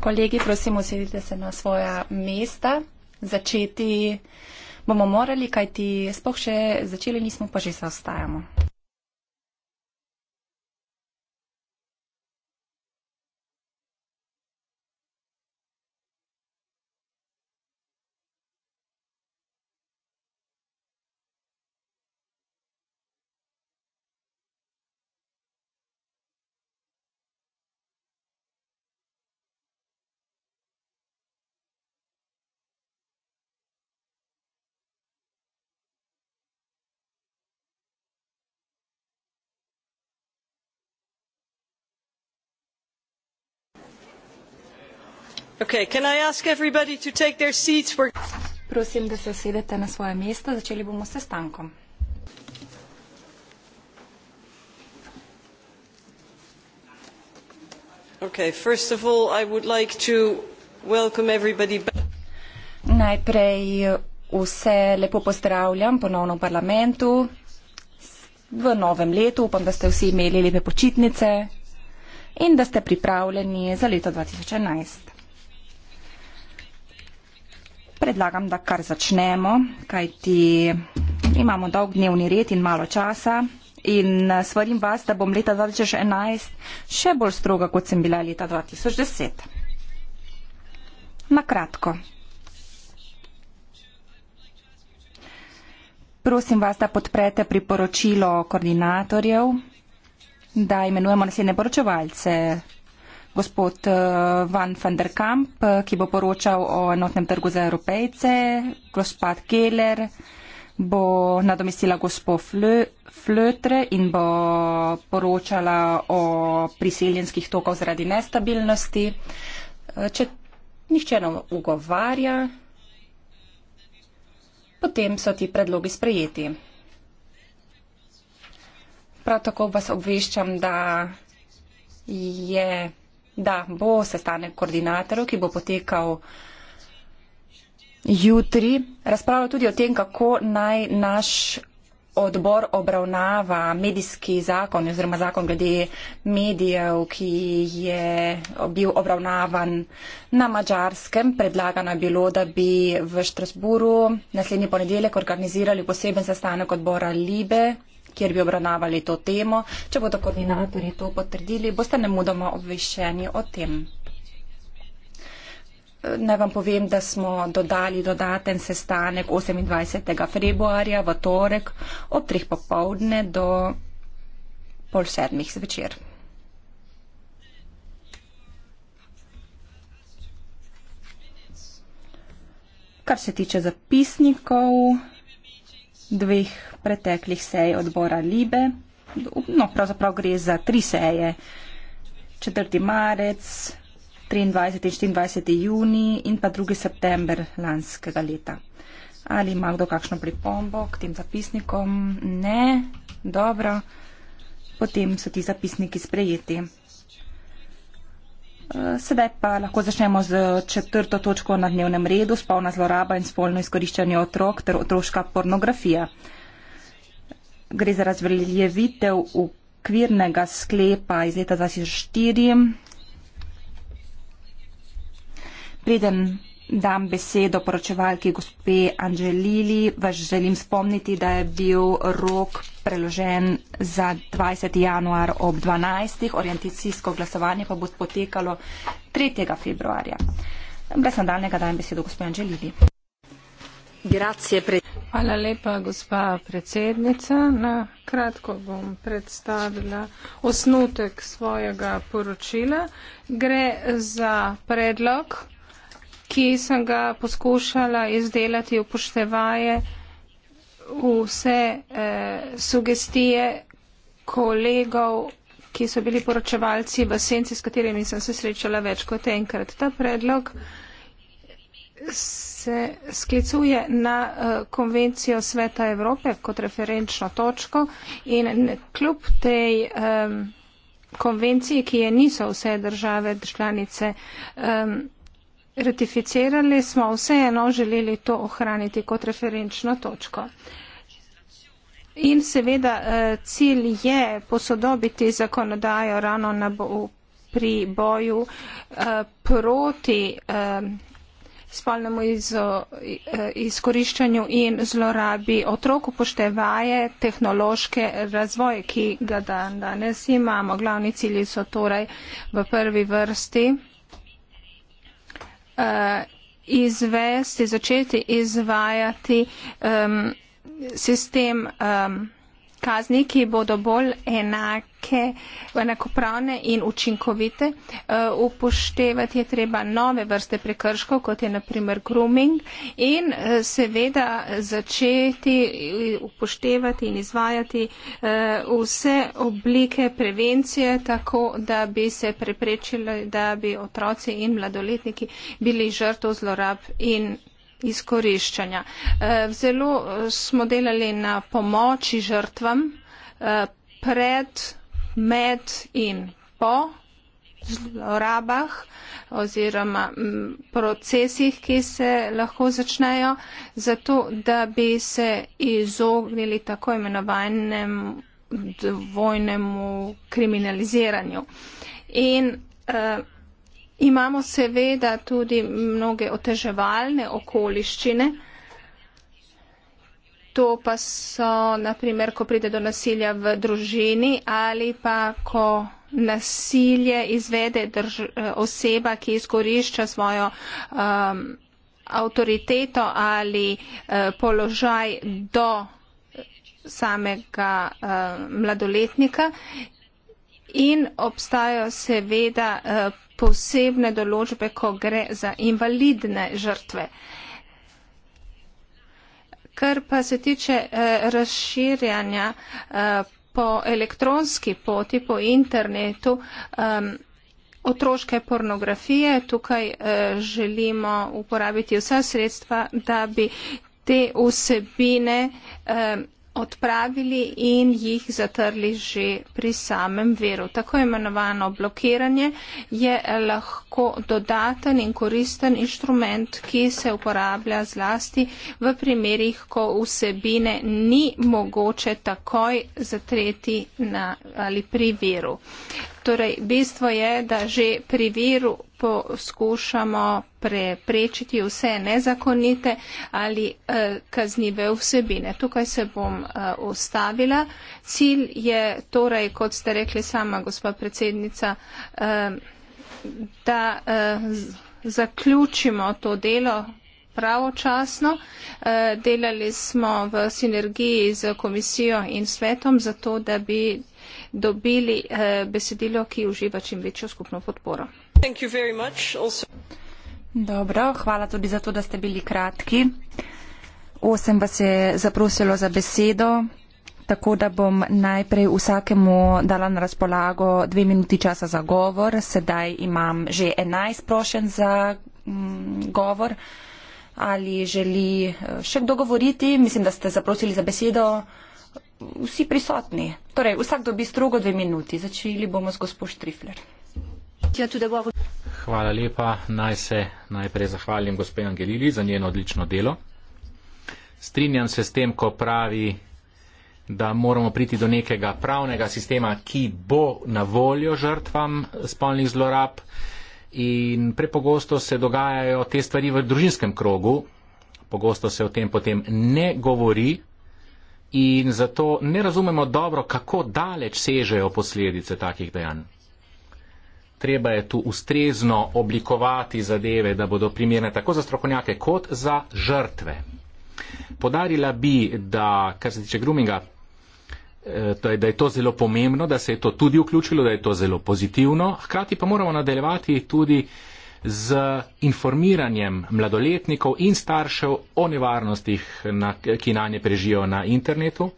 Kolegi, prosim, usedite se na svoja mesta. Začeti bomo morali, kajti sploh še začeli nismo, pa že se ostajamo. Prosim, da se usedete na svoje mesto, začeli bomo s sestankom. Najprej vse lepo pozdravljam ponovno v parlamentu v novem letu. Upam, da ste vsi imeli lepe počitnice in da ste pripravljeni za leto 2011 predlagam, da kar začnemo, kajti imamo dolg dnevni red in malo časa. In eh, svarim vas, da bom leta 2011 še bolj stroga, kot sem bila leta 2010. Nakratko. Prosim vas, da podprete priporočilo koordinatorjev, da imenujemo naslednje poročevalce gospod eh, Van van der Kamp, eh, ki bo poročal o enotnem trgu za evropejce, gospod Keller bo nadomestila gospod Flötre in bo poročala o priseljenskih tokov zaradi nestabilnosti. Eh, če nihče nam ugovarja, potem so ti predlogi sprejeti. Prav tako vas obveščam, da je Da, bo sestanek koordinatorjev, ki bo potekal jutri. Razpravljal tudi o tem, kako naj naš odbor obravnava medijski zakon oziroma zakon glede medijev, ki je bil obravnavan na mačarskem. Predlagano je bilo, da bi v Štrasburu naslednji ponedeljek organizirali poseben sestanek odbora Libe kjer bi obravnavali to temo. Če bodo koordinatorji to potrdili, boste nemudoma obveščeni o tem. Naj vam povem, da smo dodali dodaten sestanek 28. februarja v torek ob 3. popovdne do pol sedmih zvečer. Kar se tiče zapisnikov, dveh preteklih sej odbora Libe. No, pravzaprav gre za tri seje. 4. marec, 23. in 24. juni in pa 2. september lanskega leta. Ali ima kdo kakšno pripombo k tem zapisnikom? Ne. Dobro. Potem so ti zapisniki sprejeti. Eh, sedaj pa lahko začnemo z četrto točko na dnevnem redu, spolna zloraba in spolno izkoriščanje otrok ter otroška pornografija. Gre za razveljevitev ukvirnega sklepa iz leta 2004. Preden dam besedo poročevalki gospe Angelili. Vaš želim spomniti, da je bil rok preložen za 20. januar ob 12. Orientacijsko glasovanje pa bo potekalo 3. februarja. Brez nadaljnega dajem besedo gospe Angelili. Hvala lepa, gospa predsednica. Na kratko bom predstavila osnutek svojega poročila. Gre za predlog ki sem ga poskušala izdelati upoštevaje vse eh, sugestije kolegov, ki so bili poročevalci v senci, s katerimi sem se srečala več kot enkrat. Ta predlog se sklicuje na eh, konvencijo Sveta Evrope kot referenčno točko in kljub tej eh, konvenciji, ki je niso vse države članice, eh, ratificirali, smo vseeno želeli to ohraniti kot referenčno točko. In seveda eh, cilj je posodobiti zakonodajo rano na bo, pri boju eh, proti eh, spolnemu izo, izkoriščanju in zlorabi otrok upoštevaje tehnološke razvoje, ki ga dan danes imamo. Glavni cilji so torej v prvi vrsti uh, izvesti, začeti izvajati um, sistem um, kazni, ki bodo bolj enaki enake, enakopravne in učinkovite. Eh, upoštevati je treba nove vrste prekrškov, kot je naprimer grooming in eh, seveda začeti eh, upoštevati in izvajati vse oblike prevencije, tako da bi se preprečili, da bi otroci in mladoletniki bili žrtov zlorab in izkoriščanja. Zelo smo delali na pomoči žrtvam pred med in po zlorabah oziroma procesih, ki se lahko začnejo, zato da bi se izognili tako imenovanem dvojnemu kriminaliziranju. In uh, imamo seveda tudi mnoge oteževalne okoliščine, uh, to pa so, naprimer, ko pride do nasilja v družini ali pa ko nasilje izvede drž, eh, oseba, ki izkorišča svojo um, avtoriteto ali uh, položaj do samega uh, mladoletnika. In obstajajo seveda uh, posebne določbe, ko gre za invalidne žrtve. Uh, Kar pa se tiče eh, razširjanja eh, po elektronski poti, po internetu, ehm, otroške pornografije, tukaj eh, želimo uporabiti vsa sredstva, da bi te vsebine ehm, odpravili in jih zatrli že pri samem veru. Tako imenovano blokiranje je lahko dodaten in koristen inštrument, ki se uporablja zlasti v primerih, ko vsebine ni mogoče takoj zatreti na, ali pri veru. Torej, bistvo je, da že pri viru poskušamo preprečiti vse nezakonite ali eh, kaznive vsebine. Tukaj se bom eh, ustavila. Cilj je torej, kot ste rekli sama, gospa predsednica, eh, da zaključimo to delo pravočasno. Delali smo v sinergiji z komisijo in svetom zato, da bi dobili eh, besedilo, ki uživa čim večjo skupno podporo. Dobro, hvala tudi za to, da ste bili kratki. Osem vas je zaprosilo za besedo, tako da bom najprej vsakemu dala na razpolago dve minuti časa za govor. Sedaj imam že enajst prošen za mm, govor. Ali želi eh, še kdo govoriti? Mislim, da ste zaprosili za besedo vsi prisotni. Torej, vsak dobi strogo dve minuti. Začeli bomo s gospod Štrifler. Hvala lepa. Naj se najprej zahvalim gospe Angelili za njeno odlično delo. Strinjam se s tem, ko pravi, da moramo priti do nekega pravnega sistema, ki bo na voljo žrtvam spolnih zlorab. In prepogosto se dogajajo te stvari v družinskem krogu, pogosto se o tem potem ne govori, in zato ne razumemo dobro, kako daleč sežejo posledice takih dejanj. Treba je tu ustrezno oblikovati zadeve, da bodo primerne tako za strokovnjake kot za žrtve. Podarila bi, da kar se tiče groominga, eh, da je to zelo pomembno, da se je to tudi vključilo, da je to zelo pozitivno. Hkrati pa moramo nadaljevati tudi uh, z informiranjem mladoletnikov in staršev o nevarnostih, na, ki na nje prežijo na internetu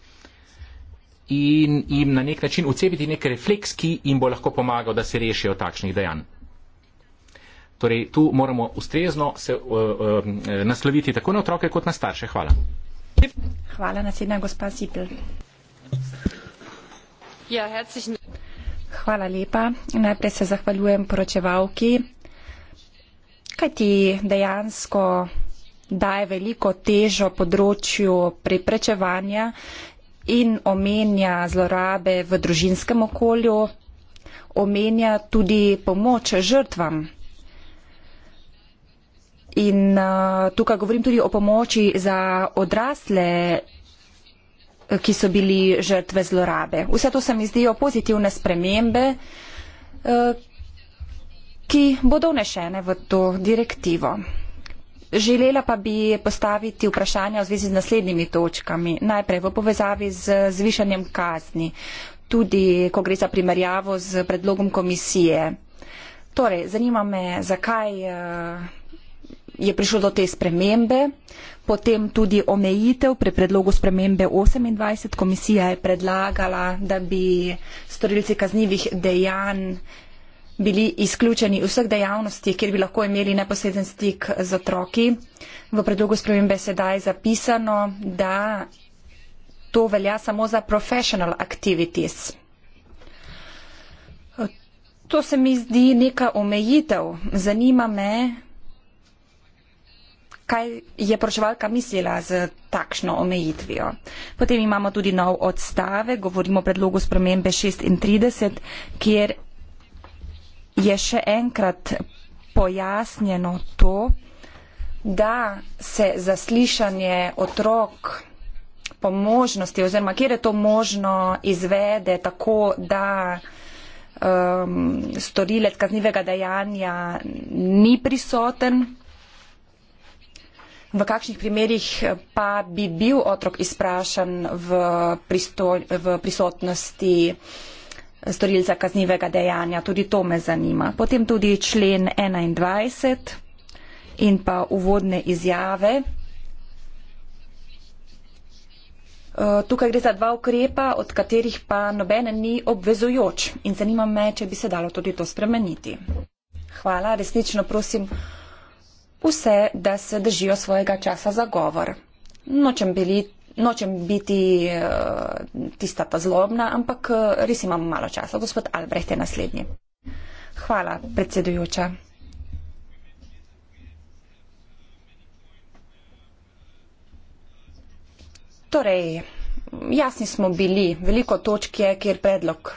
in jim na nek način ucepiti nek refleks, ki jim bo lahko pomagal, da se rešijo takšnih dejanj. Torej, tu moramo ustrezno se uh, uh, nasloviti tako na otroke kot na starše. Hvala. Hvala, naslednja gospa Sipel. Ja, herzlichen. Hvala lepa. Najprej se zahvaljujem poročevalki kaj ti dejansko daje veliko težo področju preprečevanja in omenja zlorabe v družinskem okolju, omenja tudi pomoč žrtvam. In uh, tukaj govorim tudi o pomoči za odrasle, ki so bili žrtve zlorabe. Vse to se mi zdijo pozitivne spremembe, uh, ki bodo vnešene v to direktivo. Želela pa bi postaviti vprašanja v zvezi z naslednjimi točkami. Najprej v povezavi z zvišanjem kazni, tudi ko gre za primerjavo z predlogom komisije. Torej, zanima me, zakaj eh, je prišlo do te spremembe, potem tudi omejitev pri predlogu spremembe 28. Komisija je predlagala, da bi storilci kaznjivih dejanj bili izključeni vseh dejavnosti, kjer bi lahko imeli neposreden stik z otroki. V predlogu spremembe sedaj zapisano, da to velja samo za professional activities. To se mi zdi neka omejitev. Zanima me, kaj je pročevalka mislila z takšno omejitvijo. Potem imamo tudi nov odstave, govorimo o predlogu spremembe 36, kjer je še enkrat pojasnjeno to, da se zaslišanje otrok po možnosti oziroma kjer je to možno izvede tako, da um, storilec kaznivega dejanja ni prisoten, v kakšnih primerjih pa bi bil otrok izprašan v, pristo, v prisotnosti uh, storilca kaznivega dejanja. Tudi to me zanima. Potem tudi člen 21 in pa uvodne izjave. E, tukaj gre za dva ukrepa, od katerih pa nobene ni obvezujoč in zanima me, če bi se dalo tudi to spremeniti. Hvala, resnično prosim vse, da se držijo svojega časa za govor. Nočem biti nočem biti eh, tista ta zlobna, ampak eh, res imam malo časa. Gospod Albreht je naslednji. Hvala, predsedujoča. Torej, jasni smo bili, veliko točk je, kjer predlog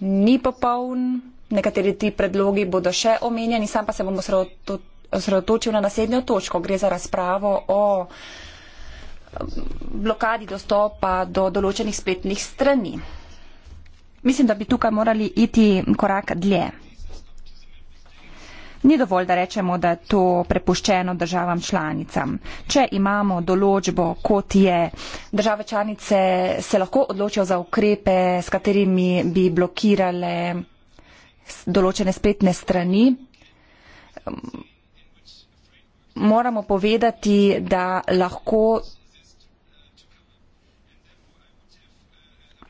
ni popoln, nekateri ti predlogi bodo še omenjeni, sam pa se bom osredotočil na naslednjo točko. Gre za razpravo o blokadi dostopa do določenih spletnih strani. Mislim, da bi tukaj morali iti korak dlje. Ni dovolj, da rečemo, da je to prepuščeno državam članicam. Če imamo določbo, kot je, države članice se lahko odločijo za ukrepe, s katerimi bi blokirale določene spletne strani. Moramo povedati, da lahko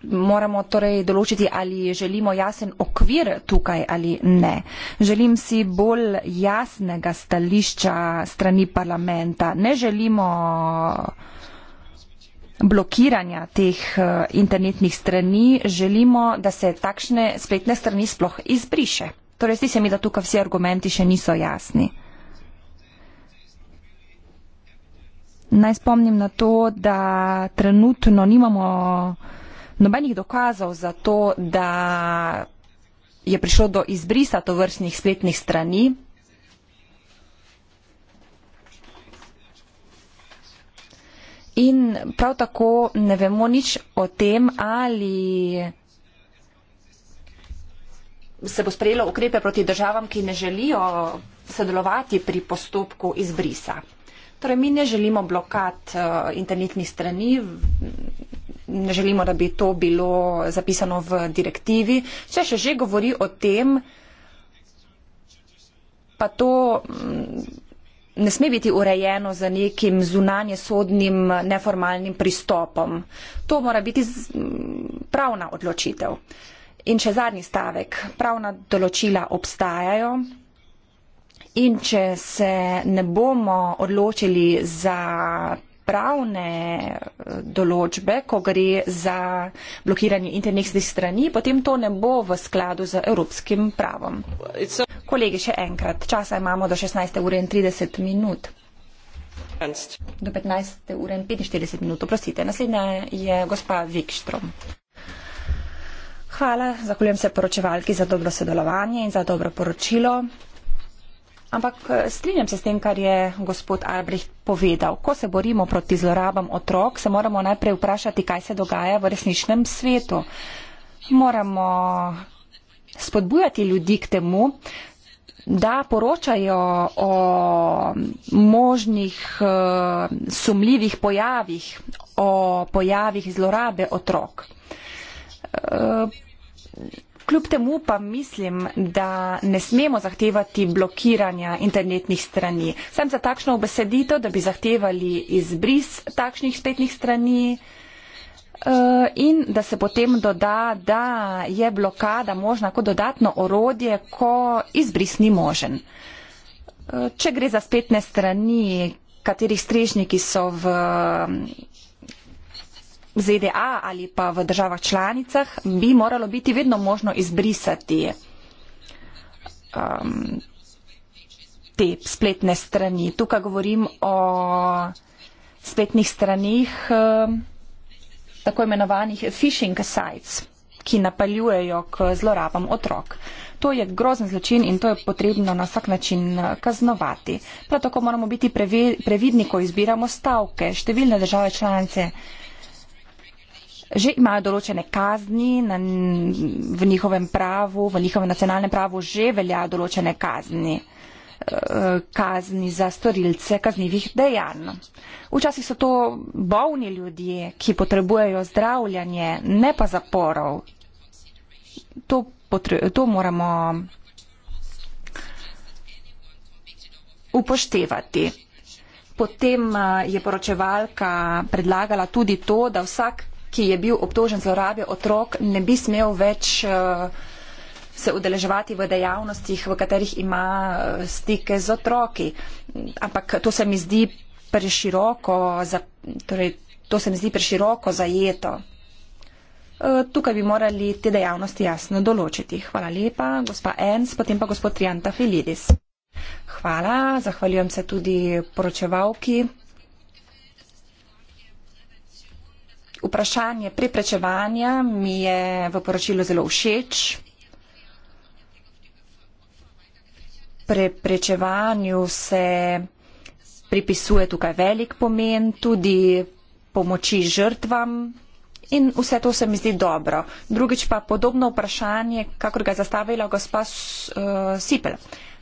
moramo torej določiti, ali želimo jasen okvir tukaj ali ne. Želim si bolj jasnega stališča strani parlamenta. Ne želimo blokiranja teh eh, internetnih strani, želimo, da se takšne spletne strani sploh izbriše. Torej, zdi se mi, da tukaj vsi argumenti še niso jasni. Naj spomnim na to, da trenutno nimamo nobenih dokazov za to, da je prišlo do izbrisa tovrstnih spletnih strani. In prav tako ne vemo nič o tem, ali se bo sprejelo ukrepe proti državam, ki ne želijo sodelovati pri postopku izbrisa. Torej, mi ne želimo blokad uh, internetnih strani, ne želimo, da bi to bilo zapisano v direktivi. Če še že govori o tem, pa to mm, ne sme biti urejeno z nekim zunanje sodnim neformalnim pristopom. To mora biti mm, pravna odločitev. In še zadnji stavek. Pravna določila obstajajo. In če se ne bomo odločili za pravne eh, določbe, ko gre za blokiranje internetnih strani, potem to ne bo v skladu z evropskim pravom. A... Kolegi, še enkrat, časa imamo do 16. ure in 30 minut. Do 15. ure in 45 minut, oprostite. Naslednja je gospa Vikštrom. Hvala, zahvaljujem se poročevalki za dobro sodelovanje in za dobro poročilo. Ampak eh, strinjam se s tem, kar je gospod Albrecht povedal. Ko se borimo proti zlorabam otrok, se moramo najprej vprašati, kaj se dogaja v resničnem svetu. Moramo spodbujati ljudi k temu, da poročajo o možnih eh, sumljivih pojavih, o pojavih zlorabe otrok. Eh, kljub temu pa mislim, da ne smemo zahtevati blokiranja internetnih strani. Sem za takšno obeseditev, da bi zahtevali izbris takšnih spletnih strani eh, in da se potem doda, da je blokada možna kot dodatno orodje, ko izbris ni možen. Eh, če gre za spletne strani, katerih strežniki so v ZDA ali pa v državah članicah, bi moralo biti vedno možno izbrisati um, te spletne strani. Tukaj govorim o spletnih stranih um, tako imenovanih phishing sites, ki napaljujejo k zlorabam otrok. To je grozen zločin in to je potrebno na vsak način uh, kaznovati. Prav tako moramo biti previdni, ko izbiramo stavke. Številne države članice že imajo določene kazni na, v njihovem pravu, v njihovem nacionalnem pravu že veljajo določene kazni eh, kazni za storilce kaznivih dejanj. Včasih so to bolni ljudje, ki potrebujejo zdravljanje, ne pa zaporov. To, to moramo upoštevati. Potem eh, je poročevalka predlagala tudi to, da vsak ki je bil obtožen zlorabe otrok, ne bi smel več eh, se udeleževati v dejavnostih, v katerih ima eh, stike z otroki. Ampak to se mi zdi preširoko, za, torej, to se mi zdi preširoko zajeto. Eh, tukaj bi morali te dejavnosti jasno določiti. Hvala lepa, gospa Enz, potem pa gospod Trianta Filidis. Hvala, zahvaljujem se tudi poročevalki. vprašanje preprečevanja mi je v poročilu zelo všeč. Preprečevanju se pripisuje tukaj velik pomen, tudi pomoči žrtvam in vse to se mi zdi dobro. Drugič pa podobno vprašanje, kakor ga je zastavila gospa eh, Sipel.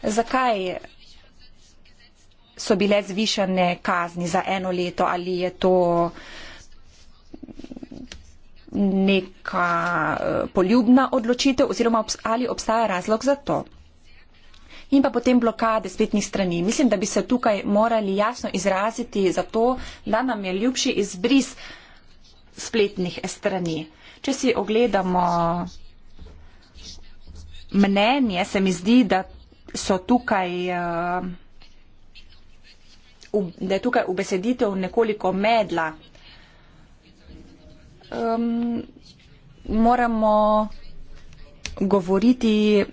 Zakaj so bile zvišane kazni za eno leto? Ali je to neka eh, poljubna odločitev oziroma ali obstaja razlog za to. In pa potem blokade spletnih strani. Mislim, da bi se tukaj morali jasno izraziti za to, da nam je ljubši izbris spletnih strani. Če si ogledamo mnenje, se mi zdi, da so tukaj eh, da je tukaj ubeseditev nekoliko medla um, moramo govoriti,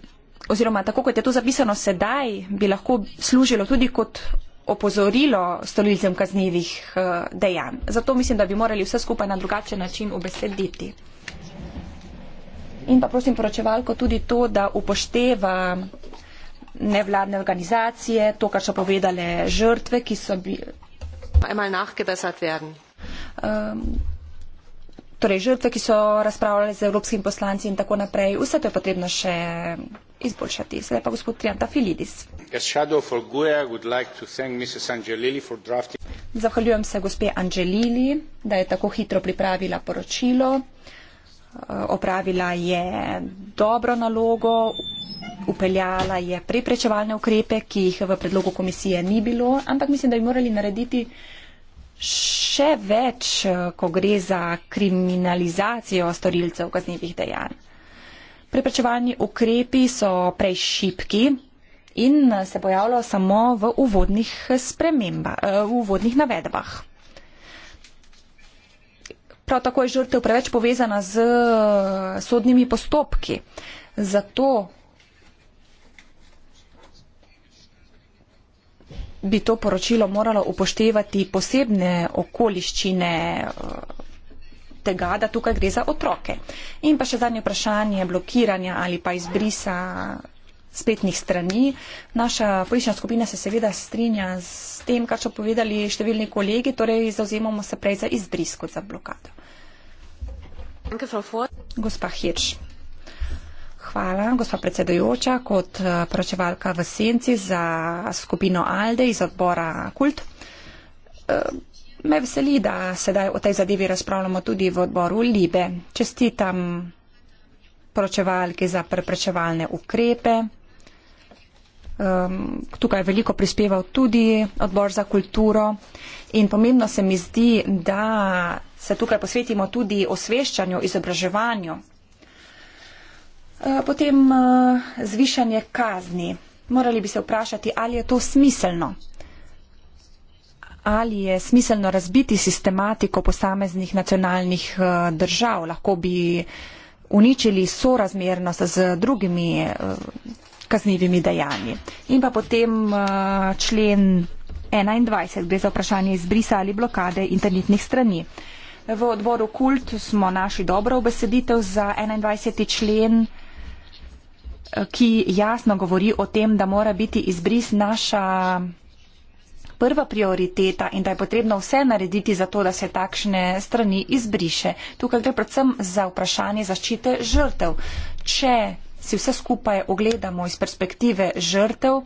oziroma tako kot je to zapisano sedaj, bi lahko služilo tudi kot opozorilo storilcem kaznjivih uh, eh, dejanj. Zato mislim, da bi morali vse skupaj na drugačen način obesediti. In pa prosim poročevalko tudi to, da upošteva nevladne organizacije, to, kar so povedale žrtve, ki so bili. Um, torej žrtve, ki so razpravljali z evropskim poslanci in tako naprej. Vse to je potrebno še izboljšati. Sedaj pa gospod Trianta Filidis. Zahvaljujem se gospe Angelili, da je tako hitro pripravila poročilo. Eh, opravila je dobro nalogo, upeljala je preprečevalne ukrepe, ki jih v predlogu komisije ni bilo, ampak mislim, da bi morali narediti še več, eh, ko gre za kriminalizacijo storilcev kaznjivih dejanj. Preprečevalni ukrepi so prej šipki in eh, se pojavljajo samo v uvodnih, eh, v uvodnih navedbah. Prav tako je žrtev preveč povezana z sodnimi postopki. Zato bi to poročilo moralo upoštevati posebne okoliščine eh, tega, da tukaj gre za otroke. In pa še zadnje vprašanje blokiranja ali pa izbrisa spletnih strani. Naša politična skupina se seveda strinja s tem, kar so povedali številni kolegi, torej zauzemamo se prej za izbris kot za blokado. Gospa Hirš hvala, gospa predsedujoča, kot eh, pročevalka v senci za skupino Alde iz odbora Kult. Eh, me veseli, da sedaj o tej zadevi razpravljamo tudi v odboru Libe. Čestitam pročevalki za preprečevalne ukrepe. Tukaj je veliko prispeval tudi odbor za kulturo in pomembno se mi zdi, da se tukaj posvetimo tudi osveščanju, izobraževanju Eh, potem eh, zvišanje kazni. Morali bi se vprašati, ali je to smiselno. Ali je smiselno razbiti sistematiko posameznih nacionalnih eh, držav? Lahko bi uničili sorazmernost z drugimi kaznivimi dejanji. In pa potem člen 21, gre za vprašanje izbrisa ali blokade internetnih strani. V odboru Kult smo našli dobro obeseditev za 21. člen 21 ki jasno govori o tem, da mora biti izbris naša prva prioriteta in da je potrebno vse narediti za to, da se takšne strani izbriše. Tukaj gre predvsem za vprašanje zaščite žrtev. Če si vse skupaj ogledamo iz perspektive žrtev,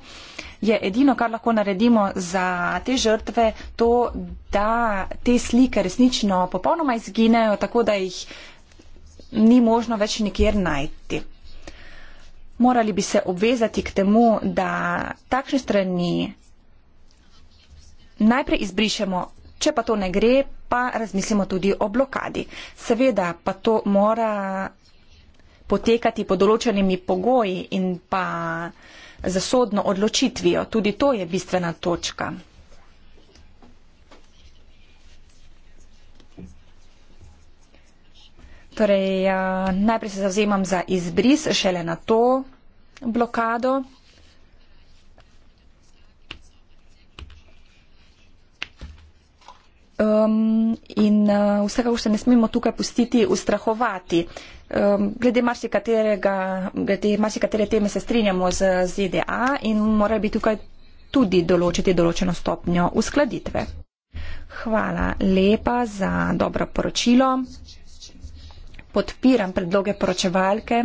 je edino, kar lahko naredimo za te žrtve, to, da te slike resnično popolnoma izginejo, tako da jih ni možno več nikjer najti morali bi se obvezati k temu, da takšne strani najprej izbrišemo, če pa to ne gre, pa razmislimo tudi o blokadi. Seveda pa to mora potekati pod določenimi pogoji in pa za sodno odločitvijo. Tudi to je bistvena točka. Torej, ja, najprej se zauzemam za izbris, šele na to blokado. Um, in uh, vsega, kar se ne smemo tukaj pustiti, ustrahovati. Um, glede, glede marsikatere teme se strinjamo z ZDA in mora bi tukaj tudi določiti določeno stopnjo uskladitve. Hvala lepa za dobro poročilo podpiram predloge poročevalke.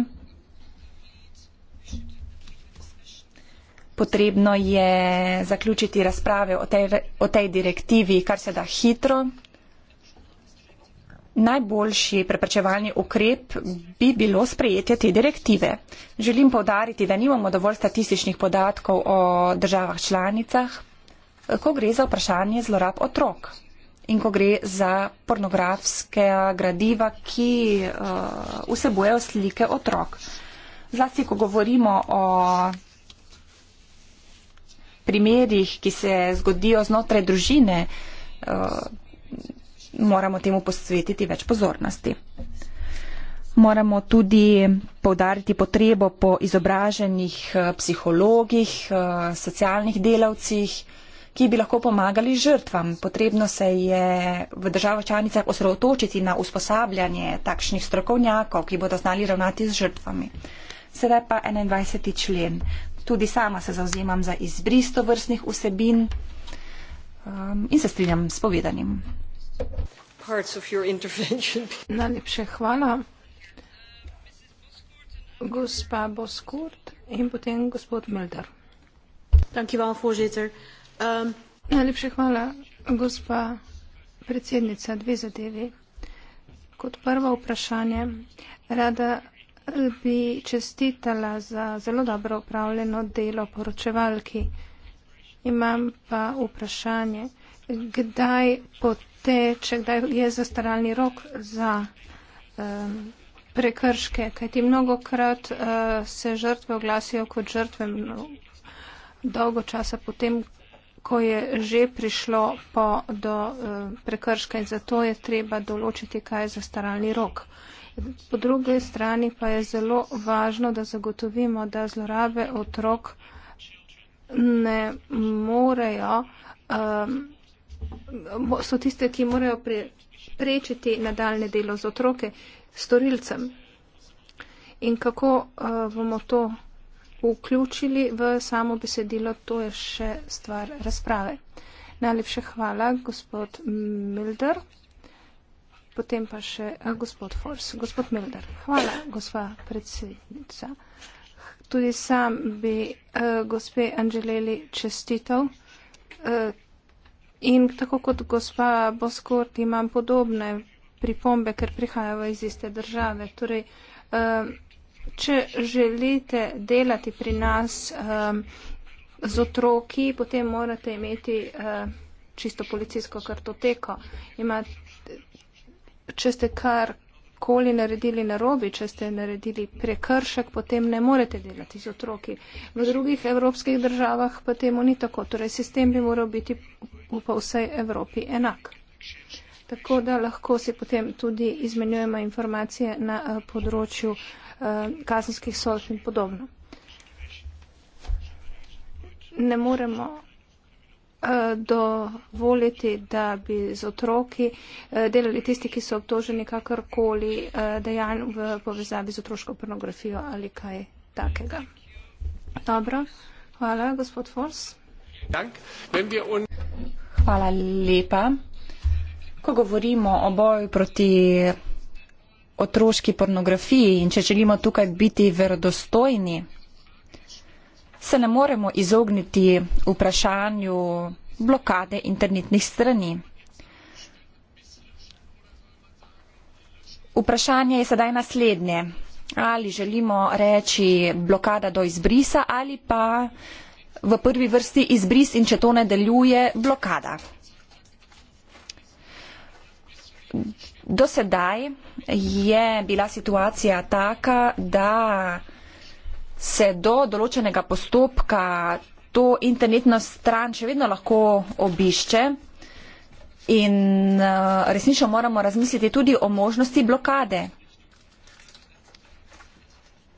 Potrebno je zaključiti razprave o tej, o tej direktivi, kar se da hitro. Najboljši preprečevalni ukrep bi bilo sprejetje te direktive. Želim povdariti, da nimamo dovolj statističnih podatkov o državah članicah, ko gre za vprašanje zlorab otrok in ko gre za pornografske gradiva, ki uh, vsebujejo uh, slike otrok. Zlasti, ko govorimo o primerjih, ki se zgodijo znotraj družine, uh, moramo temu posvetiti več pozornosti. Moramo tudi povdariti potrebo po izobraženih uh, psihologih, uh, socialnih delavcih, ki bi lahko pomagali žrtvam. Potrebno se je v državah članicah osredotočiti na usposabljanje takšnih strokovnjakov, ki bodo znali ravnati z žrtvami. Sedaj pa 21. člen. Tudi sama se zauzemam za izbris to vrstnih vsebin um, in se strinjam s povedanim. Najlepše hvala. Gospa Boskurt in potem gospod Mölder. Hvala, predsednik. Um, Najlepša hvala, gospa predsednica, dve zadevi. Kot prvo vprašanje, rada bi čestitala za zelo dobro upravljeno delo poročevalki. Imam pa vprašanje, kdaj poteče, kdaj je zastaralni rok za um, prekrške, kajti mnogo krat uh, se žrtve oglasijo kot žrtve no, dolgo časa potem, ko je že prišlo po, do eh, prekrška in zato je treba določiti, kaj je zastaralni rok. Po drugi strani pa je zelo važno, da zagotovimo, da zlorabe otrok ne morejo, um, so tiste, ki morajo prečiti nadaljne delo z otroke storilcem. In kako uh, bomo to vključili v samo besedilo, to je še stvar razprave. Najlepše hvala, gospod Milder. Potem pa še a, eh, gospod Fors, gospod Milder. Hvala, gospa predsednica. Tudi sam bi uh, gospe Anželeli čestitev. Uh, in tako kot gospa Boskort imam podobne pripombe, ker prihajajo iz iste države. Torej, uh, Če želite delati pri nas um, z otroki, potem morate imeti uh, čisto policijsko kartoteko. Imate, če ste kar koli naredili na robi, če ste naredili prekršek, potem ne morete delati z otroki. V drugih evropskih državah pa temu ni tako. Torej, sistem bi moral biti v vsej Evropi enak tako da lahko si potem tudi izmenjujemo informacije na eh, področju eh, kazenskih sodb in podobno. Ne moremo eh, dovoliti, da bi z otroki delali tisti, ki so obtoženi kakorkoli dejanj v povezavi z otroško pornografijo ali kaj takega. Dobro, hvala, gospod Fors. Hvala lepa. Ko govorimo o boju proti otroški pornografiji in če želimo tukaj biti verodostojni, se ne moremo izogniti vprašanju blokade internetnih strani. Vprašanje je sedaj naslednje. Ali želimo reči blokada do izbrisa ali pa v prvi vrsti izbris in če to ne deluje, blokada do sedaj je bila situacija taka, da se do določenega postopka to internetno stran še vedno lahko obišče in eh, resnično moramo razmisliti tudi o možnosti blokade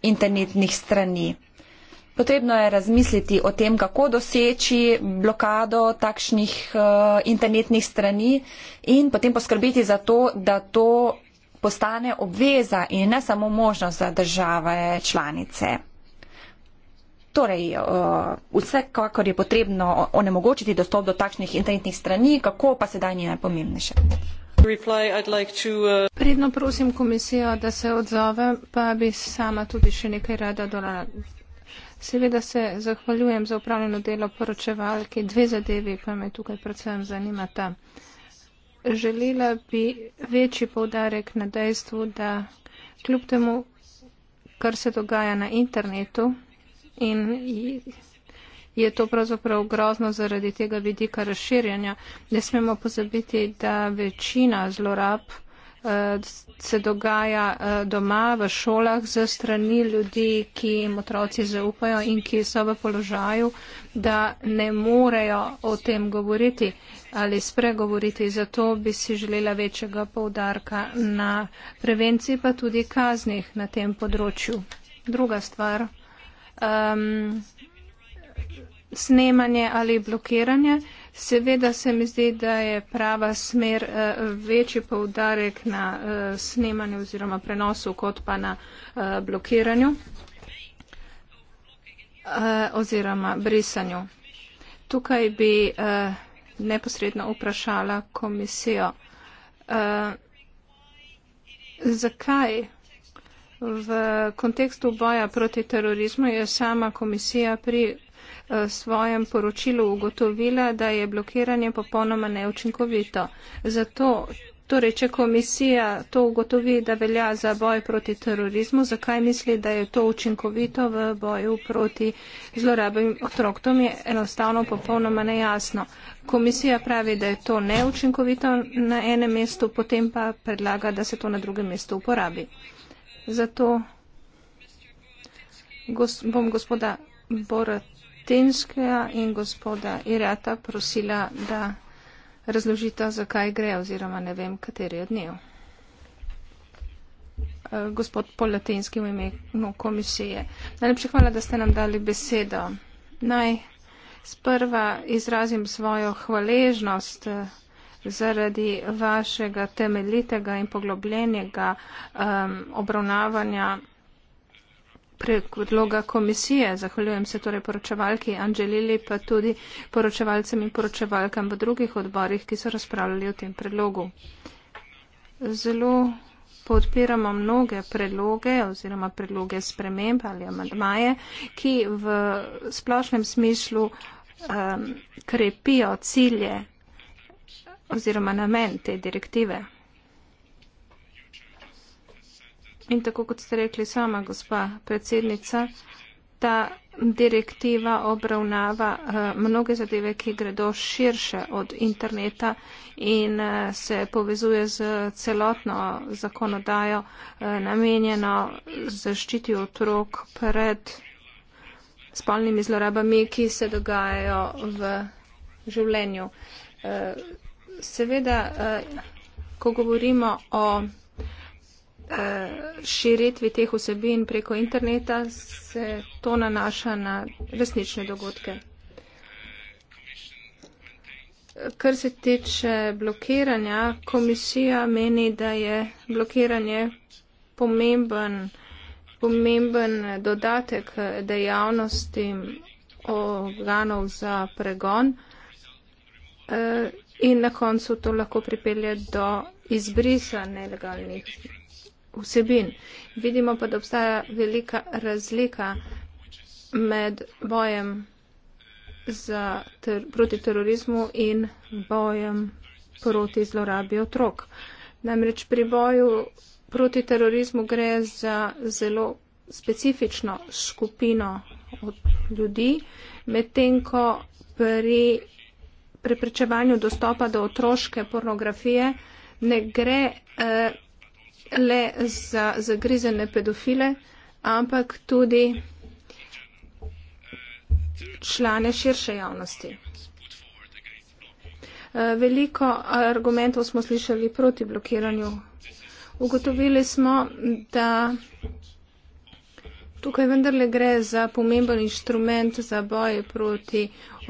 internetnih strani. Potrebno je razmisliti o tem, kako doseči blokado takšnih eh, internetnih strani in potem poskrbiti za to, da to postane obveza in ne samo možnost za države članice. Torej, eh, vse, kakor je potrebno onemogočiti dostop do takšnih internetnih strani, kako pa sedaj ni najpomembnejše. Eh, Predno prosim komisijo, da se odzove, pa bi sama tudi še nekaj rada dodala. Seveda se zahvaljujem za upravljeno delo poročevalke. Dve zadevi pa me tukaj predvsem zanimata. Želela bi večji povdarek na dejstvu, da kljub temu, kar se dogaja na internetu in je to pravzaprav grozno zaradi tega vidika razširjanja, ne smemo pozabiti, da večina zlorab Eh, se dogaja eh, doma v šolah z strani ljudi, ki jim otroci zaupajo in ki so v položaju, da ne morejo o tem govoriti ali spregovoriti. Zato bi si želela večjega poudarka na prevenciji, pa tudi kaznih na tem področju. Druga stvar. Um, snemanje ali blokiranje. Uh, Seveda se mi zdi, da je prava smer eh, večji poudarek na eh, snemanju oziroma prenosu, kot pa na eh, blokiranju oziroma brisanju. Tukaj bi neposredno vprašala komisijo, zakaj v kontekstu boja proti terorizmu je sama komisija pri Eh, svojem poročilu ugotovila, da je blokiranje popolnoma neučinkovito. Zato, torej, če komisija to ugotovi, da velja za boj proti terorizmu, zakaj misli, da je to učinkovito v boju proti zlorabim otrok? To mi je enostavno popolnoma nejasno. Komisija pravi, da je to neučinkovito na enem mestu, potem pa predlaga, da se to na drugem mestu uporabi. Zato bom gospoda Borat Tenskega in gospoda Irata prosila, da razložita, zakaj gre oziroma ne vem, kateri od njih. Eh, gospod po latinskem imenu komisije. Najlepša hvala, da ste nam dali besedo. Naj sprva izrazim svojo hvaležnost eh, zaradi vašega temeljitega in poglobljenega um, obravnavanja predloga komisije. Zahvaljujem se torej poročevalki Anželili, pa tudi poročevalcem in poročevalkam v drugih odborih, ki so razpravljali o tem predlogu. Zelo podpiramo mnoge predloge oziroma predloge sprememb ali amadmaje, ki v splošnem smislu um, krepijo cilje oziroma namen te direktive. In tako kot ste rekli sama, gospa predsednica, ta direktiva obravnava eh, mnoge zadeve, ki gredo širše od interneta in eh, se povezuje z celotno zakonodajo eh, namenjeno zaščiti otrok pred spolnimi zlorabami, ki se dogajajo v življenju. Seveda, ko govorimo o Eh, širitvi teh vsebin preko interneta, se to nanaša na resnične dogodke. Kar se tiče blokiranja, komisija meni, da je blokiranje pomemben, pomemben dodatek dejavnosti organov za pregon eh, in na koncu to lahko pripelje do izbrisa nelegalnih vsebin. Vidimo pa, da obstaja velika razlika med bojem ter, proti terorizmu in bojem proti zlorabi otrok. Namreč pri boju proti terorizmu gre za zelo specifično skupino od ljudi, medtem ko pri preprečevanju dostopa do otroške pornografije ne gre eh, le za zagrizene pedofile, ampak tudi člane širše javnosti. Eh, veliko argumentov smo slišali proti blokiranju. Ugotovili smo, da Tukaj vendarle gre za pomemben inštrument za boj proti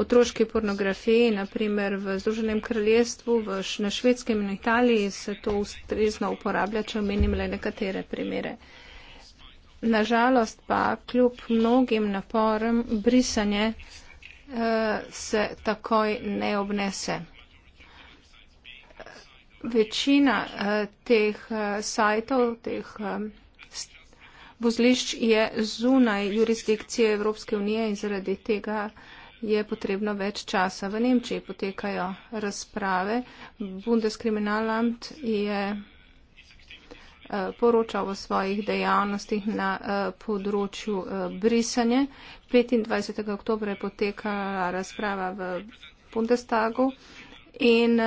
otroški pornografiji. Naprimer v Združenem kraljestvu, v, na švedskem in Italiji se to ustrezno uporablja, če omenim le nekatere primere. Nažalost pa kljub mnogim naporem brisanje eh, se takoj ne obnese. Večina eh, teh eh, sajtov, teh eh, vozlišč je zunaj jurisdikcije Evropske unije in zaradi tega je potrebno več časa. V Nemčiji potekajo razprave. Bundeskriminalamt je eh, poročal o svojih dejavnostih na eh, področju eh, brisanje. 25. oktober je potekala razprava v Bundestagu in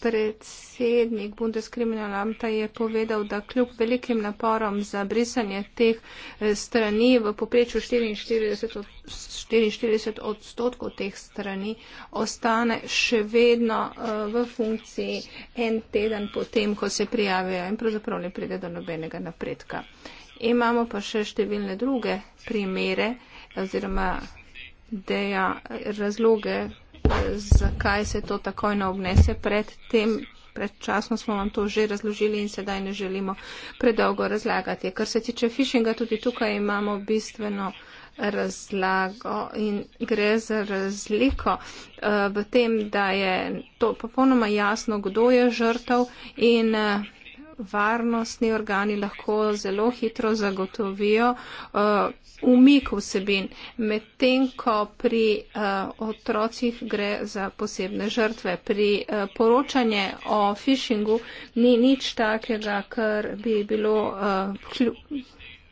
predsednik Bundeskriminalamta je povedal, da kljub velikim naporom za brisanje teh eh, strani v poprečju 44, 44 odstotkov teh strani ostane še vedno eh, v funkciji en teden potem, ko se prijavijo in pravzaprav ne pride do nobenega napredka. Imamo pa še številne druge primere oziroma dejanja razloge, zakaj se to takoj ne obnese pred tem. Predčasno smo vam to že razložili in sedaj ne želimo predolgo razlagati. Kar se tiče phishinga, tudi tukaj imamo bistveno razlago in gre za razliko uh, v tem, da je to popolnoma jasno, kdo je žrtev in uh, varnostni organi lahko zelo hitro zagotovijo uh, umik vsebin, medtem ko pri uh, otrocih gre za posebne žrtve. Pri uh, poročanje o phishingu ni nič takega, kar bi bilo uh, klju,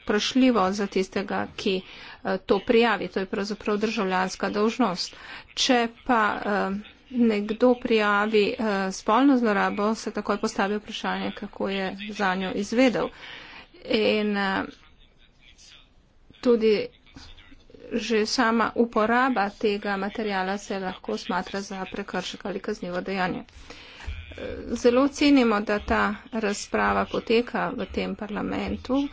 prašljivo za tistega, ki uh, to prijavi. To je pravzaprav državljanska dožnost. Če pa uh, nekdo prijavi uh, spolno zlorabo, se takoj postavi vprašanje, kako je za njo izvedel. In uh, tudi že sama uporaba tega materijala se lahko smatra za prekršek ali kaznivo dejanje. Eh, zelo cenimo, da ta razprava poteka v tem parlamentu.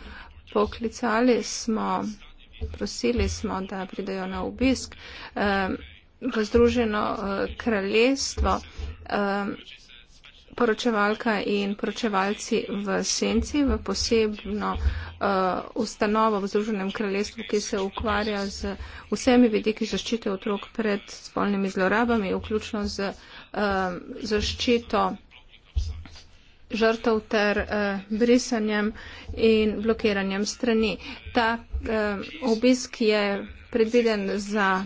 Poklicali smo, prosili smo, da pridejo na obisk. Uh, v Združeno eh, kraljestvo. Eh, poročevalka in poročevalci v Senci, v posebno eh, ustanovo v Združenem kraljestvu, ki se ukvarja z vsemi vidiki zaščite otrok pred spolnimi zlorabami, vključno z zaščito žrtev ter eh, brisanjem in blokiranjem strani. Ta eh, obisk je predviden za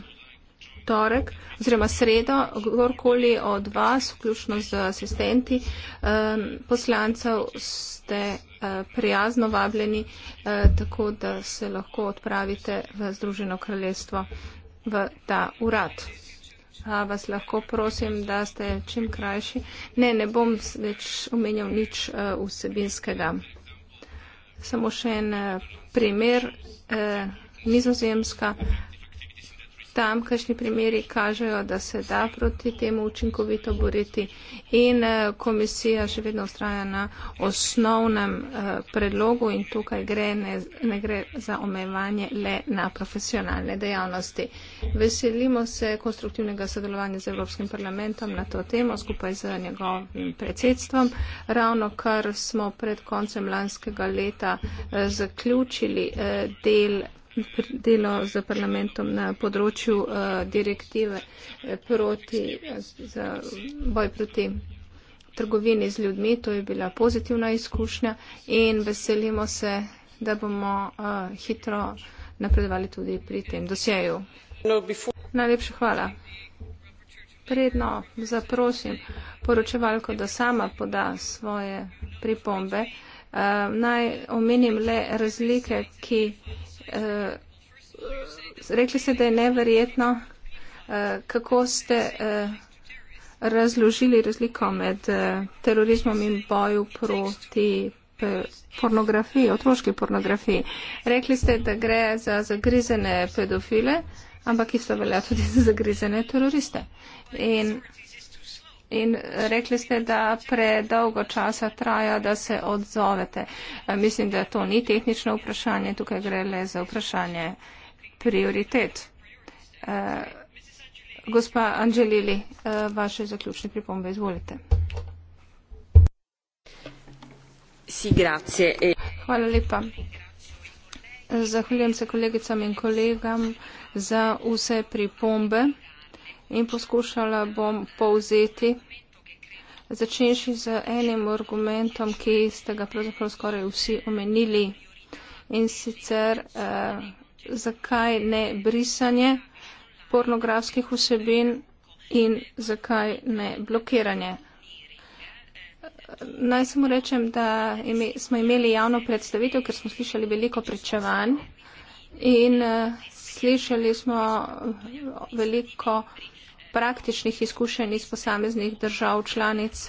torek oziroma sredo, kdorkoli od vas, vključno z asistenti poslancev, ste eh, prijazno vabljeni, eh, tako da se lahko odpravite v Združeno kraljestvo v ta urad. A vas lahko prosim, da ste čim krajši. Ne, ne bom več omenjal nič eh, vsebinskega. Samo še en primer. Nizozemska tam kašni primeri kažejo, da se da proti temu učinkovito boriti in eh, komisija še vedno ustraja na osnovnem eh, predlogu in tukaj gre, ne, ne gre za omejevanje le na profesionalne dejavnosti. Veselimo se konstruktivnega sodelovanja z Evropskim parlamentom na to temo skupaj z njegovim predsedstvom. Ravno kar smo pred koncem lanskega leta eh, zaključili del delo z parlamentom na področju uh, direktive eh, proti, za boj proti trgovini z ljudmi. To je bila pozitivna izkušnja in veselimo se, da bomo uh, hitro napredovali tudi pri tem dosjeju. No, before... Najlepša hvala. Predno zaprosim poročevalko, da sama poda svoje pripombe. Uh, naj omenim le razlike, ki uh, rekli ste, da je neverjetno, uh, kako ste uh, razložili razliko med uh, terorizmom in boju proti pornografiji, otroški pornografiji. Rekli ste, da gre za zagrizene pedofile, ampak isto velja tudi za zagrizene teroriste. In In rekli ste, da predolgo časa traja, da se odzovete. E, mislim, da to ni tehnično vprašanje, tukaj gre le za vprašanje prioritet. E, gospa Anželili, e, vaše zaključne pripombe, izvolite. Hvala lepa. Zahvaljujem se kolegicam in kolegam za vse pripombe in poskušala bom povzeti, začenši z enim argumentom, ki ste ga pravzaprav skoraj vsi omenili in sicer eh, zakaj ne brisanje pornografskih vsebin in zakaj ne blokiranje. Naj samo rečem, da ime, smo imeli javno predstavitev, ker smo slišali veliko pričevanj in uh, slišali smo eh, veliko uh, praktičnih izkušenj iz posameznih držav članic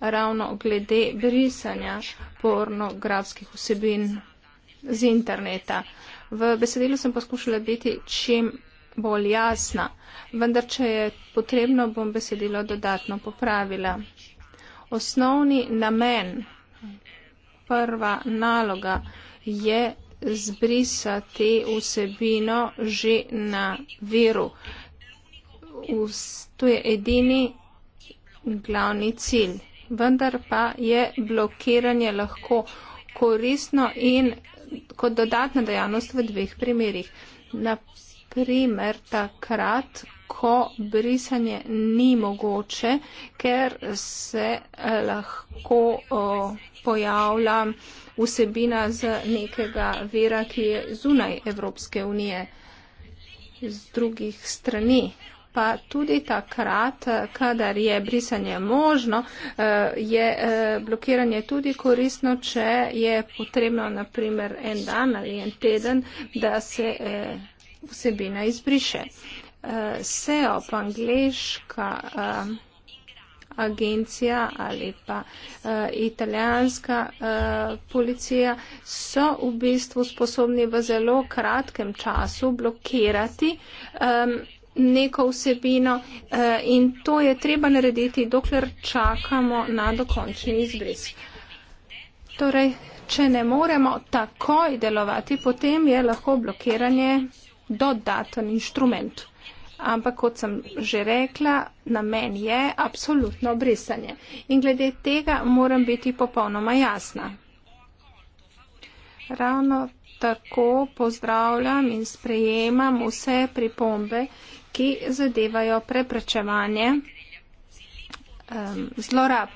ravno glede brisanja pornografskih vsebin z interneta. V besedilu sem poskušala biti čim bolj jasna, vendar če je potrebno, bom besedilo dodatno popravila. Osnovni namen, prva naloga je zbrisati vsebino že na veru to je edini glavni cilj. Vendar pa je blokiranje lahko koristno in kot dodatna dejavnost v dveh primerjih. Naprimer, takrat, ko brisanje ni mogoče, ker se eh, lahko o, pojavlja vsebina z nekega vira, ki je zunaj Evropske unije, z drugih strani pa tudi takrat, kadar je brisanje možno, eh, je eh, blokiranje tudi koristno, če je potrebno naprimer en dan ali en teden, da se eh, vsebina izbriše. SEO pa angliška agencija ali pa italijanska policija so v bistvu sposobni v zelo kratkem času blokirati ehm, neko vsebino eh, in to je treba narediti, dokler čakamo na dokončni izbris. Torej, če ne moremo takoj delovati, potem je lahko blokiranje dodaten inštrument. Ampak, kot sem že rekla, namen je absolutno brisanje. In glede tega moram biti popolnoma jasna. Ravno tako pozdravljam in sprejemam vse pripombe, ki zadevajo preprečevanje um, zlorab.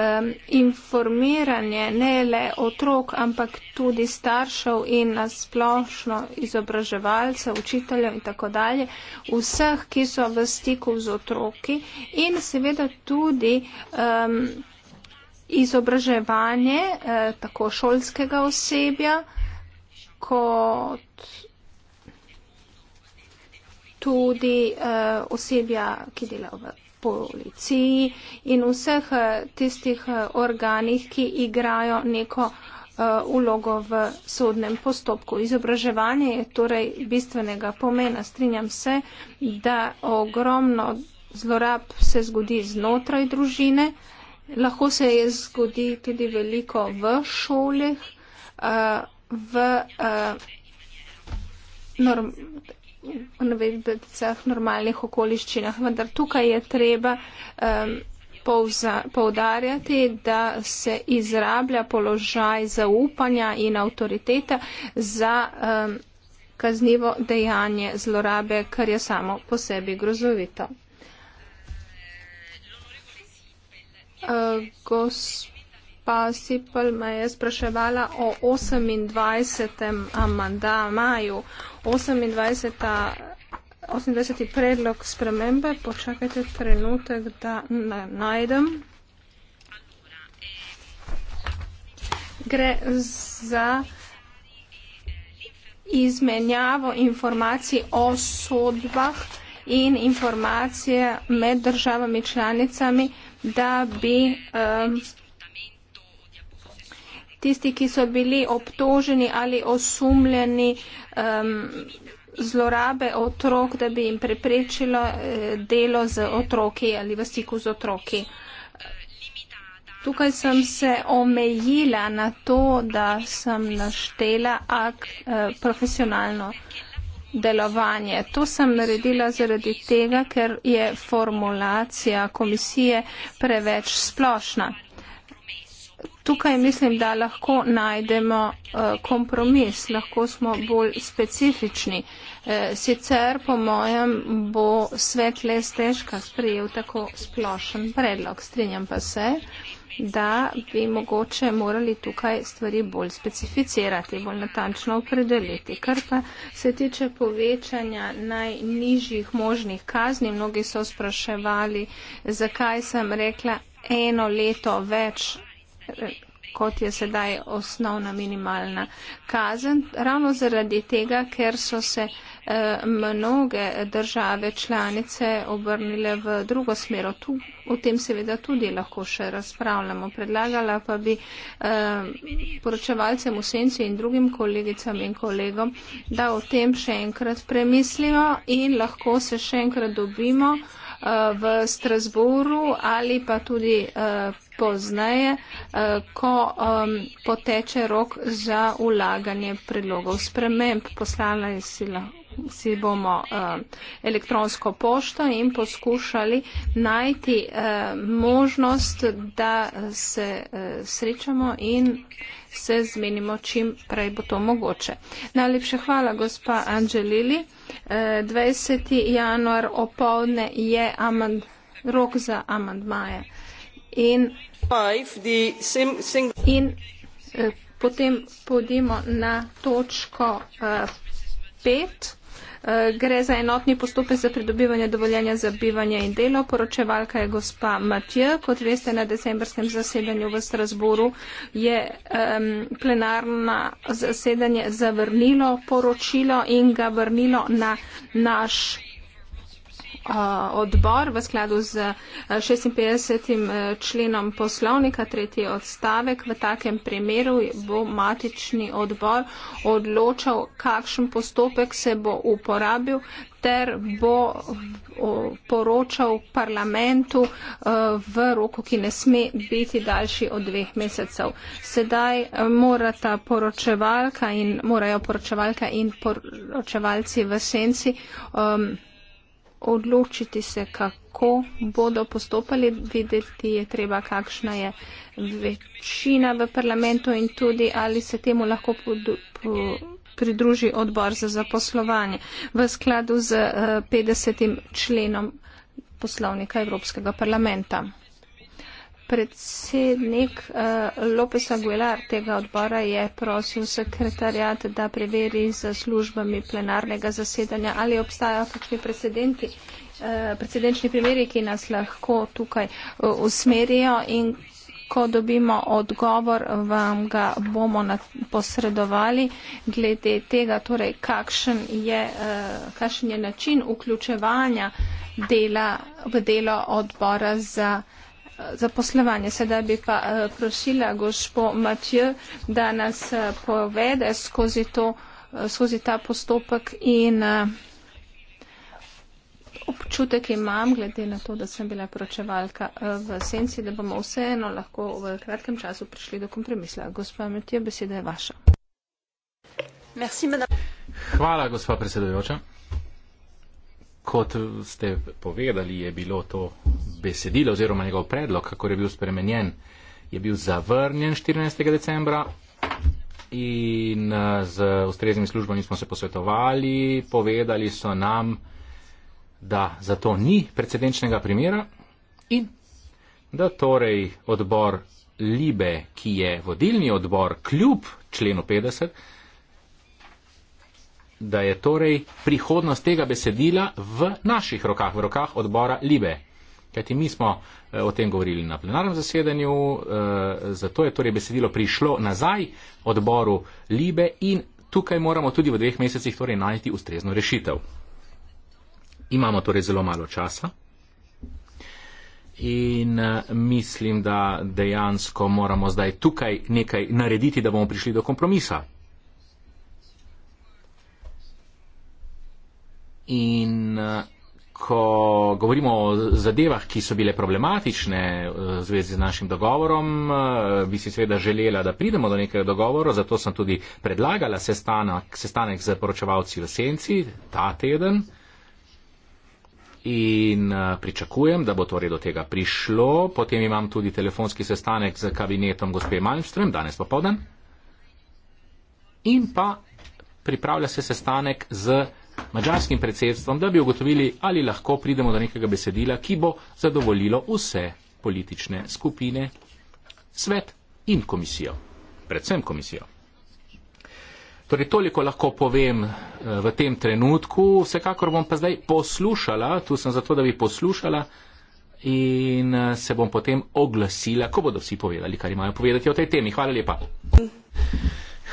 Um, informiranje ne le otrok, ampak tudi staršev in nasplošno izobraževalcev, učiteljev in tako dalje, vseh, ki so v stiku z otroki in seveda tudi um, izobraževanje eh, tako šolskega osebja kot tudi uh, osebja, ki dela v policiji in vseh uh, tistih uh, organih, ki igrajo neko ulogo v sodnem postopku. Izobraževanje je torej bistvenega pomena. Strinjam se, da ogromno zlorab se zgodi znotraj družine, lahko se je zgodi tudi veliko v šolih, v v navedbicah normalnih okoliščinah. Vendar tukaj je treba um, povza, povdarjati, da se izrablja položaj zaupanja in avtoriteta za um, kaznivo dejanje zlorabe, kar je samo po sebi grozovito. Uh, gospa Sipel me je spraševala o 28. amandamaju. 28. 28. predlog spremembe. Počakajte trenutek, da na, najdem. Gre za izmenjavo informacij o sodbah in informacije med državami članicami, da bi. Um, tisti, ki so bili obtoženi ali osumljeni um, zlorabe otrok, da bi jim preprečilo uh, delo z otroki ali v stiku z otroki. Tukaj sem se omejila na to, da sem naštela ak, uh, eh, profesionalno delovanje. To sem naredila zaradi tega, ker je formulacija komisije preveč splošna tukaj mislim, da lahko najdemo eh, kompromis, lahko smo bolj specifični. Eh, sicer, po mojem, bo svet le stežka sprejel tako splošen predlog. Strinjam pa se, da bi mogoče morali tukaj stvari bolj specificirati, bolj natančno opredeliti. Kar pa se tiče povečanja najnižjih možnih kazni, mnogi so spraševali, zakaj sem rekla eno leto več kot je sedaj osnovna minimalna kazen, ravno zaradi tega, ker so se eh, mnoge države članice obrnile v drugo smer. O tem seveda tudi lahko še razpravljamo. Predlagala pa bi eh, poročevalcem v senci in drugim kolegicam in kolegom, da o tem še enkrat premislimo in lahko se še enkrat dobimo eh, v Strasburu ali pa tudi pozneje, eh, ko poteče rok za ulaganje predlogov sprememb. Poslala je sila si bomo uh, elektronsko pošto in poskušali najti uh, možnost, da eh, se uh, srečamo in se zmenimo, čim prej bo to mogoče. Najlepše hvala, gospa Anželili. Uh, 20. januar opovdne je amand, rok za amandmaje. In In eh, potem podimo na točko 5. Eh, eh, gre za enotni postopek za pridobivanje dovoljenja za bivanje in delo. Poročevalka je gospa Matija. Kot veste, na decembrskem zasedanju v Strasboru je um, plenarno zasedanje zavrnilo poročilo in ga vrnilo na naš odbor v skladu z 56. E, členom poslovnika, tretji odstavek. V takem primeru bo matični odbor odločal, kakšen postopek se bo uporabil ter bo poročal parlamentu e, v roku, ki ne sme biti daljši od dveh mesecev. Sedaj e, morata poročevalka in morajo poročevalka in poročevalci v senci. Um, odločiti se, kako bodo postopali, videti je treba, kakšna je večina v parlamentu in tudi, ali se temu lahko podu, po, pridruži odbor za zaposlovanje v skladu z 50. Eh, členom poslovnika Evropskega parlamenta predsednik uh, Lopes Aguilar tega odbora je prosil sekretarjat, da preveri z službami plenarnega zasedanja, ali obstajajo kakšni precedenti, uh, precedenčni primeri, ki nas lahko tukaj uh, usmerijo in ko dobimo odgovor, vam ga bomo posredovali glede tega, torej, kakšen, je, uh, kakšen je način vključevanja dela v delo odbora za zaposlovanje. Sedaj bi pa eh, prosila gospo Matjo, da nas eh, povede skozi, to, eh, skozi ta postopek in občutek imam, glede na to, da sem bila pročevalka v senci, da bomo vseeno lahko v kratkem času prišli do kompromisla. Gospa Matjo, beseda je vaša. Merci, Hvala, gospa predsedujoča kot ste povedali, je bilo to besedilo oziroma njegov predlog, kako je bil spremenjen, je bil zavrnjen 14. decembra in eh, z ustreznimi službami smo se posvetovali, povedali so nam, da za to ni precedenčnega primera in da torej odbor Libe, ki je vodilni odbor kljub členu 50, da je torej prihodnost tega besedila v naših rokah, v rokah odbora Libe. Kajti mi smo eh, o tem govorili na plenarnem zasedanju, eh, zato je torej besedilo prišlo nazaj odboru Libe in tukaj moramo tudi v dveh mesecih torej najti ustrezno rešitev. Imamo torej zelo malo časa in eh, mislim, da dejansko moramo zdaj tukaj nekaj narediti, da bomo prišli do kompromisa. in eh, ko govorimo o zadevah, ki so bile problematične eh, v zvezi z našim dogovorom, eh, bi si seveda želela, da pridemo do nekega dogovora, zato sem tudi predlagala sestanek, sestanek z poročevalci v Senci ta teden in pričakujem, da bo torej do tega prišlo. Potem imam tudi telefonski sestanek z kabinetom gospe Malmström danes popovdan. In pa pripravlja se sestanek z mađarskim predsedstvom, da bi ugotovili, ali lahko pridemo do nekega besedila, ki bo zadovoljilo vse politične skupine, svet in komisijo. Predvsem komisijo. Torej, toliko lahko povem eh, v tem trenutku, vsekakor bom pa zdaj poslušala, tu sem zato, da bi poslušala in eh, se bom potem oglasila, ko bodo vsi povedali, kar imajo povedati o tej temi. Hvala lepa.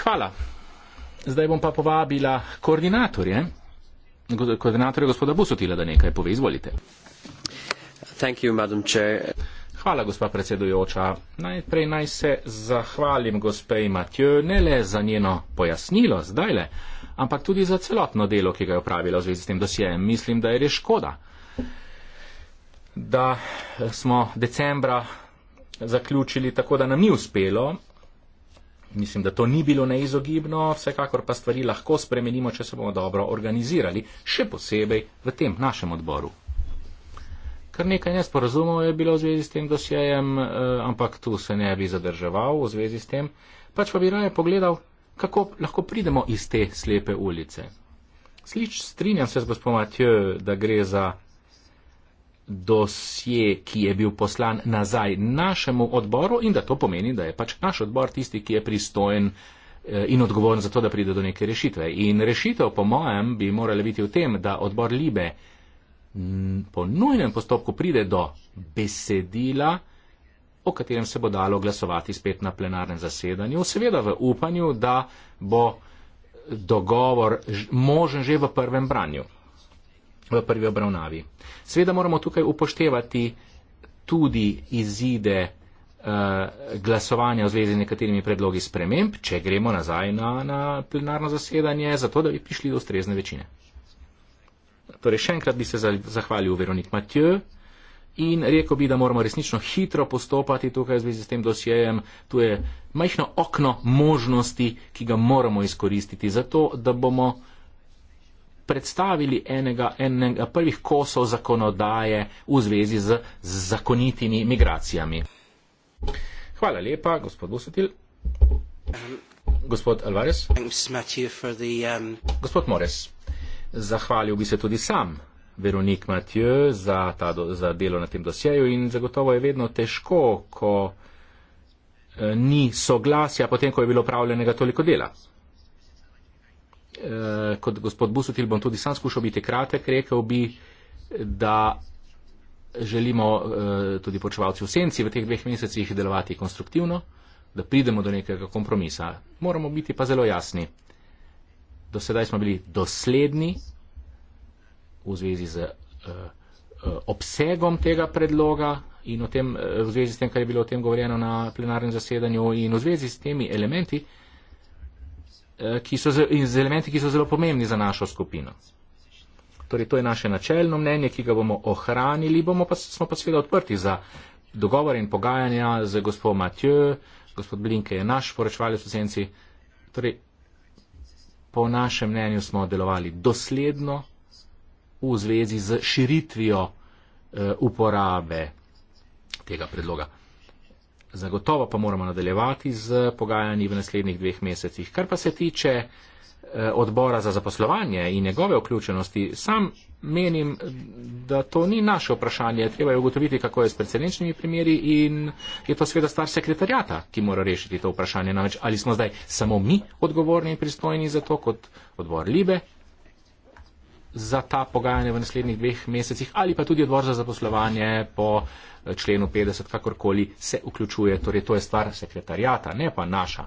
Hvala. Zdaj bom pa povabila koordinatorje koordinatorja gospoda Busotila, da nekaj pove. Izvolite. Hvala, gospa predsedujoča. Najprej naj se zahvalim gospe Matjo ne le za njeno pojasnilo zdajle, ampak tudi za celotno delo, ki ga je opravila v zvezi s tem dosjejem. Mislim, da je res škoda, da smo decembra zaključili tako, da nam ni uspelo mislim, da to ni bilo neizogibno, vsekakor pa stvari lahko spremenimo, če se bomo dobro organizirali, še posebej v tem našem odboru. Kar nekaj nesporazumov je bilo v zvezi s tem dosjejem, eh, ampak tu se ne bi zadrževal v zvezi s tem, pač pa bi raje pogledal, kako lahko pridemo iz te slepe ulice. Slič, strinjam se z gospodom Matjo, da gre za dosje, ki je bil poslan nazaj našemu odboru in da to pomeni, da je pač naš odbor tisti, ki je pristojen eh, in odgovoren za to, da pride do neke rešitve. In rešitev, po mojem, bi morala biti v tem, da odbor Libe po nujnem postopku pride do besedila, o katerem se bo dalo glasovati spet na plenarnem zasedanju, seveda v upanju, da bo dogovor možen že v prvem branju v prvi obravnavi. Sveda moramo tukaj upoštevati tudi izide eh, glasovanja v zvezi z nekaterimi predlogi sprememb, če gremo nazaj na, na plenarno zasedanje, zato da bi prišli do ustrezne večine. Torej, še enkrat bi se zahvalil Veronik Matjeu in rekel bi, da moramo resnično hitro postopati tukaj v zvezi s tem dosjejem. Tu je majhno okno možnosti, ki ga moramo izkoristiti, zato da bomo predstavili enega, enega prvih kosov zakonodaje v zvezi z, z zakonitimi migracijami. Hvala lepa, gospod Busutil. Gospod Alvarez. The, um... Gospod Mores, zahvalil bi se tudi sam. Veronik Matjo za, za delo na tem dosjeju in zagotovo je vedno težko, ko eh, ni soglasja potem, ko je bilo pravljenega toliko dela eh, kot gospod Busutil bom tudi sam skušal biti kratek, rekel bi, da želimo eh, tudi počevalci v senci v teh dveh mesecih delovati konstruktivno, da pridemo do nekega kompromisa. Moramo biti pa zelo jasni. Do sedaj smo bili dosledni v zvezi z eh, eh obsegom tega predloga in tem, eh, v zvezi s tem, kar je bilo o tem govorjeno na plenarnem zasedanju in v zvezi s temi elementi, Eh, ki so, z elementi, ki so zelo pomembni za našo skupino. Torej, to je naše načelno mnenje, ki ga bomo ohranili, bomo pa, smo pa seveda odprti za dogovore in pogajanja z gospod Matjo, gospod Blinke je naš poročevalec v senci. Torej, po našem mnenju smo delovali dosledno v zvezi z širitvijo eh, uporabe tega predloga. Zagotovo pa moramo nadaljevati z pogajanji v naslednjih dveh mesecih. Kar pa se tiče eh, odbora za zaposlovanje in njegove vključenosti, sam menim, da to ni naše vprašanje. Treba je ugotoviti, kako je s precedenčnimi primeri in je to sveda star sekretarjata, ki mora rešiti to vprašanje. Namreč, ali smo zdaj samo mi odgovorni in pristojni za to, kot odbor Libe, za ta pogajanja v naslednjih dveh mesecih ali pa tudi odbor za zaposlovanje po členu 50, kakorkoli se vključuje. Torej, to je stvar sekretarjata, ne pa naša.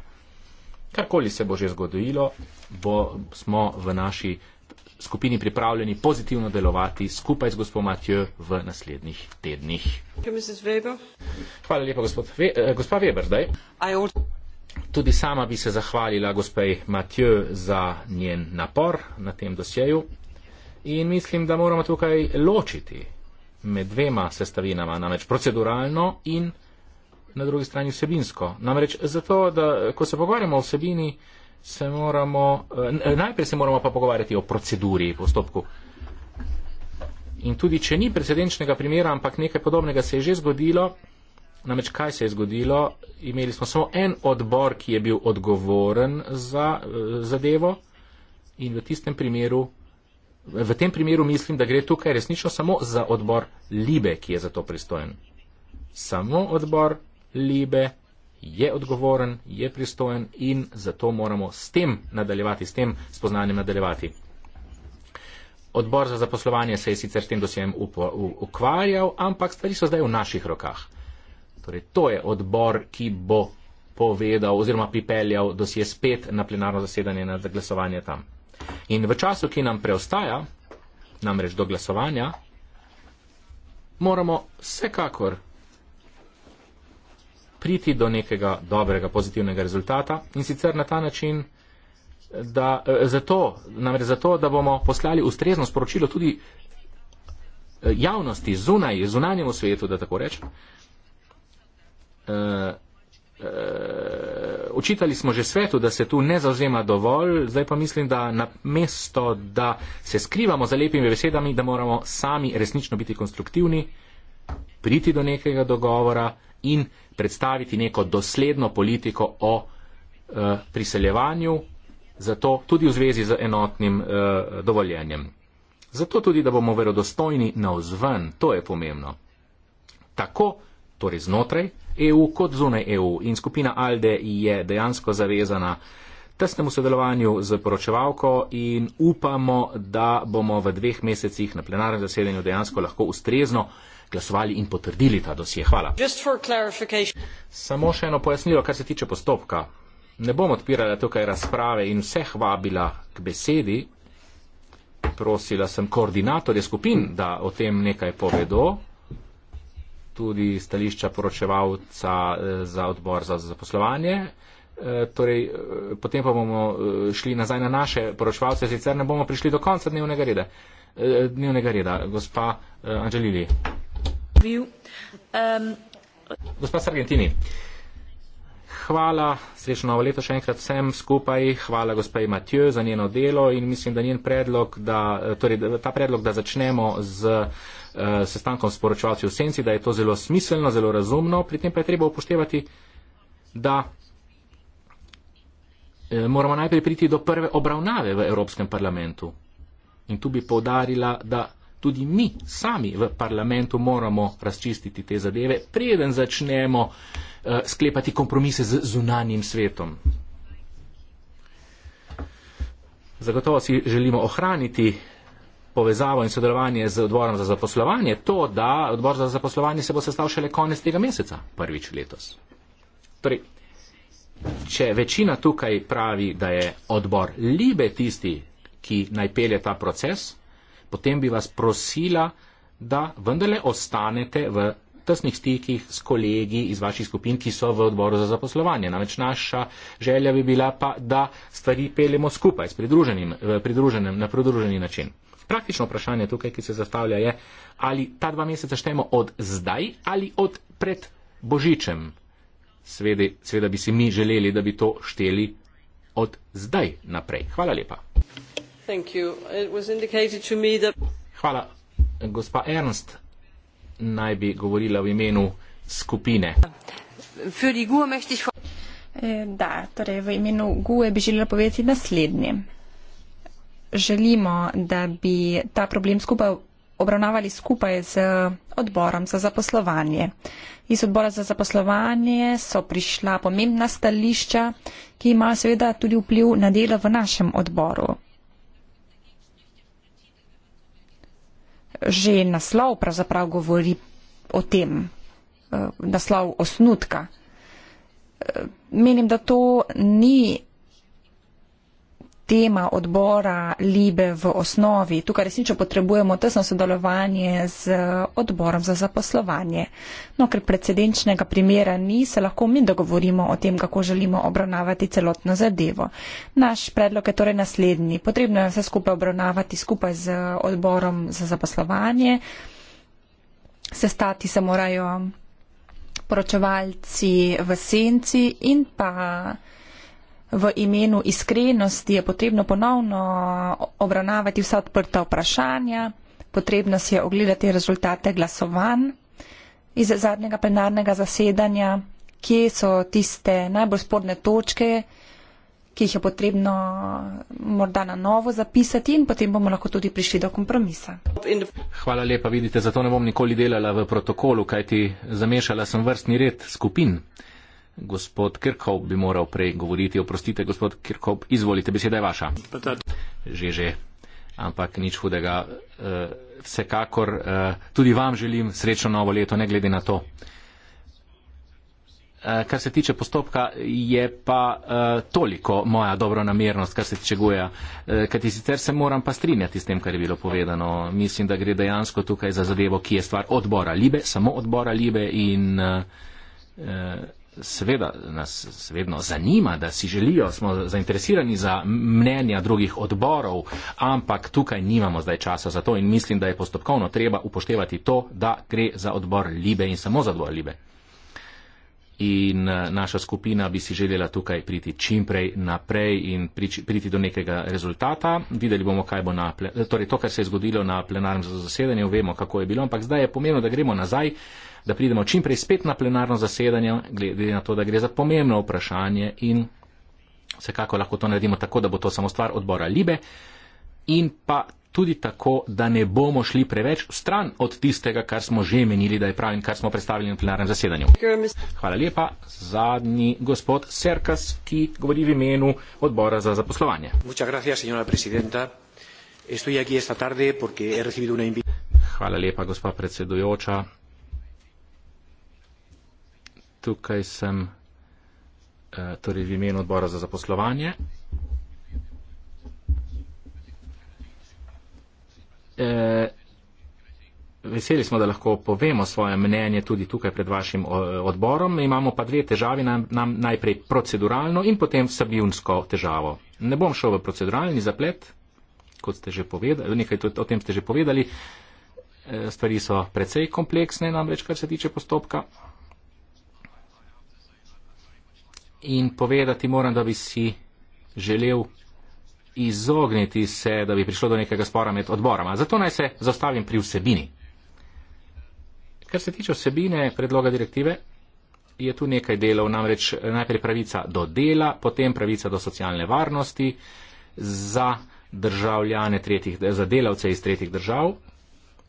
Karkoli se bo že zgodilo, bo, smo v naši skupini pripravljeni pozitivno delovati skupaj z gospod Matjo v naslednjih tednih. Hvala lepa, gospod Ve, eh, gospa Weber. Zdaj. Tudi sama bi se zahvalila gospej Matjo za njen napor na tem dosjeju. In mislim, da moramo tukaj ločiti med dvema sestavinama, namreč proceduralno in na drugi strani vsebinsko. Namreč zato, da ko se pogovarjamo o vsebini, se moramo, eh, najprej se moramo pa pogovarjati o proceduri, postopku. In tudi, če ni precedenčnega primera, ampak nekaj podobnega se je že zgodilo, namreč kaj se je zgodilo, imeli smo samo en odbor, ki je bil odgovoren za eh, zadevo in v tistem primeru V tem primeru mislim, da gre tukaj resnično samo za odbor Libe, ki je za to pristojen. Samo odbor Libe je odgovoren, je pristojen in zato moramo s tem nadaljevati, s tem spoznanjem nadaljevati. Odbor za zaposlovanje se je sicer s tem dosjem ukvarjal, ampak stvari so zdaj v naših rokah. Torej, to je odbor, ki bo povedal oziroma pripeljal dosje spet na plenarno zasedanje, na glasovanje tam. In v času, ki nam preostaja, namreč do glasovanja, moramo vsekakor priti do nekega dobrega, pozitivnega rezultata in sicer na ta način, da, eh, zato, namreč zato, da bomo poslali ustrezno sporočilo tudi eh, javnosti zunaj, zunanjemu svetu, da tako rečem. Eh, Učitali eh, smo že svetu, da se tu ne zauzema dovolj, zdaj pa mislim, da na mesto, da se skrivamo za lepimi besedami, da moramo sami resnično biti konstruktivni, priti do nekega dogovora in predstaviti neko dosledno politiko o eh, priseljevanju, zato tudi v zvezi z enotnim eh, dovoljenjem. Zato tudi, da bomo verodostojni na vzven, to je pomembno. Tako, torej znotraj, EU kot zunaj EU in skupina ALDE je dejansko zavezana tesnemu sodelovanju z poročevalko in upamo, da bomo v dveh mesecih na plenarnem zasedanju dejansko lahko ustrezno glasovali in potrdili ta dosje. Hvala. Samo še eno pojasnilo, kar se tiče postopka. Ne bom odpirala tukaj razprave in vseh vabila k besedi. Prosila sem koordinatorje skupin, da o tem nekaj povedo tudi stališča poročevalca eh, za odbor za zaposlovanje. Eh, torej, eh, potem pa bomo šli nazaj na naše poročevalce, sicer ne bomo prišli do konca dnevnega reda. Dnevnega reda. Gospa Anželili. Um. Gospa Sargentini. Hvala, srečno novo leto še enkrat vsem skupaj, hvala gospej Matjo za njeno delo in mislim, da njen predlog, da, torej, ta predlog, da začnemo z uh, uh, eh, sestankom s poročevalci v senci, da je to zelo smiselno, zelo razumno, pri tem pa je treba upoštevati, da uh, moramo najprej priti do prve obravnave v Evropskem parlamentu. In tu bi povdarila, da tudi mi sami v parlamentu moramo razčistiti te zadeve, preden začnemo uh, sklepati kompromise z zunanjim svetom. Zagotovo si želimo ohraniti povezavo in sodelovanje z odborom za zaposlovanje, to, da odbor za zaposlovanje se bo sestav šele konec tega meseca, prvič letos. Torej, če večina tukaj pravi, da je odbor Libe tisti, ki najpelje ta proces, potem bi vas prosila, da vendarle ostanete v tesnih stikih s kolegi iz vaših skupin, ki so v odboru za zaposlovanje. Namreč naša želja bi bila pa, da stvari peljemo skupaj, s pridruženim, eh, pridruženim, na pridruženi način praktično vprašanje tukaj, ki se zastavlja, je, ali ta dva meseca štejemo od zdaj ali od pred Božičem. Svedi, sveda bi si mi želeli, da bi to šteli od zdaj naprej. Hvala lepa. Hvala. Gospa Ernst naj bi govorila v imenu skupine. E eh, da, torej v imenu GUE bi želela povedati naslednje želimo, da bi ta problem skupaj obravnavali skupaj z odborom za zaposlovanje. Iz odbora za zaposlovanje so prišla pomembna stališča, ki imajo seveda tudi vpliv na delo v našem odboru. Že naslov pravzaprav govori o tem, eh, naslov osnutka. Eh, menim, da to ni tema odbora Libe v osnovi. Tukaj resnično potrebujemo tesno sodelovanje z eh, odborom za zaposlovanje. No, ker precedenčnega primera ni, se lahko mi dogovorimo o tem, kako želimo obravnavati celotno zadevo. Naš predlog je torej naslednji. Potrebno je vse skupaj obravnavati skupaj z eh, odborom za zaposlovanje. Sestati se morajo poročevalci v senci in pa v imenu iskrenosti je potrebno ponovno obravnavati vsa odprta vprašanja, potrebno si je ogledati rezultate glasovanj iz zadnjega plenarnega zasedanja, kje so tiste najbolj sporne točke, ki jih je potrebno morda na novo zapisati in potem bomo lahko tudi prišli do kompromisa. Hvala lepa, vidite, zato ne bom nikoli delala v protokolu, kajti zamešala sem vrstni red skupin. Gospod Kirkhope bi moral prej govoriti. Oprostite, gospod Kirkhope, izvolite, beseda je vaša. Že, že. Ampak nič hudega. Eh, vsekakor eh, tudi vam želim srečno novo leto, ne glede na to. Eh, kar se tiče postopka, je pa toliko moja dobronamernost, kar se tiče goja. Kajti sicer se moram pa strinjati s tem, kar je bilo povedano. Mislim, da gre dejansko tukaj za zadevo, ki je stvar odbora Libe, samo odbora Libe in seveda nas vedno zanima, da si želijo, smo zainteresirani za mnenja drugih odborov, ampak tukaj nimamo zdaj časa za to in mislim, da je postopkovno treba upoštevati to, da gre za odbor Libe in samo za odbor Libe. In eh, naša skupina bi si želela tukaj priti čimprej naprej in priti do nekega rezultata. Videli bomo, kaj bo na, torej to, kar se je zgodilo na plenarnem zasedanju, vemo, kako je bilo, ampak zdaj je pomembno, da gremo nazaj da pridemo čim prej spet na plenarno zasedanje, glede na to, da gre za pomembno vprašanje in vsekako lahko to naredimo tako, da bo to samo stvar odbora Libe in pa tudi tako, da ne bomo šli preveč stran od tistega, kar smo že menili, da je prav in kar smo predstavili na plenarnem zasedanju. Hvala lepa. Zadnji gospod Serkas, ki govori v imenu odbora za zaposlovanje. Hvala lepa, gospa predsedujoča tukaj sem eh, torej v imenu odbora za zaposlovanje. E, veseli smo, da lahko povemo svoje mnenje tudi tukaj pred vašim eh, odborom. Imamo pa dve težavi, nam, nam najprej proceduralno in potem vsebinsko težavo. Ne bom šel v proceduralni zaplet, kot ste že povedali, nekaj o tem ste že povedali. E, stvari so precej kompleksne, namreč kar se tiče postopka. in povedati moram, da bi si želel izogniti se, da bi prišlo do nekega spora med odboroma. Zato naj se zastavim pri vsebini. Kar se tiče vsebine predloga direktive, je tu nekaj delov, namreč najprej pravica do dela, potem pravica do socialne varnosti za državljane, tretjih, za delavce iz tretjih držav.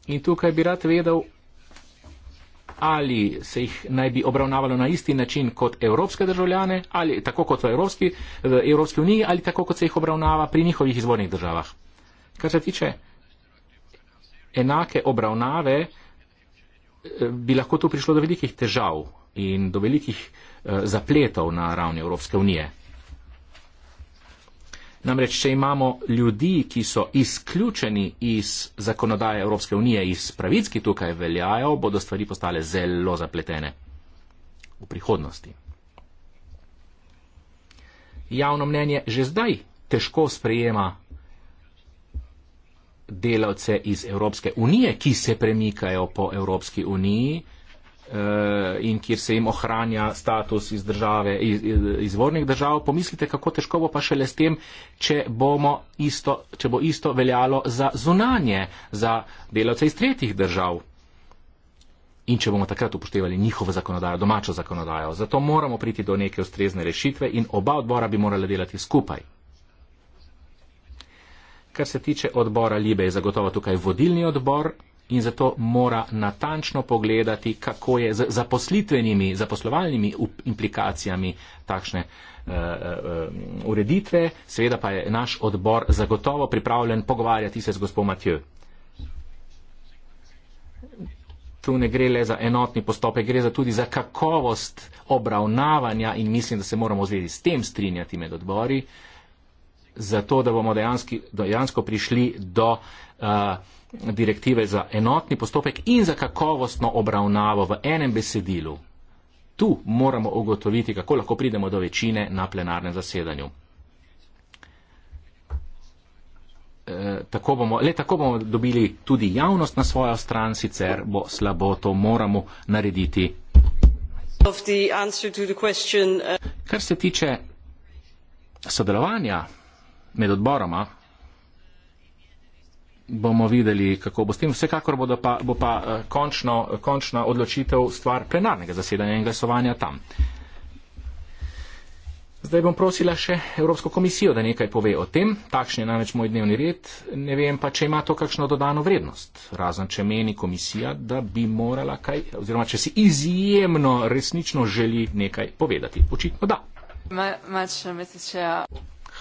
In tukaj bi rad vedel, ali se jih naj bi obravnavalo na isti način kot evropske državljane, ali tako kot v Evropski, v Evropski uniji, ali tako kot se jih obravnava pri njihovih izvornih državah. Kar se tiče enake obravnave, eh, bi lahko tu prišlo do velikih težav in do velikih eh, zapletov na ravni Evropske unije. Namreč, če imamo ljudi, ki so izključeni iz zakonodaje Evropske unije, iz pravic, ki tukaj veljajo, bodo stvari postale zelo zapletene v prihodnosti. Javno mnenje že zdaj težko sprejema delavce iz Evropske unije, ki se premikajo po Evropski uniji, Eh, in kjer se jim ohranja status iz, države, iz, iz izvornih držav, pomislite, kako težko bo pa šele s tem, če, isto, če bo isto veljalo za zunanje, za delavce iz tretjih držav. In če bomo takrat upoštevali njihovo zakonodajo, domačo zakonodajo, zato moramo priti do neke ustrezne rešitve in oba odbora bi morala delati skupaj. Kar se tiče odbora Libe, je zagotovo tukaj vodilni odbor, in zato mora natančno pogledati, kako je z zaposlitvenimi, zaposlovalnimi implikacijami takšne eh, eh, eh, ureditve. Seveda pa je naš odbor zagotovo pripravljen pogovarjati se z gospod Matjo. Tu ne gre le za enotni postopek, gre za tudi za kakovost obravnavanja in mislim, da se moramo zvedi s tem strinjati med odbori, zato da bomo dejansko, dejansko prišli do uh, direktive za enotni postopek in za kakovostno obravnavo v enem besedilu. Tu moramo ugotoviti, kako lahko pridemo do večine na plenarnem zasedanju. E, tako bomo, le tako bomo dobili tudi javnost na svojo stran, sicer bo slabo, to moramo narediti. Uh, Kar se tiče sodelovanja med odboroma, bomo videli, kako bo s tem. Vsekakor bo pa, bo pa eh, končno, končna odločitev stvar plenarnega zasedanja in glasovanja tam. Zdaj bom prosila še Evropsko komisijo, da nekaj pove o tem. Takšen je namreč moj dnevni red. Ne vem pa, če ima to kakšno dodano vrednost, razen če meni komisija, da bi morala kaj, oziroma če si izjemno resnično želi nekaj povedati. Očitno da.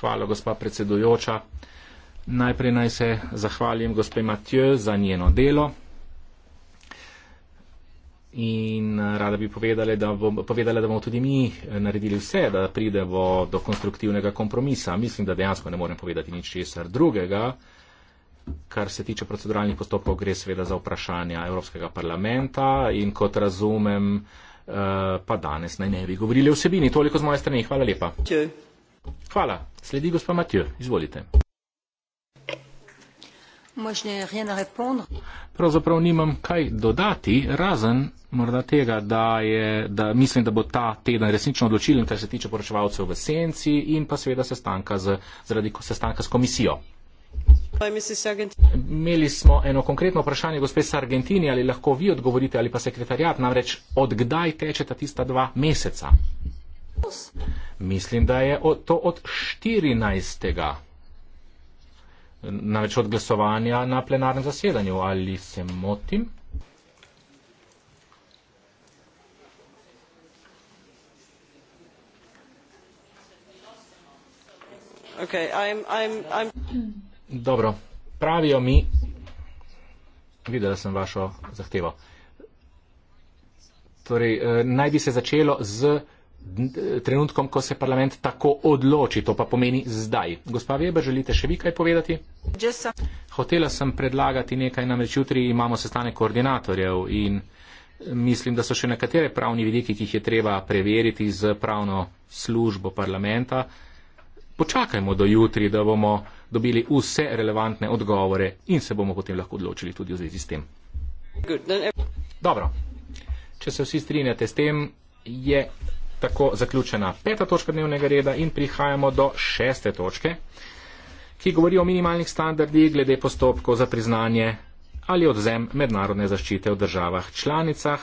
Hvala, gospa predsedujoča. Najprej naj se zahvalim gospe Matjo za njeno delo. In eh, rada bi povedala da, bom, povedala, da bomo tudi mi eh, naredili vse, da pridemo do konstruktivnega kompromisa. Mislim, da dejansko ne morem povedati nič česar drugega. Kar se tiče proceduralnih postopkov, gre seveda za vprašanja Evropskega parlamenta in kot razumem, eh, pa danes naj ne bi govorili o vsebini. Toliko z moje strani. Hvala lepa. Hvala. Sledi gospa Matjo. Izvolite. Pravzaprav nimam kaj dodati, razen morda tega, da, je, da mislim, da bo ta teden resnično odločilen, kar se tiče poročevalcev v senci in pa seveda sestanka z, zaradi sestanka s komisijo. Imeli smo eno konkretno vprašanje, gospe Sargentini, ali lahko vi odgovorite ali pa sekretarjat, namreč odkdaj tečeta tista dva meseca? Mislim, da je to od 14 namreč od glasovanja na plenarnem zasedanju. Ali se motim? Okay, I'm, I'm, I'm... Dobro, pravijo mi, videla sem vašo zahtevo. Torej, eh, naj bi se začelo z trenutkom, ko se parlament tako odloči, to pa pomeni zdaj. Gospa Weber, želite še vi kaj povedati? Hotela sem predlagati nekaj, namreč jutri imamo sestanek koordinatorjev in mislim, da so še nekatere pravni vidiki, ki jih je treba preveriti z pravno službo parlamenta. Počakajmo do jutri, da bomo dobili vse relevantne odgovore in se bomo potem lahko odločili tudi v zvezi s tem. Dobro. Če se vsi strinjate s tem, je tako zaključena peta točka dnevnega reda in prihajamo do šeste točke, ki govori o minimalnih standardih glede postopkov za priznanje ali odzem mednarodne zaščite v državah članicah.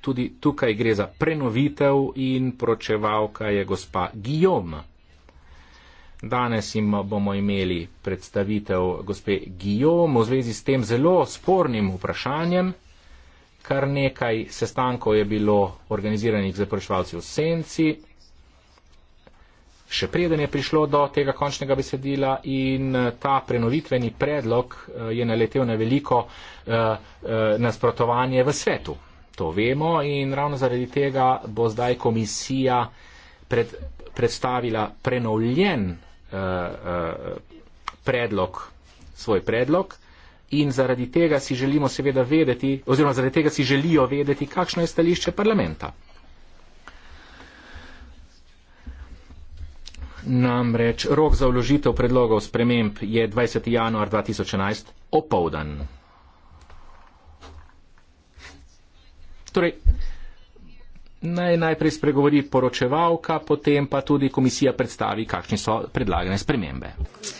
Tudi tukaj gre za prenovitev in pročevalka je gospa Gijom. Danes jim bomo imeli predstavitev gospe Gijom v zvezi s tem zelo spornim vprašanjem. Kar nekaj sestankov je bilo organiziranih za prešvalci v senci, še preden je prišlo do tega končnega besedila in eh, ta prenovitveni predlog eh, je naletel na veliko eh, nasprotovanje v svetu. To vemo in ravno zaradi tega bo zdaj komisija pred, predstavila prenovljen eh, eh, predlog, svoj predlog. Eh, in zaradi tega si želimo seveda vedeti, oziroma zaradi tega si želijo vedeti, kakšno je stališče parlamenta. Namreč rok za vložitev predlogov sprememb je 20. januar 2011 opovdan. Torej, naj najprej spregovori poročevalka, potem pa tudi komisija predstavi, kakšne so predlagane spremembe. Okay.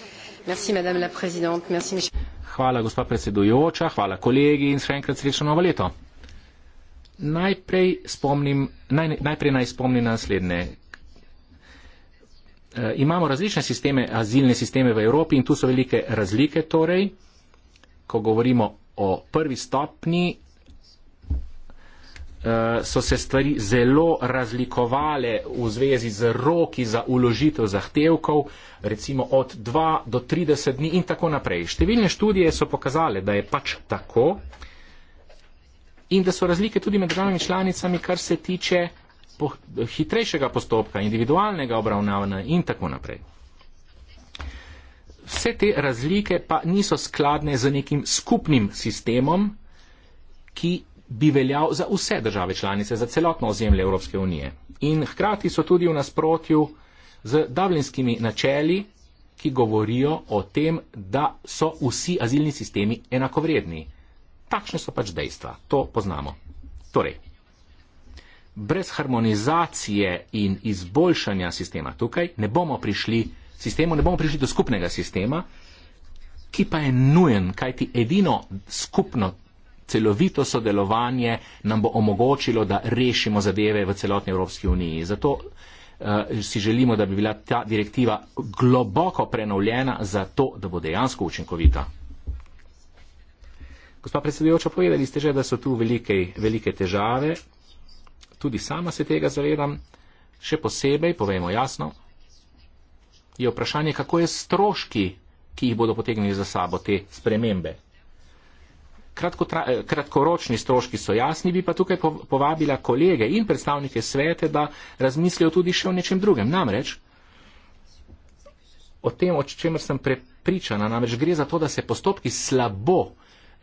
Hvala, gospa predsedujoča, hvala kolegi in še enkrat srečno novo leto. Najprej, spomnim, naj, najprej naj spomnim naslednje. E, imamo različne sisteme, azilne sisteme v Evropi in tu so velike razlike. Torej, ko govorimo o prvi stopni Eh, so se stvari zelo razlikovale v zvezi z roki za uložitev zahtevkov, recimo od 2 do 30 dni in tako naprej. Številne študije so pokazale, da je pač tako in da so razlike tudi med državami članicami, kar se tiče po hitrejšega postopka, individualnega obravnavanja in tako naprej. Vse te razlike pa niso skladne z nekim skupnim sistemom, ki bi veljal za vse države članice, za celotno ozemlje Evropske unije. In hkrati so tudi v nasprotju z davljinskimi načeli, ki govorijo o tem, da so vsi azilni sistemi enakovredni. Takšne so pač dejstva, to poznamo. Torej, brez harmonizacije in izboljšanja sistema tukaj ne bomo prišli sistemu, ne bomo prišli do skupnega sistema, ki pa je nujen, kajti edino skupno celovito sodelovanje nam bo omogočilo, da rešimo zadeve v celotni Evropski uniji. Zato uh, si želimo, da bi bila ta direktiva globoko prenovljena, zato da bo dejansko učinkovita. Gospa predsedujoča, povedali ste že, da so tu velike, velike težave. Tudi sama se tega zavedam. Še posebej, povemo jasno, je vprašanje, kako je stroški, ki jih bodo potegnili za sabo te spremembe. Eh, kratkoročni stroški so jasni, bi pa tukaj povabila kolege in predstavnike svete, da razmislijo tudi še o nečem drugem. Namreč o tem, o čemer sem prepričana, namreč gre za to, da se postopki slabo,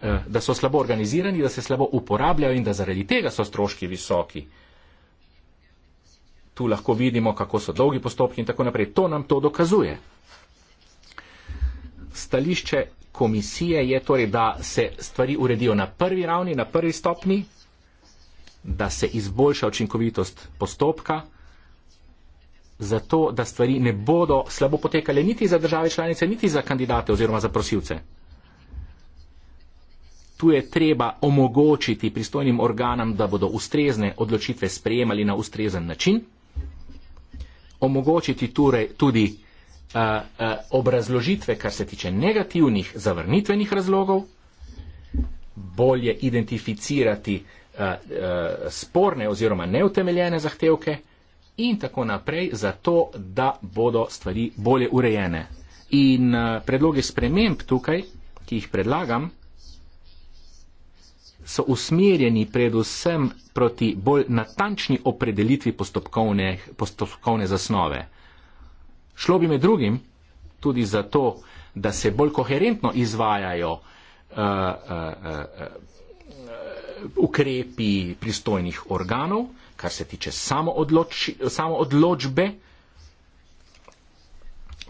eh, da so slabo organizirani, da se slabo uporabljajo in da zaradi tega so stroški visoki. Tu lahko vidimo, kako so dolgi postopki in tako naprej. To nam to dokazuje. Stališče komisije je torej, da se stvari uredijo na prvi ravni, na prvi stopni, da se izboljša učinkovitost postopka, zato da stvari ne bodo slabo potekale niti za države članice, niti za kandidate oziroma za prosilce. Tu je treba omogočiti pristojnim organom, da bodo ustrezne odločitve sprejemali na ustrezen način, omogočiti torej tudi, tudi a, a, obrazložitve, kar se tiče negativnih zavrnitvenih razlogov, bolje identificirati a, a, sporne oziroma neutemeljene zahtevke in tako naprej, zato da bodo stvari bolje urejene. In a, predloge sprememb tukaj, ki jih predlagam, so usmerjeni predvsem proti bolj natančni opredelitvi postopkovne, postopkovne zasnove. Šlo bi med drugim tudi za to, da se bolj koherentno izvajajo uh, uh, uh, uh, ukrepi pristojnih organov, kar se tiče samo odločbe,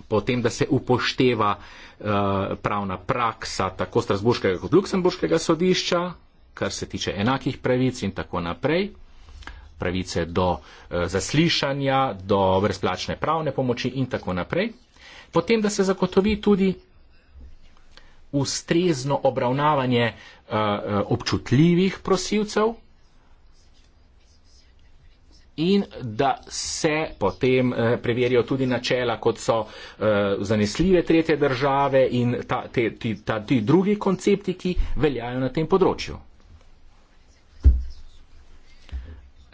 potem, da se upošteva uh, pravna praksa tako Strasburškega kot Luksemburškega sodišča, kar se tiče enakih pravic in tako naprej pravice do eh, zaslišanja, do brezplačne pravne pomoči in tako naprej. Potem, da se zagotovi tudi ustrezno obravnavanje eh, eh, občutljivih prosilcev in da se potem preverijo tudi načela, kot so zanesljive tretje države in ta, te, ti, ta, ti drugi koncepti, ki veljajo na tem področju.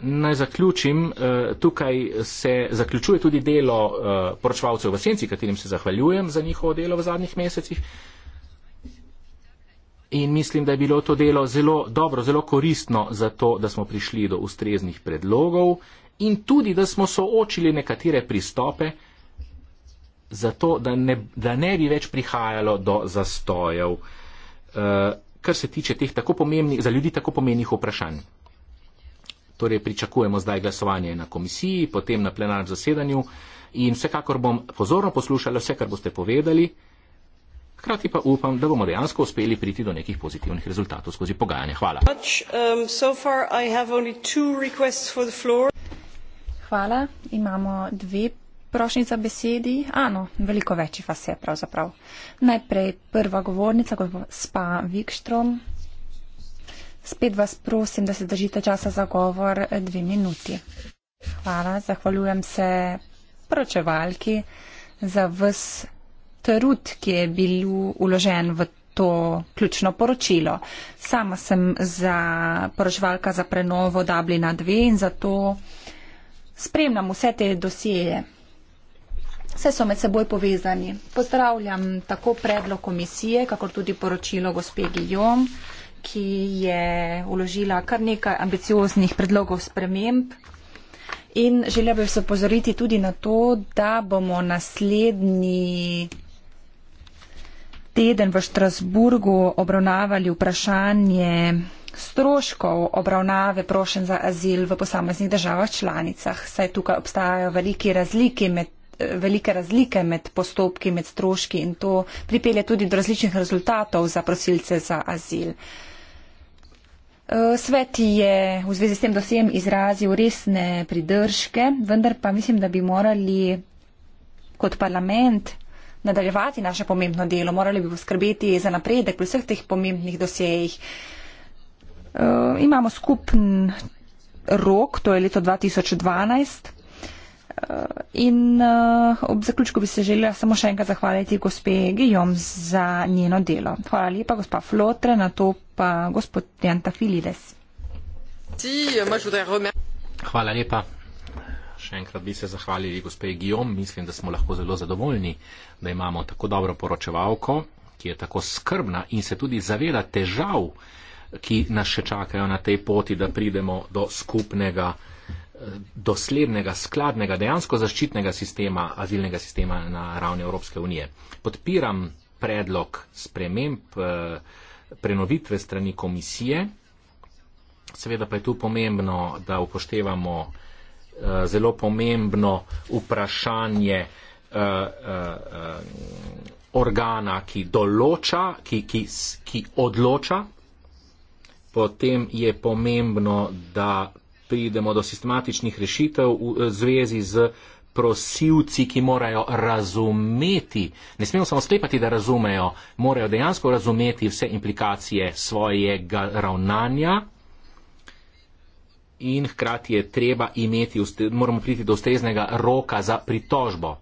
Naj zaključim, eh, tukaj se zaključuje tudi delo eh, poročevalcev v senci, katerim se zahvaljujem za njihovo delo v zadnjih mesecih. In mislim, da je bilo to delo zelo dobro, zelo koristno za to, da smo prišli do ustreznih predlogov in tudi, da smo soočili nekatere pristope, zato da ne, da ne bi več prihajalo do zastojev, eh, kar se tiče teh tako pomembnih, za ljudi tako pomembnih vprašanj. Torej, pričakujemo zdaj glasovanje na komisiji, potem na plenarnem zasedanju in vsekakor bom pozorno poslušala vse, kar boste povedali. Hkrati pa upam, da bomo dejansko uspeli priti do nekih pozitivnih rezultatov skozi pogajanje. Hvala. Um, Hvala. Imamo dve prošnji za besedi. Ano, veliko večjih vas je pravzaprav. Najprej prva govornica, gospa Vikstrom. Spet vas prosim, da se držite časa za govor eh, dve minuti. Hvala, zahvaljujem se poročevalki za vs trud, ki je bil uložen v to ključno poročilo. Sama sem za poročevalka za prenovo Dublina 2 in zato spremljam vse te dosjeje. Vse so med seboj povezani. Pozdravljam tako predlog komisije, kako tudi poročilo gospe Gijom ki je uložila kar nekaj ambicioznih predlogov sprememb. In želja bi se opozoriti tudi na to, da bomo naslednji teden v Štrasburgu obravnavali vprašanje stroškov obravnave prošen za azil v posameznih državah članicah. Saj tukaj obstajajo velike razlike med, velike razlike med postopki, med stroški in to pripelje tudi do različnih rezultatov za prosilce za azil. Uh, Eh, Sveti je v zvezi s tem dosjem izrazil resne pridržke, vendar pa mislim, da bi morali kot parlament nadaljevati naše pomembno delo, morali bi poskrbeti za napredek pri vseh teh pomembnih dosejih. Eh, imamo skupen rok, to je leto 2012. In uh, ob zaključku bi se želela samo še enkrat zahvaliti gospe Gijom za njeno delo. Hvala lepa, gospa Flotre, na to pa gospod Janta Filides. Eh, Hvala lepa. Še enkrat bi se zahvalili gospe Gijom. Mislim, da smo lahko zelo zadovoljni, da imamo tako dobro poročevalko, ki je tako skrbna in se tudi zaveda težav, ki nas še čakajo na tej poti, da pridemo do skupnega doslednega, skladnega, dejansko zaščitnega sistema, azilnega sistema na ravni Evropske unije. Podpiram predlog sprememb, eh, prenovitve strani komisije. Seveda pa je tu pomembno, da upoštevamo eh, zelo pomembno vprašanje eh, organa, ki določa, ki, ki, ki odloča. Potem je pomembno, da pridemo do sistematičnih rešitev v eh, zvezi z prosilci, ki morajo razumeti. Ne smemo samo sklepati, da razumejo, morajo dejansko razumeti vse implikacije svojega ravnanja. In hkrati je treba imeti, moramo priti do ustreznega roka za pritožbo.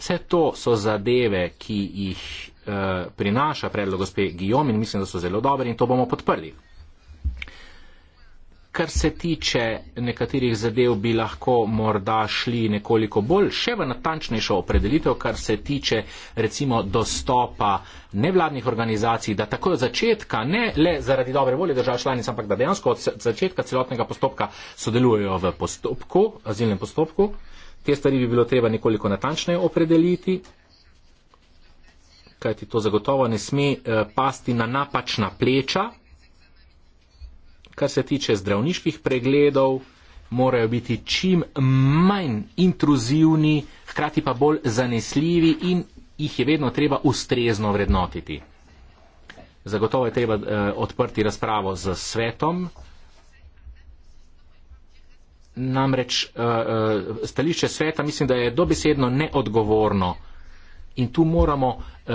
Vse to so zadeve, ki jih uh, prinaša predlog gospe Gijom in mislim, da so zelo dobre in to bomo podprli kar se tiče nekaterih zadev, bi lahko morda šli nekoliko bolj še v natančnejšo opredelitev, kar se tiče recimo dostopa nevladnih organizacij, da tako od začetka, ne le zaradi dobre volje držav članic, ampak da dejansko od začetka celotnega postopka sodelujejo v postopku, azilnem postopku. Te stvari bi bilo treba nekoliko natančneje opredeliti kajti to zagotovo ne sme eh, pasti na napačna pleča kar se tiče zdravniških pregledov, morajo biti čim manj intruzivni, hkrati pa bolj zanesljivi in jih je vedno treba ustrezno vrednotiti. Zagotovo je treba eh, odprti razpravo z svetom. Namreč eh, eh stališče sveta mislim, da je dobesedno neodgovorno in tu moramo eh,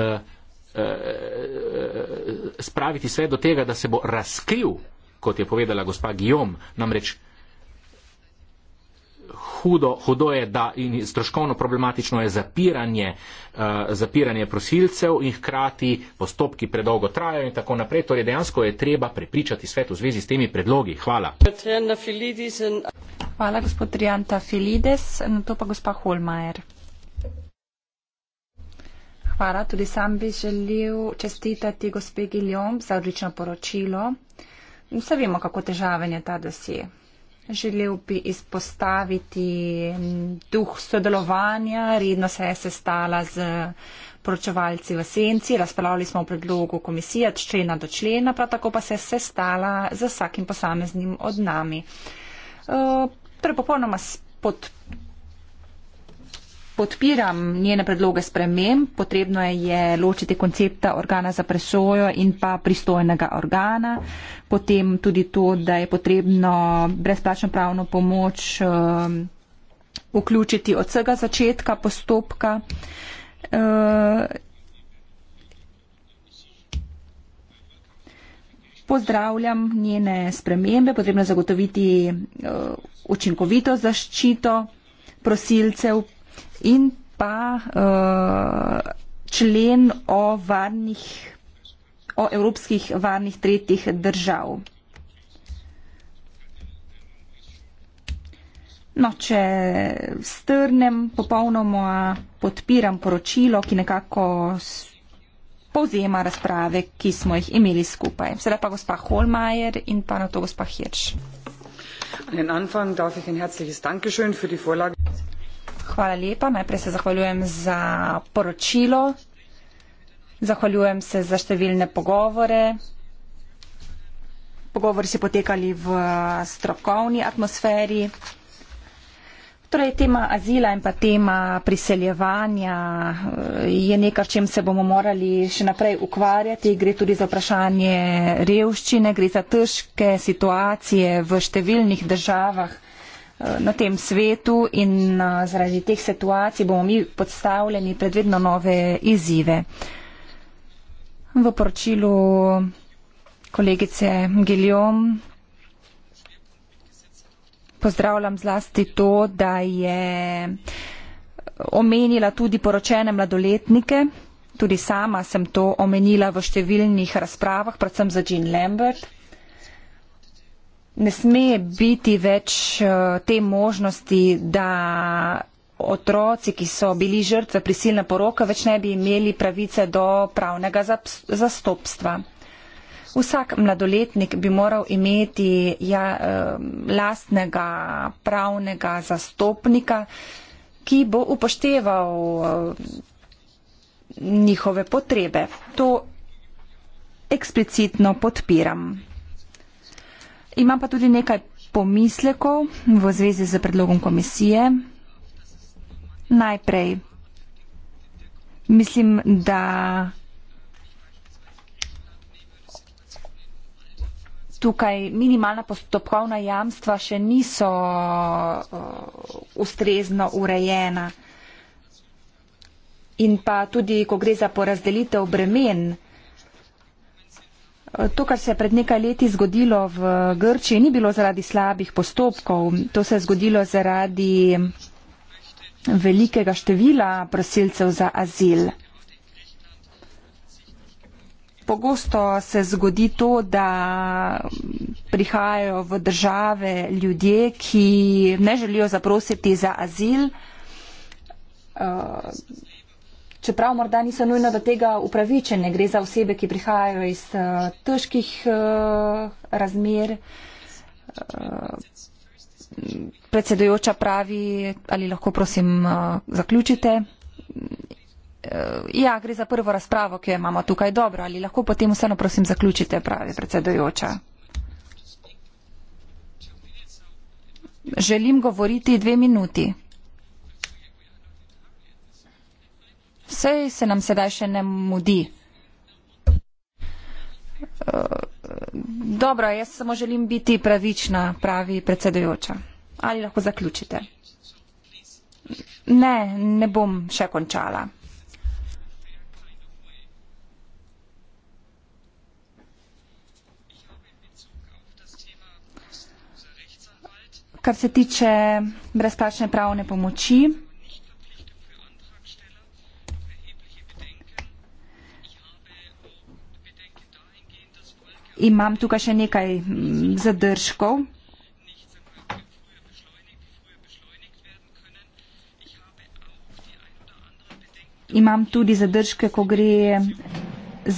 eh, eh spraviti svet do tega, da se bo razkril kot je povedala gospa Gijom, namreč hudo, hudo je, da in stroškovno problematično je zapiranje, uh, zapiranje prosilcev in hkrati postopki predolgo trajajo in tako naprej. Torej dejansko je treba prepričati svet v zvezi s temi predlogi. Hvala. Hvala, gospod Trijanta Filides. Na to pa gospa Holmajer. Hvala. Tudi sam bi želel čestitati gospe Giljom za odlično poročilo. Vse vemo, kako težaven je ta dosje. Želel bi izpostaviti duh sodelovanja, redno se je sestala z poročevalci v senci, razpravljali smo o predlogu komisije, člena do člena, prav tako pa se je sestala z vsakim posameznim od nami. Uh, torej, popolnoma pod podpiram njene predloge sprememb, potrebno je ločiti koncepta organa za presojo in pa pristojnega organa, potem tudi to, da je potrebno brezplačno pravno pomoč um, vključiti od vsega začetka postopka. Uh, pozdravljam njene spremembe, potrebno je zagotoviti uh, učinkovito zaščito prosilcev, in pa uh, člen o, varnih, o evropskih varnih tretjih držav. No, če strnem popolnoma podpiram poročilo, ki nekako povzema razprave, ki smo jih imeli skupaj. Sedaj pa gospa Holmajer in pa na to gospa Hirš. An den Anfang darf ich ein herzliches Dankeschön für die Vorlage. Hvala lepa. Najprej se zahvaljujem za poročilo. Zahvaljujem se za številne pogovore. Pogovori so potekali v strokovni atmosferi. Torej, tema azila in pa tema priseljevanja eh, je nekaj, čem se bomo morali še naprej ukvarjati. Gre tudi za vprašanje revščine, gre za težke situacije v številnih državah. Eh, na tem svetu in eh, zaradi teh situacij bomo mi podstavljeni pred vedno nove izzive. V poročilu kolegice Giljom pozdravljam zlasti to, da je omenila tudi poročene mladoletnike. Tudi sama sem to omenila v številnih razpravah, predvsem za Jean Lambert, ne sme biti več eh, te možnosti, da otroci, ki so bili žrtve prisilne poroke, več ne bi imeli pravice do pravnega zastopstva. Vsak mladoletnik bi moral imeti ja, eh, lastnega pravnega zastopnika, ki bo upošteval eh, njihove potrebe. To eksplicitno podpiram. Imam pa tudi nekaj pomislekov v zvezi z predlogom komisije. Najprej mislim, da tukaj minimalna postopkovna jamstva še niso uh, ustrezno urejena. In pa tudi, ko gre za porazdelitev bremen, To, kar se je pred nekaj leti zgodilo v Grčiji, ni bilo zaradi slabih postopkov, to se je zgodilo zaradi velikega števila prosilcev za azil. Pogosto se zgodi to, da prihajajo v države ljudje, ki ne želijo zaprositi za azil. Uh, čeprav morda niso nujno do tega upravičene, gre za osebe, ki prihajajo iz uh, težkih uh, razmer. Eh, predsedujoča pravi, ali lahko prosim zaključite. Ja, gre za prvo razpravo, ki jo imamo tukaj dobro. Ali lahko potem vseeno prosim zaključite, pravi predsedujoča. Želim govoriti dve minuti. Vse se nam sedaj še ne mudi. Eh, dobro, jaz samo želim biti pravična, pravi predsedujoča. Ali lahko zaključite? Ne, ne bom še končala. Kar se tiče brezplačne pravne pomoči, Imam tukaj še nekaj zadržkov. Imam tudi zadržke, ko gre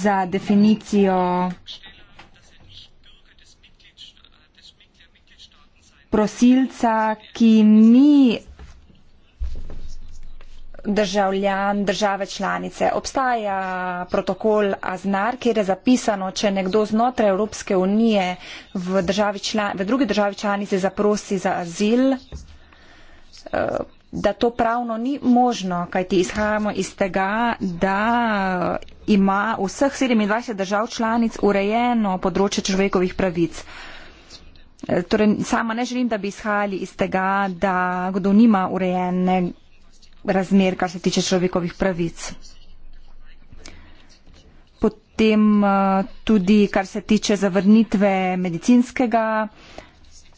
za definicijo prosilca, ki ni državljan države članice. Obstaja protokol Aznar, kjer je zapisano, če nekdo znotraj Evropske unije v, člani, v drugi državi članice zaprosi za azil, eh, da to pravno ni možno, kajti izhajamo iz tega, da ima vseh 27 držav članic urejeno področje človekovih pravic. Eh, torej, sama ne želim, da bi izhajali iz tega, da kdo nima urejenega razmer, kar se tiče človekovih pravic. Potem eh, tudi, kar se tiče zavrnitve medicinskega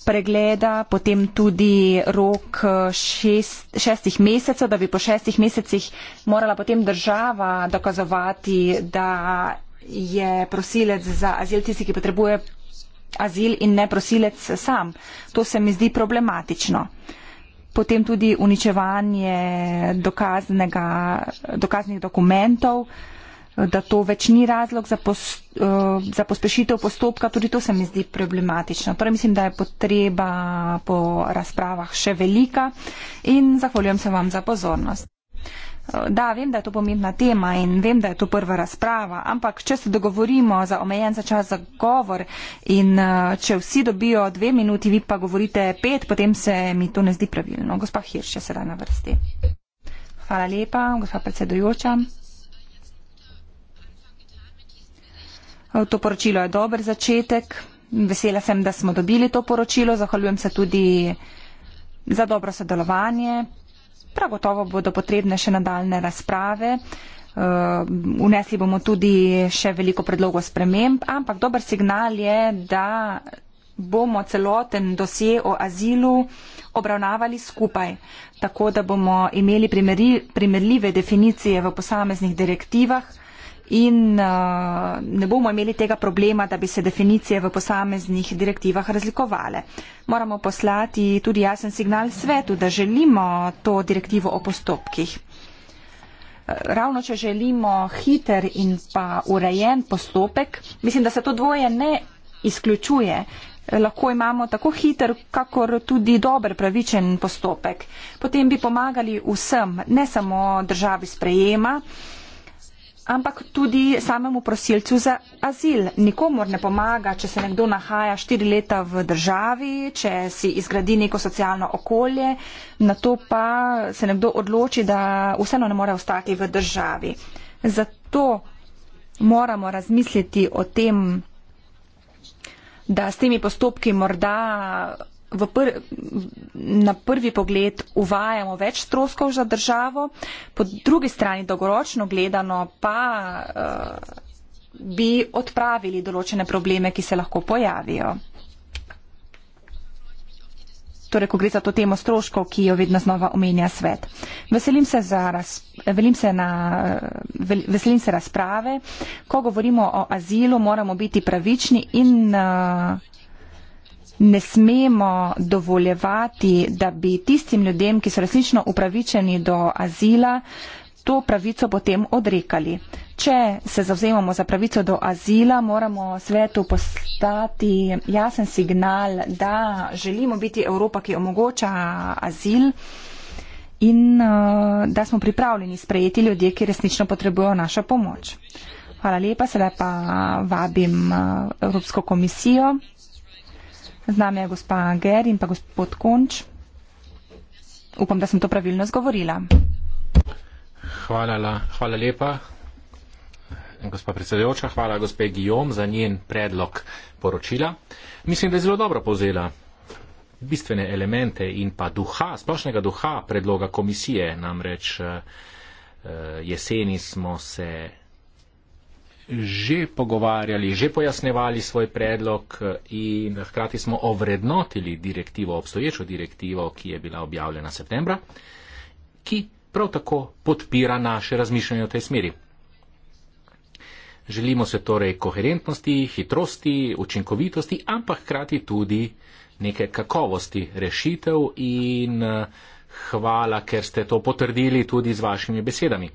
pregleda, potem tudi rok eh, šest, šestih mesecev, da bi po šestih mesecih morala potem država dokazovati, da je prosilec za azil tisti, ki potrebuje azil in ne prosilec sam. To se mi zdi problematično. Uh, potem tudi uničevanje dokaznih dokumentov, da to več ni razlog za, pos, uh, za pospešitev postopka, tudi to se mi zdi problematično. Torej mislim, da je potreba po razpravah še velika in zahvaljujem se vam za pozornost. Da, vem, da je to pomembna tema in vem, da je to prva razprava, ampak če se dogovorimo za omejen začas za govor in eh, če vsi dobijo dve minuti, vi pa govorite pet, potem se mi to ne zdi pravilno. Gospa Hirš je sedaj na vrsti. Hvala lepa, gospa predsedujoča. To poročilo je dober začetek. Vesela sem, da smo dobili to poročilo. Zahvaljujem se tudi za dobro sodelovanje Prav gotovo bodo potrebne še nadaljne razprave. Eh, vnesli bomo tudi še veliko predlogov sprememb, ampak dober signal je, da bomo celoten dosje o azilu obravnavali skupaj, tako da bomo imeli primerljive definicije v posameznih direktivah in uh, ne bomo imeli tega problema, da bi se definicije v posameznih direktivah razlikovale. Moramo poslati tudi jasen signal svetu, da želimo to direktivo o postopkih. Ravno, če želimo hiter in pa urejen postopek, mislim, da se to dvoje ne izključuje. Lahko imamo tako hiter, kakor tudi dober, pravičen postopek. Potem bi pomagali vsem, ne samo državi sprejema, ampak tudi samemu prosilcu za azil. Nikomor ne pomaga, če se nekdo nahaja štiri leta v državi, če si izgradi neko socialno okolje, na to pa se nekdo odloči, da vseeno ne more ostati v državi. Zato moramo razmisliti o tem, da s temi postopki morda pr na prvi pogled uvajamo več stroškov za državo, po drugi strani dolgoročno gledano pa uh, bi odpravili določene probleme, ki se lahko pojavijo. Torej, ko gre za to temo stroškov, ki jo vedno znova omenja svet. Veselim se, raz, veselim, se na, eh, veselim se razprave. Ko govorimo o azilu, moramo biti pravični in uh, ne smemo dovoljevati, da bi tistim ljudem, ki so resnično upravičeni do azila, to pravico potem odrekali. Če se zavzemamo za pravico do azila, moramo svetu postati jasen signal, da želimo biti Evropa, ki omogoča azil in uh, da smo pripravljeni sprejeti ljudje, ki resnično potrebujo našo pomoč. Hvala lepa, sedaj pa vabim uh, Evropsko komisijo. Z nami je gospa Ger in pa gospod Konč. Upam, da sem to pravilno zgovorila. Hvala, la, hvala lepa, gospa predsedujoča. Hvala gospe Guillaume za njen predlog poročila. Mislim, da je zelo dobro povzela bistvene elemente in pa duha, splošnega duha predloga komisije. Namreč eh, jeseni smo se že pogovarjali, že pojasnevali svoj predlog eh, in hkrati smo ovrednotili direktivo, obstoječo direktivo, ki je bila objavljena septembra, ki prav tako podpira naše razmišljanje v tej smeri. Želimo se torej koherentnosti, hitrosti, učinkovitosti, ampak hkrati tudi neke kakovosti rešitev in eh, hvala, ker ste to potrdili tudi z vašimi besedami.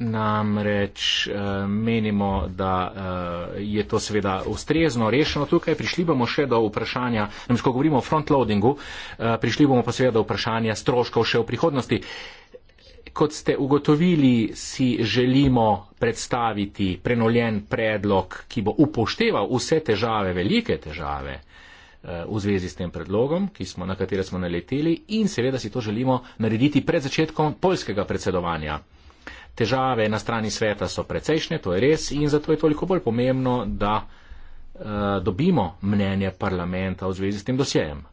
namreč uh, menimo, da uh, je to seveda ustrezno rešeno tukaj. Prišli bomo še do vprašanja, namreč ko govorimo o frontloadingu, uh, prišli bomo pa seveda do vprašanja stroškov še v prihodnosti. Kot ste ugotovili, si želimo predstaviti prenoljen predlog, ki bo upošteval vse težave, velike težave v zvezi s tem predlogom, smo, na katere smo naleteli in seveda si to želimo narediti pred začetkom polskega predsedovanja. Težave na strani sveta so precejšnje, to je res, in zato je toliko bolj pomembno, da uh, dobimo mnenje parlamenta v zvezi s tem dosjejem.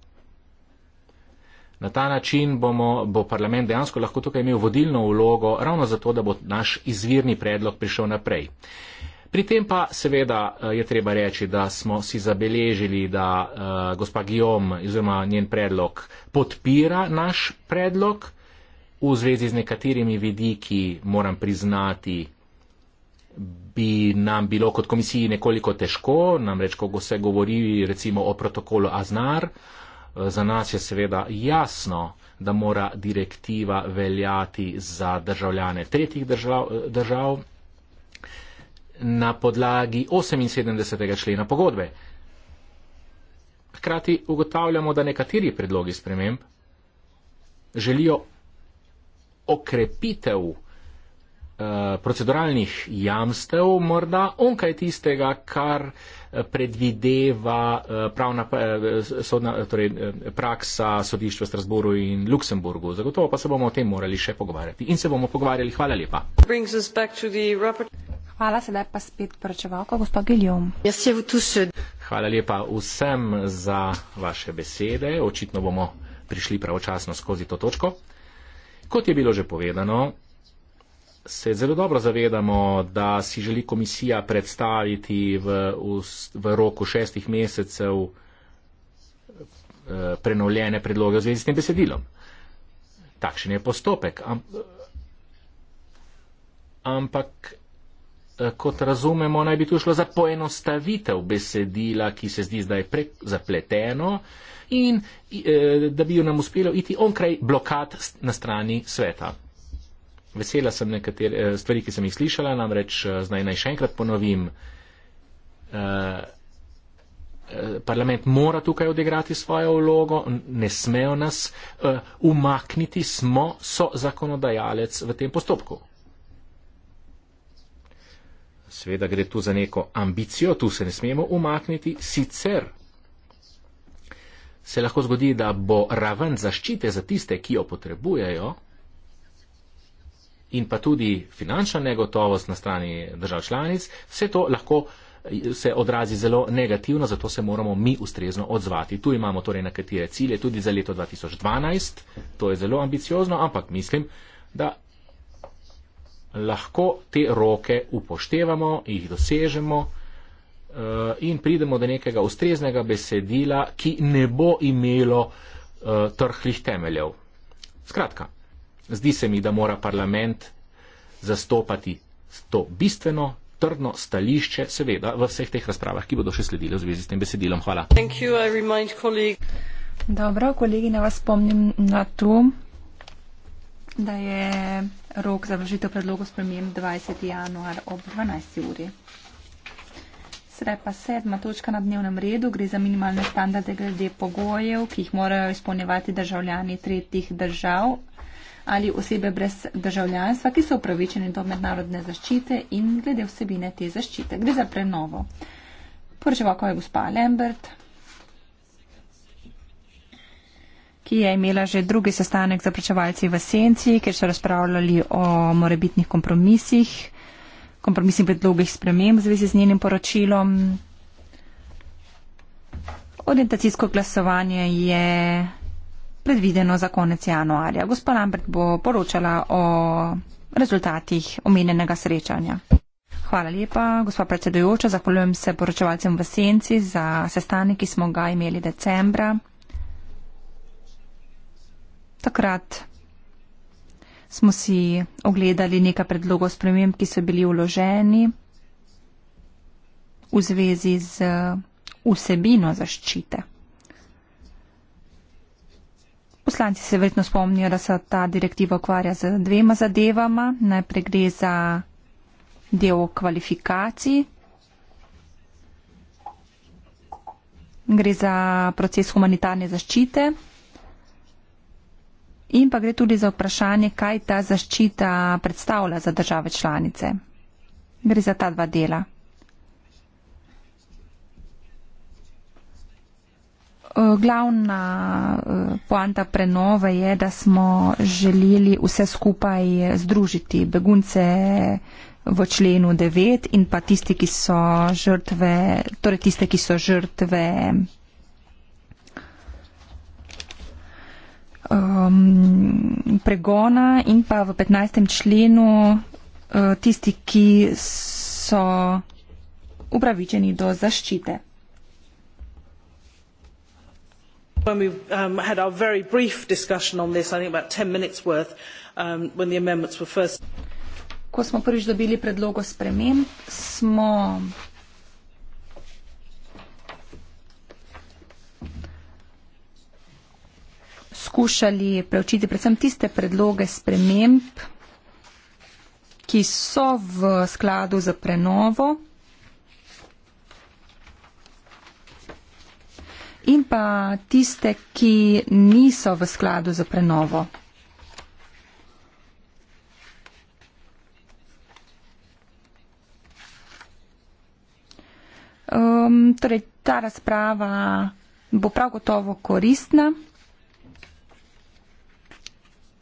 Na ta način bomo, bo parlament dejansko lahko tukaj imel vodilno vlogo, ravno zato, da bo naš izvirni predlog prišel naprej. Pri tem pa seveda eh, je treba reči, da smo si zabeležili, da uh, gospa Guillaume oziroma njen predlog podpira naš predlog v zvezi z nekaterimi vidiki, moram priznati, bi nam bilo kot komisiji nekoliko težko, namreč, ko se govori recimo o protokolu Aznar, eh, za nas je seveda jasno, da mora direktiva veljati za državljane tretjih držav, eh, držav na podlagi 78. člena pogodbe. Hkrati ugotavljamo, da nekateri predlogi sprememb želijo okrepitev eh, proceduralnih jamstev, morda onkaj tistega, kar eh, predvideva eh, pravna, sodna, torej praksa sodišča v Strasburu in Luksemburgu. Zagotovo pa se bomo o tem morali še pogovarjati. In se bomo pogovarjali. Hvala lepa. Hvala, sedaj pa spet poročevalko, gospod Giljom. Hvala lepa vsem za vaše besede. Očitno bomo prišli pravočasno skozi to točko. Kot je bilo že povedano, se zelo dobro zavedamo, da si želi komisija predstaviti v, v, v roku šestih mesecev eh, prenovljene predloge v zvezi s tem besedilom. Takšen je postopek. Am, ampak, eh, kot razumemo, naj bi tu šlo za poenostavitev besedila, ki se zdi zdaj prezapleteno in eh, da bi jo nam uspelo iti onkraj blokad na strani sveta. Vesela sem nekatere eh, stvari, ki sem jih slišala, namreč eh, zdaj naj še enkrat ponovim. Parlament mora tukaj odigrati svojo vlogo, ne smejo nas umakniti, smo so zakonodajalec v tem postopku. Sveda gre tu za neko ambicijo, tu se ne smemo umakniti, sicer se lahko zgodi, da bo raven zaščite za tiste, ki jo potrebujejo, in pa tudi finančna negotovost na strani držav članic, vse to lahko se odrazi zelo negativno, zato se moramo mi ustrezno odzvati. Tu imamo torej nekatere cilje, tudi za leto 2012, to je zelo ambiciozno, ampak mislim, da lahko te roke upoštevamo, jih dosežemo. Eh, in pridemo do nekega ustreznega besedila, ki ne bo imelo uh, trhlih temeljev. Skratka, zdi se mi, da mora parlament zastopati to bistveno, trdno stališče, seveda, v vseh teh razpravah, ki bodo še sledile v zvezi s tem besedilom. Hvala. You, remind, Dobro, kolegi, ne vas spomnim na to, da je rok za vložitev predlogov spremem 20. januar ob 12. uri. Sedaj pa sedma točka na dnevnem redu. Gre za minimalne standarde glede pogojev, ki jih morajo izpolnjevati državljani tretjih držav ali osebe brez državljanstva, ki so upravičeni do mednarodne zaščite in glede vsebine te zaščite. Gre za prenovo. Prva, ko je gospa Lambert, ki je imela že drugi sestanek z opračevalci v Senci, kjer so razpravljali o morebitnih kompromisih kompromisnih predlogih sprememb v zvezi z njenim poročilom. Orientacijsko glasovanje je predvideno za konec januarja. Gospod Lambert bo poročala o rezultatih omenjenega srečanja. Hvala lepa, gospa predsedujoča. Zahvaljujem se poročevalcem v Senci za sestanek, ki smo ga imeli decembra. Takrat smo si ogledali nekaj predlogov sprememb, ki so bili vloženi v zvezi z uh, vsebino zaščite. Poslanci se verjetno spomnijo, da se ta direktiva ukvarja z dvema zadevama. Najprej gre za del kvalifikacij. Gre za proces humanitarne zaščite, in pa gre tudi za vprašanje, kaj ta zaščita predstavlja za države članice. Gre za ta dva dela. Eh, glavna eh, poanta prenove je, da smo želeli vse skupaj združiti begunce v členu 9 in pa tiste, ki so žrtve, torej tiste, ki so žrtve um, pregona in pa v 15. členu uh, tisti, ki so upravičeni do zaščite. When we um, had our very brief discussion on this, I think about 10 minutes worth, um, when the amendments were first. Ko smo prvič dobili predlogo sprememb, smo skušali preučiti predvsem tiste predloge sprememb, ki so v skladu za prenovo in pa tiste, ki niso v skladu za prenovo. Um, torej, ta razprava bo prav gotovo koristna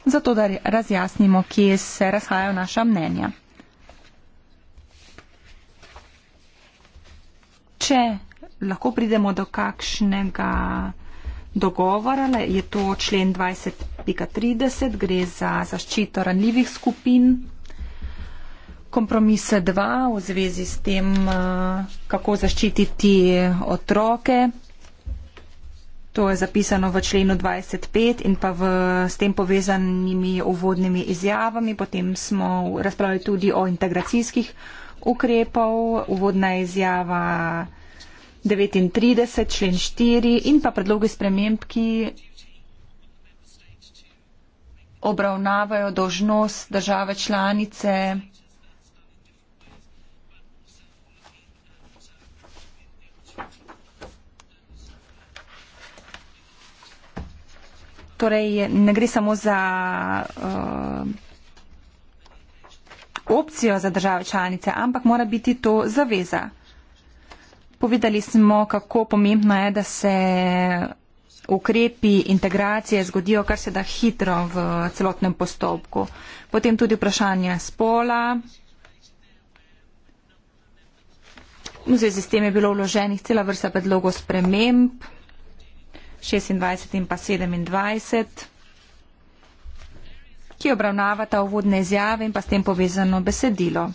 zato da razjasnimo, kje se razhajajo naša mnenja. Če lahko pridemo do kakšnega dogovora, je to člen 20.30, gre za zaščito ranljivih skupin. Kompromis 2 v zvezi s tem, eh, kako zaščititi otroke, To je zapisano v členu 25 in pa v, s tem povezanimi uvodnimi izjavami. Potem smo razpravljali tudi o integracijskih ukrepov. Uvodna izjava 39, člen 4 in pa predlogi sprememb, ki obravnavajo dožnost države članice torej ne gre samo za uh, opcijo za države članice, ampak mora biti to zaveza. Povedali smo, kako pomembno je, da se ukrepi integracije zgodijo kar se da hitro v celotnem postopku. Potem tudi vprašanje spola. V zvezi s tem je bilo vloženih cela vrsta predlogov sprememb. 26 in pa 27, ki obravnavata uvodne izjave in pa s tem povezano besedilo.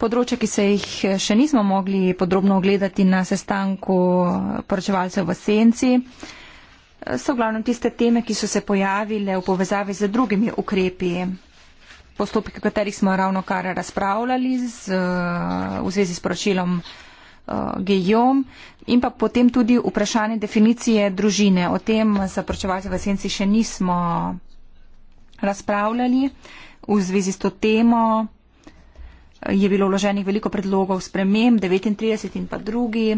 Področje, ki se jih še nismo mogli podrobno ogledati na sestanku poročevalcev v Senci, so v glavnem tiste teme, ki so se pojavile v povezavi z drugimi ukrepi, postopki, o katerih smo ravno kar razpravljali z, v zvezi s poročilom eh, Gejom. In pa potem tudi vprašanje definicije družine. O tem za pročevalce v senci še nismo razpravljali. V zvezi s to temo je bilo vloženih veliko predlogov spremem, 39 in pa drugi.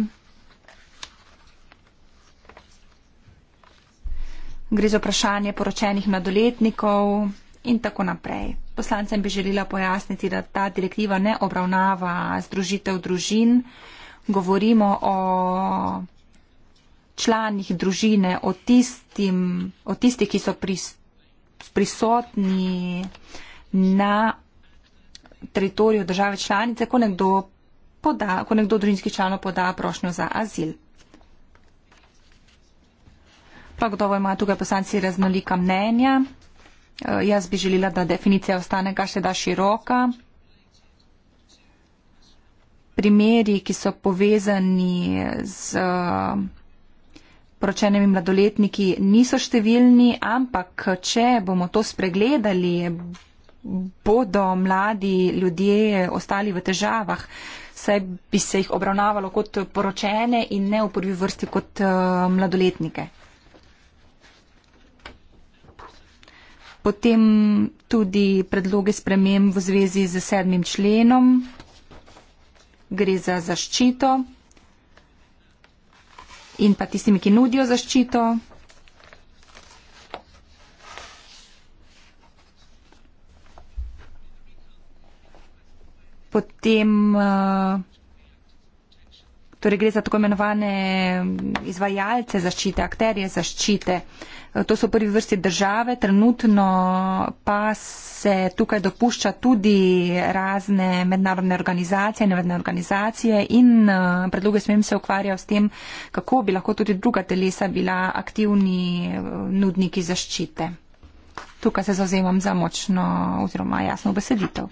Gre za vprašanje poročenih mladoletnikov in tako naprej. Poslancem bi želela pojasniti, da ta direktiva ne obravnava združitev družin govorimo o članih družine, o, tistim, o tistih, ki so pris, prisotni na teritoriju države članice, ko nekdo, poda, ko nekdo družinski člano poda prošnjo za azil. Prav gotovo imajo tukaj poslanci raznolika mnenja. Eh, jaz bi želela, da definicija ostane kar se da široka primeri, ki so povezani z uh, poročenimi mladoletniki, niso številni, ampak če bomo to spregledali, bodo mladi ljudje ostali v težavah, saj bi se jih obravnavalo kot poročene in ne v prvi vrsti kot uh, mladoletnike. Potem tudi predloge sprememb v zvezi z sedmim členom gre za zaščito in pa tistimi, ki nudijo zaščito. Potem uh, Torej gre za tako imenovane mm, izvajalce zaščite, akterje zaščite. E, to so prvi vrsti države, trenutno pa se tukaj dopušča tudi razne mednarodne organizacije, nevedne organizacije in e, predloge smem se ukvarjajo s tem, kako bi lahko tudi druga telesa bila aktivni e, nudniki zaščite. Tukaj se zauzemam za močno oziroma jasno obeseditev.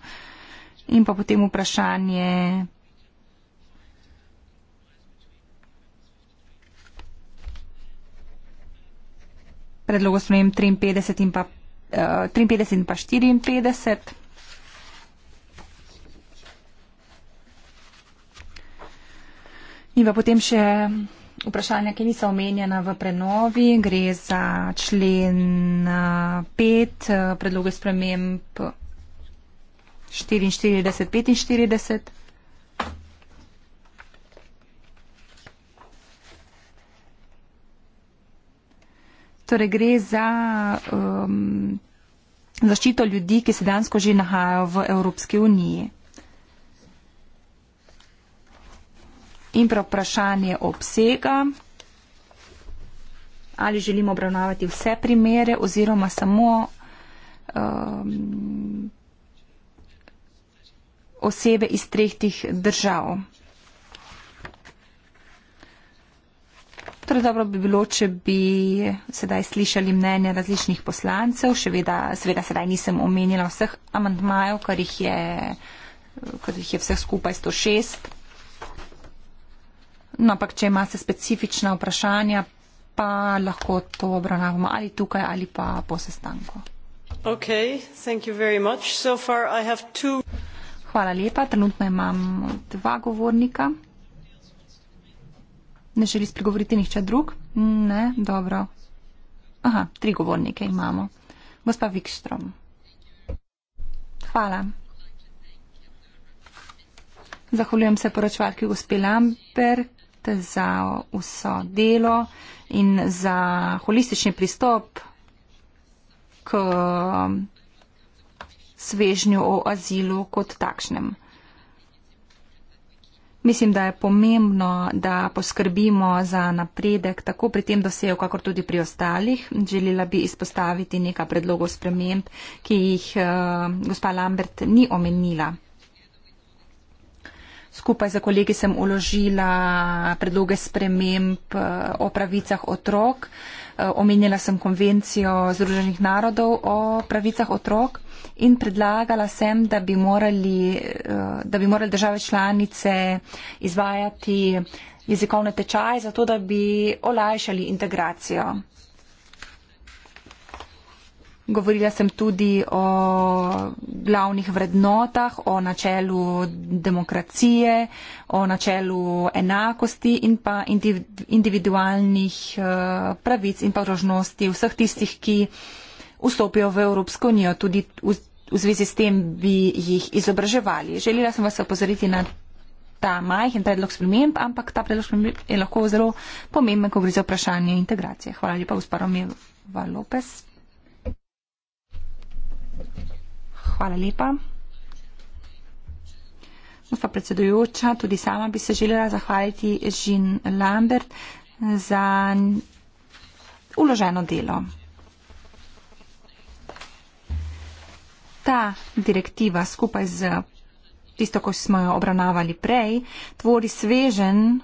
In pa potem vprašanje predlogu smem 53 in pa, uh, eh, 53 in pa 54. In pa potem še vprašanja, ki niso omenjena v prenovi. Gre za člen 5, eh, eh, predloge sprememb 44, 45. torej gre za um, zaščito ljudi, ki se dansko že nahajajo v Evropski uniji. In prav vprašanje obsega, ali želimo obravnavati vse primere oziroma samo um, osebe iz treh tih držav. Torej, dobro bi bilo, če bi sedaj slišali mnenje različnih poslancev. Veda, seveda sedaj nisem omenila vseh amantmajev, kar, kar jih je vseh skupaj 106. No, ampak če imate specifična vprašanja, pa lahko to obravnavamo ali tukaj ali pa po sestanku. Okay, so two... Hvala lepa. Trenutno imam dva govornika. Ne želi spregovoriti nihče drug? Ne, dobro. Aha, tri govornike imamo. Gospa Vikstrom. Hvala. Zahvaljujem se poročvalki gospe Lambert za vso delo in za holistični pristop k svežnju o azilu kot takšnem. Mislim, da je pomembno, da poskrbimo za napredek tako pri tem dosegu, kakor tudi pri ostalih. Želela bi izpostaviti nekaj predlogov sprememb, ki jih uh, gospa Lambert ni omenila. Skupaj za kolegi sem uložila predloge sprememb eh, o pravicah otrok. Eh, omenjala sem konvencijo Združenih narodov o pravicah otrok in predlagala sem, da bi morali, eh, da bi morali države članice izvajati jezikovne tečaje, zato da bi olajšali integracijo. Govorila sem tudi o glavnih vrednotah, o načelu demokracije, o načelu enakosti in pa individualnih eh, pravic in pa vrožnosti vseh tistih, ki vstopijo v Evropsko unijo. Tudi v, v zvezi s tem bi jih izobraževali. Želela sem vas opozoriti na ta majhen predlog sprememb, ampak ta predlog sprememb je lahko zelo pomemben, ko gre za vprašanje integracije. Hvala lepa, gospod Romeva Lopes. Hvala lepa. Gospa predsedujoča, tudi sama bi se želela zahvaliti Žin Lambert za uloženo delo. ta direktiva skupaj z tisto, ko smo jo obravnavali prej, tvori svežen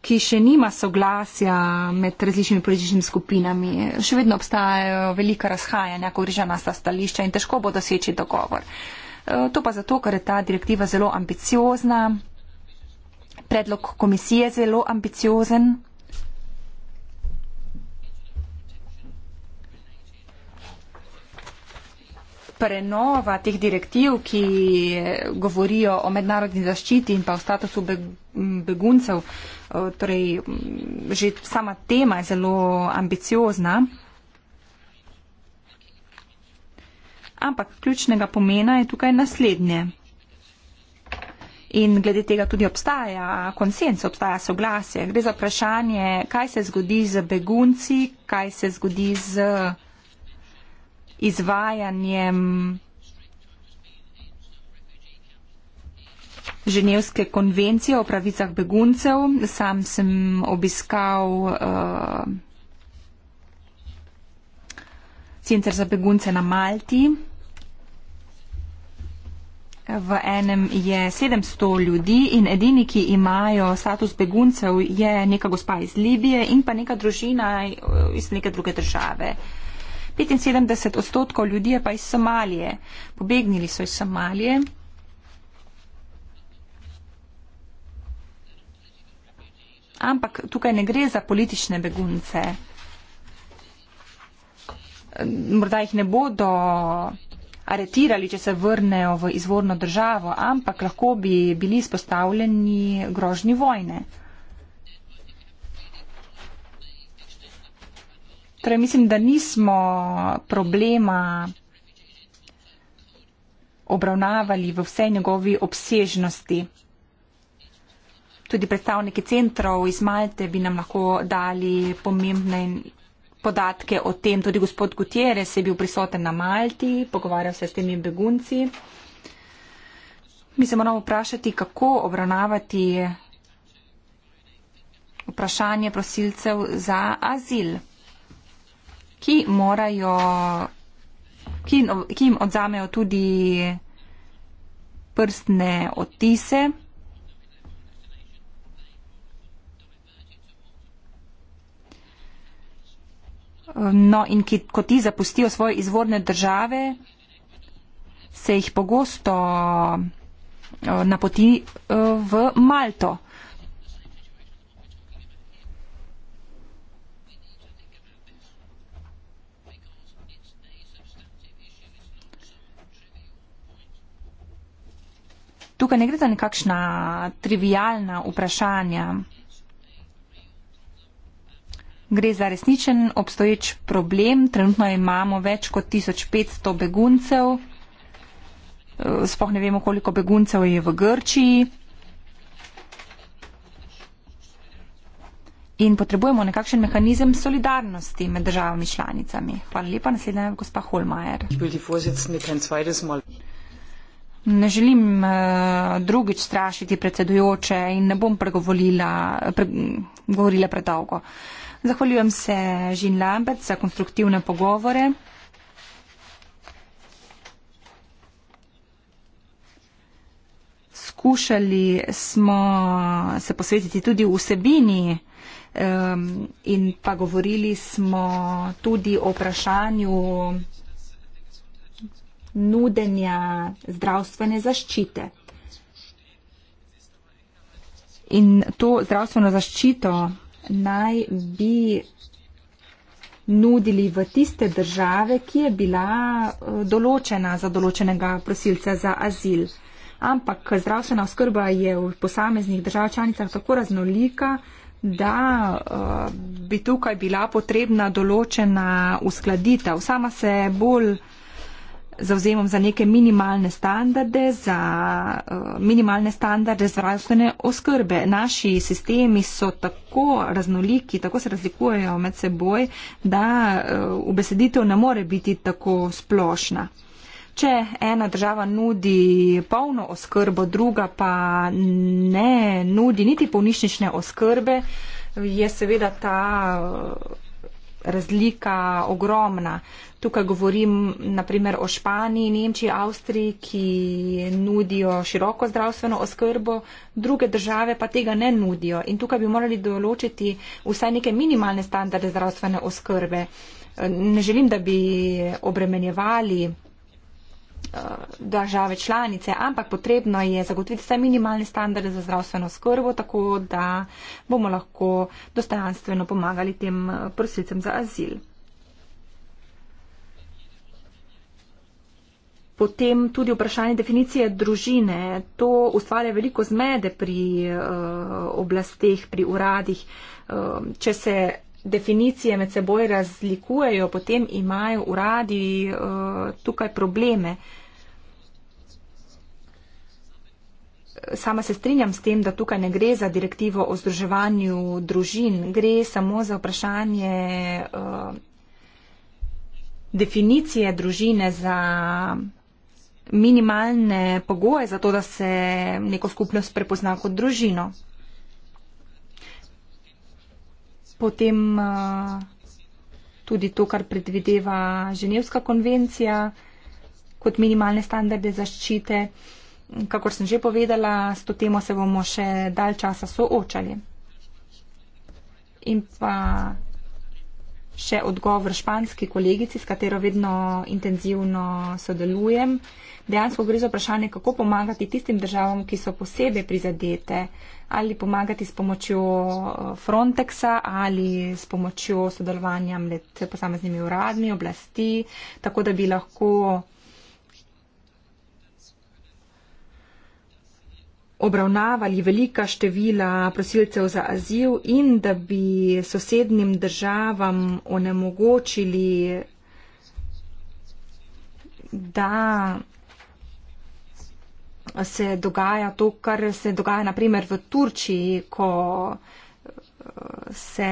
ki še nima soglasja med različnimi političnimi skupinami. Še vedno obstajajo velika razhajanja, ko reže na sta stališča in težko bo doseči dogovor. E, to pa zato, ker je ta direktiva zelo ambiciozna, predlog komisije zelo ambiciozen. prenova teh direktiv, ki govorijo o mednarodni zaščiti in pa o statusu beguncev, torej že sama tema je zelo ambiciozna. Ampak ključnega pomena je tukaj naslednje. In glede tega tudi obstaja konsens, obstaja soglasje. Gre za vprašanje, kaj se zgodi z begunci, kaj se zgodi z izvajanjem Ženevske konvencije o pravicah beguncev. Sam sem obiskal uh, Center za begunce na Malti. V enem je 700 ljudi in edini, ki imajo status beguncev, je neka gospa iz Libije in pa neka družina eh, iz neke druge države. Uh, 75 odstotkov ljudi je pa iz Somalije. Pobegnili so iz Somalije. Ampak tukaj ne gre za politične begunce. Morda jih ne bodo aretirali, če se vrnejo v izvorno državo, ampak lahko bi bili izpostavljeni grožni vojne. Torej, mislim, da nismo problema obravnavali v vsej njegovi obsežnosti. Tudi predstavniki centrov iz Malte bi nam lahko dali pomembne podatke o tem. Tudi gospod Gutierrez je bil prisoten na Malti, pogovarjal se s temi begunci. Mi se moramo vprašati, kako obravnavati vprašanje prosilcev za azil ki morajo, ki, ki jim odzamejo tudi prstne otise. No, in ki, ko ti zapustijo svoje izvorne države, se jih pogosto eh, napoti eh, v Malto. Tukaj ne gre za nekakšna trivialna vprašanja. Gre za resničen obstoječ problem. Trenutno imamo več kot 1500 beguncev. Spoh ne vemo, koliko beguncev je v Grčiji. In potrebujemo nekakšen mehanizem solidarnosti med državami članicami. Hvala lepa, naslednja je gospa Holmajer. Ne želim uh, drugič strašiti predsedujoče in ne bom pregovorila pre, govorila predolgo. Zahvaljujem se Žin Lambert za konstruktivne pogovore. Skušali smo se posvetiti tudi vsebini um, in pa govorili smo tudi o vprašanju nudenja zdravstvene zaščite. In to zdravstveno zaščito naj bi nudili v tiste države, ki je bila eh, določena za določenega prosilca za azil. Ampak zdravstvena oskrba je v posameznih držav članicah tako raznolika, da uh, bi tukaj bila potrebna določena uskladitev. Sama se bolj uh, zauzemam za neke minimalne standarde, za uh, minimalne standarde zdravstvene oskrbe. Naši sistemi so tako raznoliki, tako se razlikujejo med seboj, da uh, ubeseditev ne more biti tako splošna. Če ena država nudi polno oskrbo, druga pa ne nudi niti polnišnične oskrbe, je seveda ta. Uh, razlika ogromna. Tukaj govorim naprimer o Španiji, Nemčiji, Avstriji, ki nudijo široko zdravstveno oskrbo, druge države pa tega ne nudijo. In tukaj bi morali določiti vsaj neke minimalne standarde zdravstvene oskrbe. Ne želim, da bi obremenjevali Eh, države članice, ampak potrebno je zagotoviti vse minimalne standarde za zdravstveno skrbo, tako da bomo lahko dostojanstveno pomagali tem eh, prosilcem za azil. Potem tudi vprašanje definicije družine. To ustvarja veliko zmede pri uh, oblasteh, pri uradih. Uh, če se definicije med seboj razlikujejo, potem imajo uradi uh, tukaj probleme. Uh, sama se strinjam s tem, da tukaj ne gre za direktivo o združevanju družin, gre samo za vprašanje uh, definicije družine za minimalne pogoje za to, da se neko skupnost prepozna kot družino. Potem eh, tudi to, kar predvideva Ženevska konvencija kot minimalne standarde zaščite kakor sem že povedala, s to temo se bomo še dalj časa soočali. In pa še odgovor španski kolegici, s katero vedno intenzivno sodelujem. Dejansko gre za vprašanje, kako pomagati tistim državam, ki so posebej prizadete, ali pomagati s pomočjo eh, Frontexa ali s pomočjo sodelovanja med posameznimi uradmi, oblasti, tako da bi lahko obravnavali velika števila prosilcev za azil in da bi sosednjim državam onemogočili, da se dogaja to, kar se dogaja naprimer v Turčiji, ko eh, se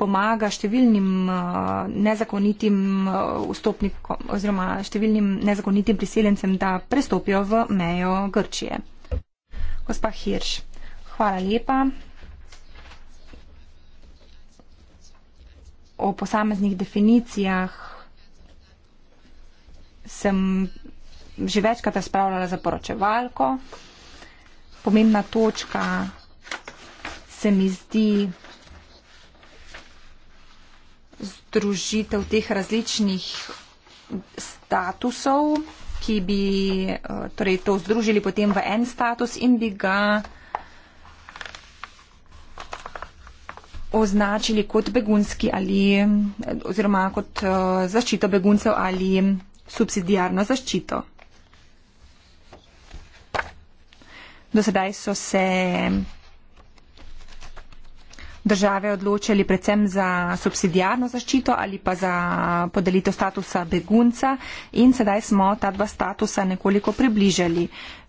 pomaga številnim eh, nezakonitim eh, vstopnikom oziroma številnim nezakonitim priseljencem, da prestopijo v mejo Grčije. Gospa Hirš, hvala lepa. O posameznih definicijah sem že večkrat razpravljala za poročevalko. Pomembna točka se mi zdi združitev teh različnih statusov, ki bi eh, torej, to združili potem v en status in bi ga označili kot begunski ali oziroma kot eh, zaščito beguncev ali subsidijarno zaščito. Do sedaj so se države odločali predvsem za subsidijarno zaščito ali pa za podelitev statusa begunca in sedaj smo ta dva statusa nekoliko približali.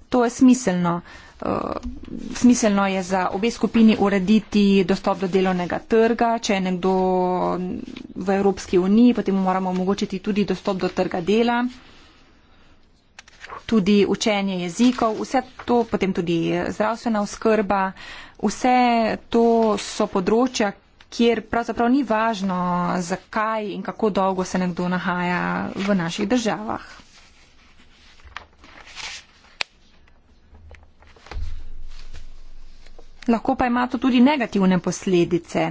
To je smiselno. Eh, smiselno je za obe skupini urediti dostop do delovnega trga. Če je nekdo v Evropski uniji, potem mu moramo omogočiti tudi dostop do trga dela, tudi učenje jezikov, vse to, potem tudi zdravstvena oskrba. Uh, Vse to so področja, kjer pravzaprav ni važno, zakaj in kako dolgo se nekdo nahaja v naših državah. Lahko pa ima to tudi negativne posledice.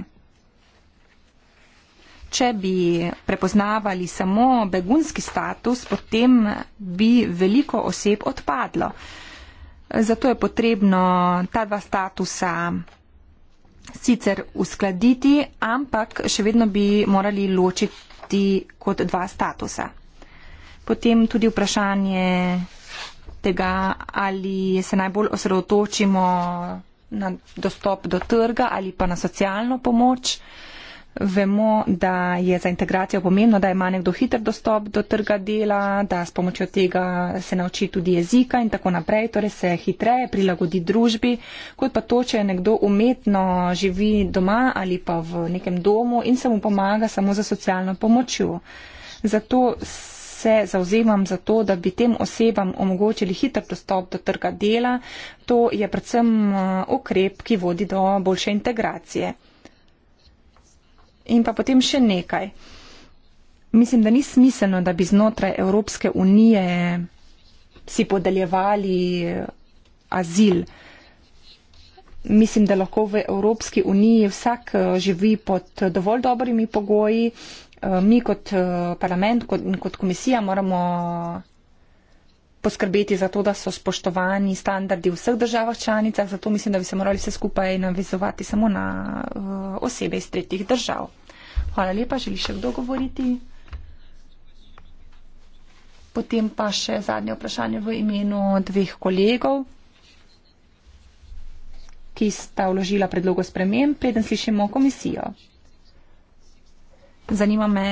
Če bi prepoznavali samo begunski status, potem bi veliko oseb odpadlo. Uh, Zato je potrebno ta dva statusa sicer uskladiti, ampak še vedno bi morali ločiti kot dva statusa. Potem tudi vprašanje tega, ali se najbolj osredotočimo na dostop do trga ali pa na socialno pomoč. Uh, Vemo, da je za integracijo pomembno, da ima nekdo hiter dostop do trga dela, da s pomočjo tega se nauči tudi jezika in tako naprej, torej se hitreje prilagodi družbi, kot pa to, če nekdo umetno živi doma ali pa v nekem domu in se mu pomaga samo za socialno pomočjo. Zato se zauzemam za to, da bi tem osebam omogočili hiter dostop do trga dela. To je predvsem eh, ukrep, ki vodi do boljše integracije. In pa potem še nekaj. Mislim, da ni smiselno, da bi znotraj Evropske unije si podeljevali eh, azil. Mislim, da lahko v Evropski uniji vsak eh, živi pod eh, dovolj dobrimi pogoji. Mi kot parlament in kot komisija moramo poskrbeti za to, da so spoštovani standardi v vseh državah članicah, zato mislim, da bi se morali vse skupaj navezovati samo na uh, osebe iz tretjih držav. Hvala lepa, želi še kdo govoriti? Potem pa še zadnje vprašanje v imenu dveh kolegov, ki sta vložila predlogo sprememb, preden slišimo komisijo. Zanima me,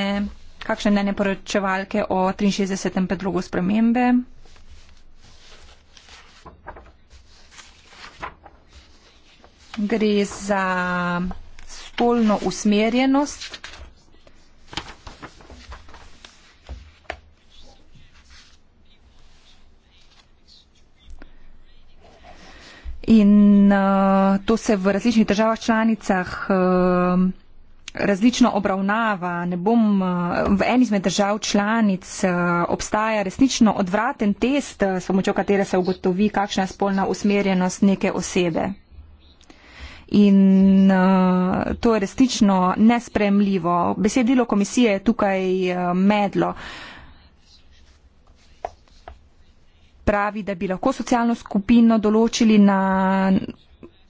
kakšne mnenje poročevalke o 63. predlogu spremembe. gre za spolno usmerjenost. In uh, to se v različnih državah članicah uh, različno obravnava. Bom, uh, v eni izmed držav članic uh, obstaja resnično odvraten test, uh, s pomočjo katere se ugotovi, kakšna je spolna usmerjenost neke osebe. In uh, to je resnično nespremljivo. Besedilo komisije je tukaj eh, medlo. Pravi, da bi lahko socialno skupino določili na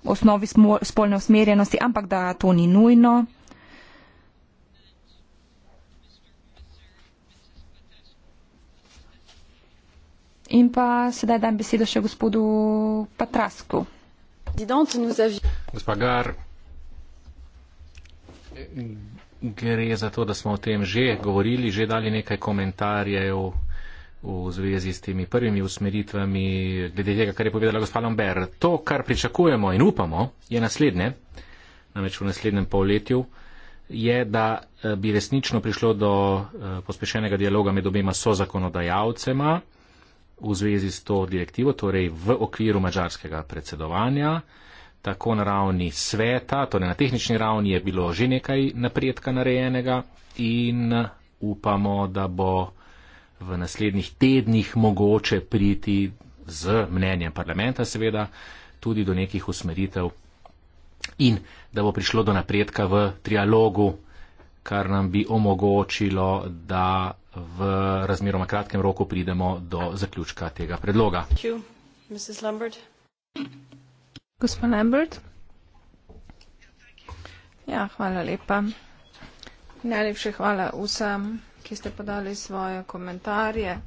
osnovi spolne usmerjenosti, ampak da to ni nujno. In pa sedaj dam besedo še gospodu Patrasku présidente, nous avions. Gospa Gar, gre za to, da smo o tem že govorili, že dali nekaj komentarjev v zvezi s temi prvimi usmeritvami, glede tega, kar je povedala gospa Lambert. To, kar pričakujemo in upamo, je naslednje, namreč v naslednjem polletju, je, da eh, bi resnično prišlo do eh, pospešenega dialoga med obema sozakonodajalcema, v zvezi s to direktivo, torej v okviru mačarskega predsedovanja, tako na ravni sveta, torej na tehnični ravni je bilo že nekaj napredka narejenega in upamo, da bo v naslednjih tednih mogoče priti z mnenjem parlamenta, seveda, tudi do nekih usmeritev in da bo prišlo do napredka v trialogu kar nam bi omogočilo, da v razmeroma kratkem roku pridemo do zaključka tega predloga. Gospod Lambert. Lambert. Ja, hvala lepa. Najlepše hvala vsem, ki ste podali svoje komentarje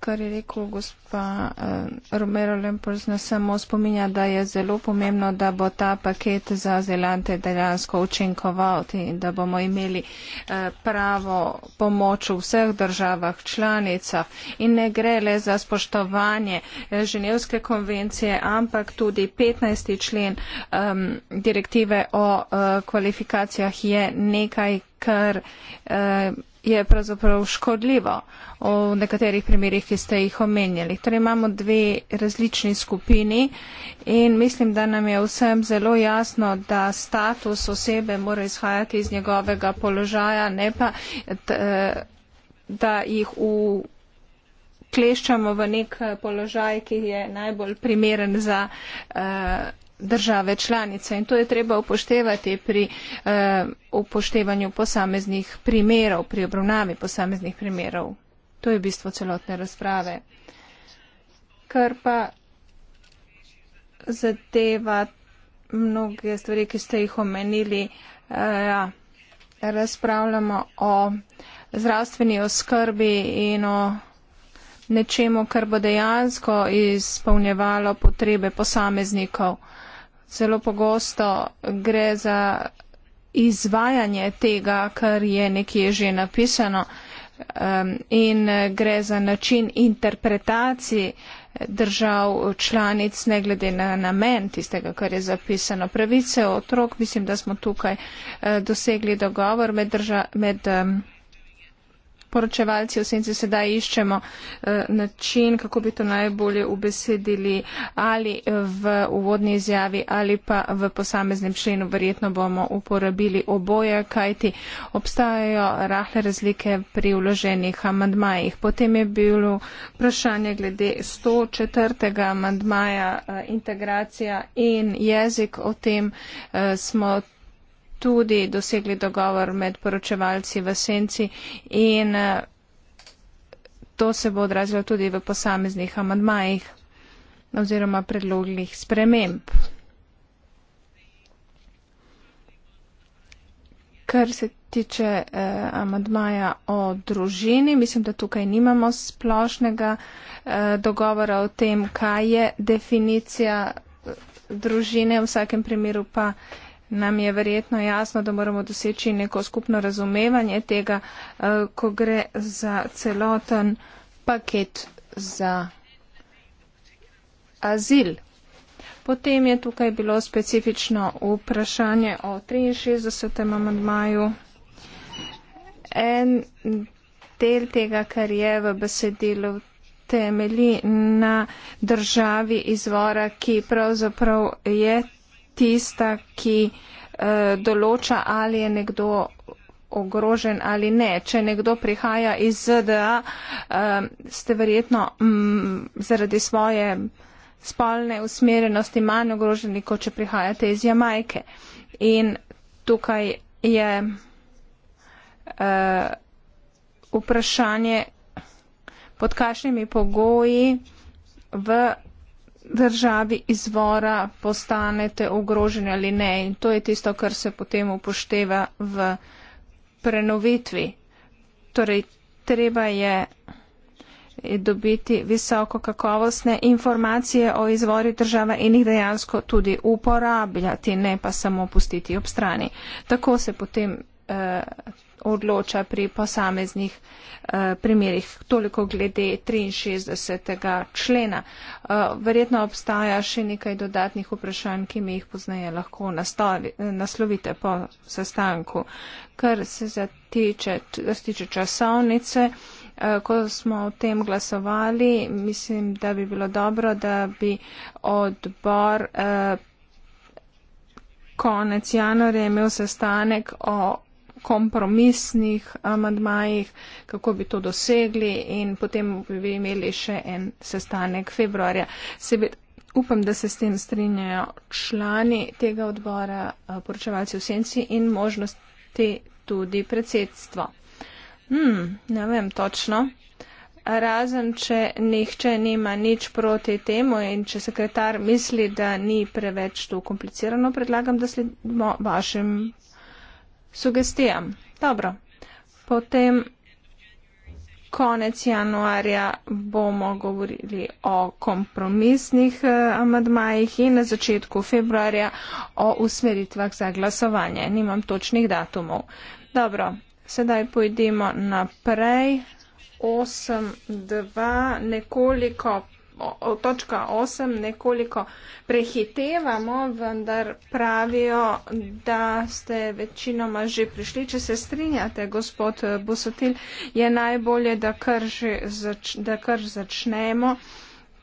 kar je rekel gospa uh, Romero Lempers, nas samo spominja, da je zelo pomembno, da bo ta paket za zelante dejansko učinkoval in da bomo imeli uh, pravo pomoč v vseh državah članicah. In ne gre le za spoštovanje eh, Ženevske konvencije, ampak tudi 15. člen um, direktive o uh, kvalifikacijah je nekaj, kar. Uh, je pravzaprav škodljivo v nekaterih primerjih, ki ste jih omenjali. Torej imamo dve različni skupini in mislim, da nam je vsem zelo jasno, da status osebe mora izhajati iz njegovega položaja, ne pa, da jih v kleščamo v nek položaj, ki je najbolj primeren za uh, države članice in to je treba upoštevati pri eh, upoštevanju posameznih primerov, pri obravnavi posameznih primerov. To je bistvo celotne razprave. Kar pa zadeva mnoge stvari, ki ste jih omenili, eh, ja, razpravljamo o zdravstveni oskrbi in o nečemu, kar bo dejansko izpolnjevalo potrebe posameznikov. Eh, zelo pogosto gre za izvajanje tega, kar je nekje že napisano um, in eh, gre za način interpretacij držav članic, ne glede na namen tistega, kar je zapisano. Pravice otrok, mislim, da smo tukaj eh, dosegli dogovor med, drža, med poročevalci v senci sedaj iščemo eh, način, kako bi to najbolje ubesedili ali v uvodni izjavi ali pa v posameznem členu. Verjetno bomo uporabili oboje, kajti obstajajo rahle razlike pri vloženih amandmajih. Potem je bilo vprašanje glede 104. amandmaja eh, integracija in jezik. O tem eh, smo tudi dosegli dogovor med poročevalci v senci in eh, to se bo odrazilo tudi v posameznih amadmajih oziroma predlogih sprememb. Kar se tiče eh, amadmaja o družini, mislim, da tukaj nimamo splošnega eh, dogovora o tem, kaj je definicija eh, družine, v vsakem primeru pa. Eh, nam je verjetno jasno, da moramo doseči neko skupno razumevanje tega, eh, ko gre za celoten paket za azil. Potem je tukaj bilo specifično vprašanje o 63. amandmaju. En del tega, kar je v besedilu temeli na državi izvora, ki pravzaprav je tista, ki eh, določa, ali je nekdo ogrožen ali ne. Če nekdo prihaja iz ZDA, eh, ste verjetno mm, zaradi svoje spolne usmerjenosti manj ogroženi, kot če prihajate iz Jamajke. In tukaj je eh, vprašanje, pod kakšnimi pogoji v državi izvora postanete ogroženi ali ne. In to je tisto, kar se potem upošteva v prenovitvi. Torej, treba je dobiti visoko kakovostne informacije o izvori država in jih dejansko tudi uporabljati, ne pa samo pustiti ob strani. Tako se potem Eh, odloča pri posameznih eh, primerjih. Toliko glede 63. člena. Eh, verjetno obstaja še nekaj dodatnih vprašanj, ki mi jih poznaje lahko nastavi, naslovite po sestanku. Kar se zatiče časovnice, ko smo o tem glasovali, mislim, da bi bilo dobro, da bi odbor konec januarja imel sestanek o kompromisnih amadmajih, kako bi to dosegli in potem bi imeli še en sestanek februarja. Seveda upam, da se s tem strinjajo člani tega odbora, eh, poročevalci v senci in možnosti tudi predsedstvo. Hmm, ne vem točno. Razen, če nihče nima nič proti temu in če sekretar misli, da ni preveč to komplicirano, predlagam, da sledimo vašim sugestijam. Dobro. Potem konec januarja bomo govorili o kompromisnih eh, amadmajih in na začetku februarja o usmeritvah za glasovanje. Nimam točnih datumov. Dobro, sedaj pojdemo naprej. 8.2. nekoliko točka 8 nekoliko prehitevamo, vendar pravijo, da ste večinoma že prišli. Če se strinjate, gospod Busotil, je najbolje, da kar, zač, da kar začnemo,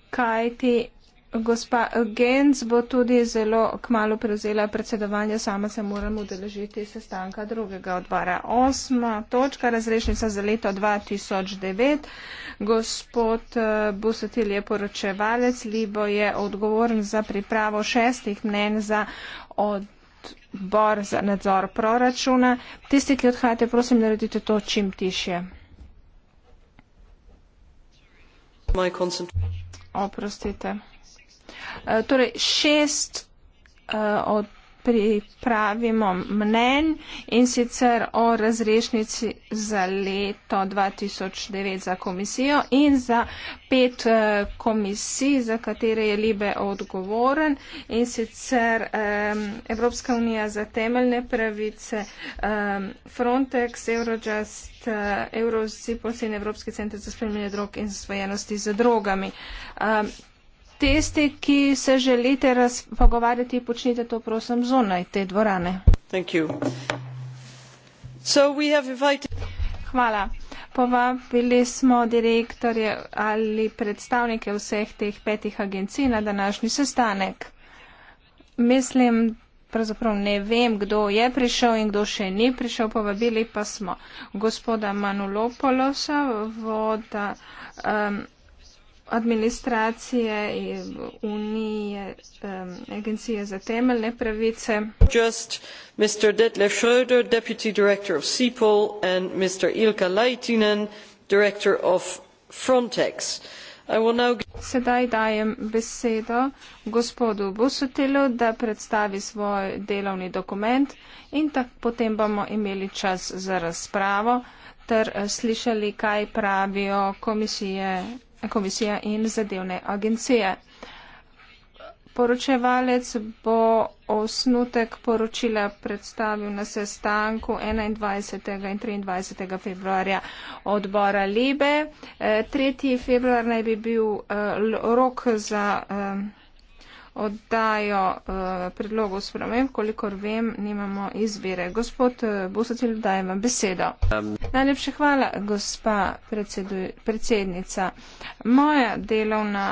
kajti Gospa Genz bo tudi zelo kmalo prevzela predsedovanje, sama se moram udeležiti sestanka drugega odbora. Osma točka, razrešnica za leto 2009. Gospod eh, Busotil je poročevalec, Libo je odgovoren za pripravo šestih mnen za odbor za nadzor proračuna. Tisti, ki odhajate, prosim, naredite to čim tišje. Oprostite. Oh, Eh, torej, šest uh, od pripravimo mnen in sicer o razrešnici za leto 2009 za komisijo in za pet eh, komisij, za katere je Libe odgovoren in sicer um, Evropska unija za temeljne pravice, um, Frontex, Eurojust, Eurozipos in Evropski center za spremljanje drog in zasvojenosti za drogami. Um, Tisti, ki se želite razpogovarjati, počnite to prosim zunaj te dvorane. Hvala. Povabili smo direktorje ali predstavnike vseh teh petih agencij na današnji sestanek. Mislim, pravzaprav ne vem, kdo je prišel in kdo še ni prišel, povabili pa smo gospoda Manulopolosa, voda. Um, administracije in unije um, agencije za temeljne pravice. Just Mr. Detlef Schröder, deputy director of CEPOL and Mr. Ilka Leitinen, director of Frontex. Now... Sedaj dajem besedo gospodu Busutelu, da predstavi svoj delovni dokument in tako potem bomo imeli čas za razpravo ter eh, slišali, kaj pravijo komisije komisija in zadevne agencije. Poročevalec bo osnutek poročila predstavil na sestanku 21. in 23. februarja odbora Libe. 3. Eh, februar naj bi bil eh, rok za eh, oddajo eh, predlogov sprememb, kolikor vem, nimamo izvire. Gospod eh, Busatil, dajem vam besedo. Um. Najlepše hvala, gospa predsednica. Moja delovna.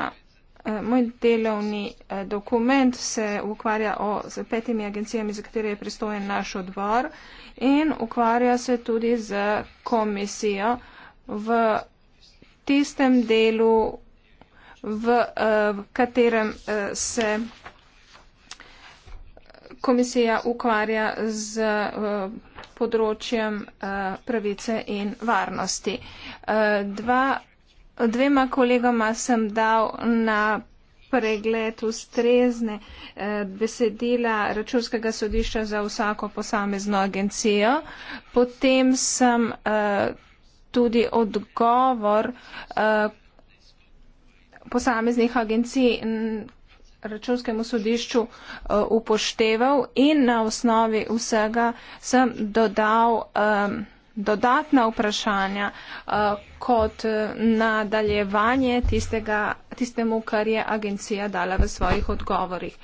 Eh, moj delovni dokument se ukvarja o, z petimi agencijami, za katere je pristojen naš odbor in ukvarja se tudi z komisijo v tistem delu v, eh, v katerem eh, se komisija ukvarja z eh, področjem pravice in varnosti. Dva, dvema kolegama sem dal na pregled ustrezne besedila računskega sodišča za vsako posamezno agencijo. Potem sem tudi odgovor posameznih agencij in računskemu sodišču eh, upošteval in na osnovi vsega sem dodal um, dodatna vprašanja. Uh, kot eh, nadaljevanje tistega, tistemu, kar je agencija dala v svojih odgovorih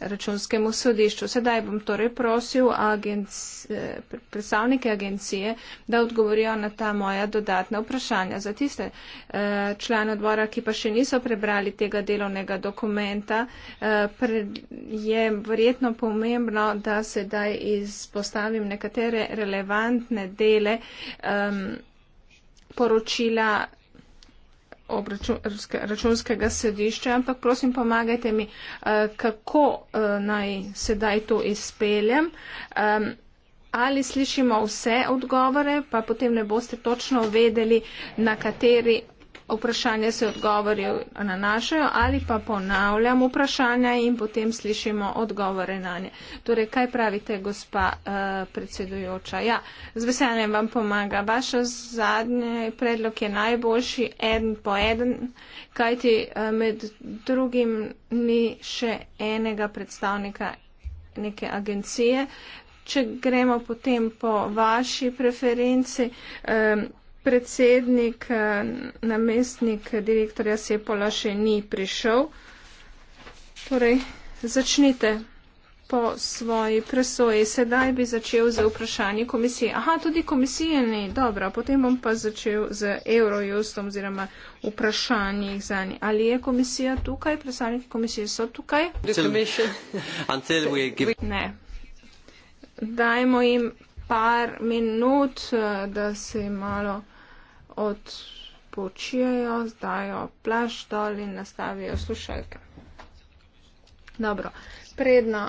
računskemu sodišču. Sedaj bom torej prosil agenci, eh, predstavnike agencije, da odgovorijo na ta moja dodatna vprašanja. Za tiste eh, člane odbora, ki pa še niso prebrali tega delovnega dokumenta, je verjetno pomembno, da sedaj izpostavim nekatere relevantne dele poročila ob računskega sedišča, ampak prosim, pomagajte mi, eh, kako eh, naj sedaj to izpeljem. Ali slišimo vse odgovore, pa potem ne boste točno vedeli, na kateri vprašanja se odgovori nanašajo ali pa ponavljam vprašanja in potem slišimo odgovore na nje. Torej, kaj pravite, gospa uh, predsedujoča? Ja, z veseljem vam pomaga. Vaš zadnji predlog je najboljši, en po en, kajti uh, med drugim ni še enega predstavnika neke agencije. Če gremo potem po vaši preferenci. Um, predsednik, eh, namestnik direktorja Sepola še ni prišel. Torej, začnite po svoji presoji. Sedaj bi začel z vprašanji komisije. Aha, tudi komisije ni. Dobro, potem bom pa začel z Eurojustom oziroma vprašanji za njih. Ali je komisija tukaj? Predstavniki komisije so tukaj? Ne. Dajmo jim par minut, eh, da se malo odpočijajo, zdajo plaš dol in nastavijo slušalke. Dobro, predno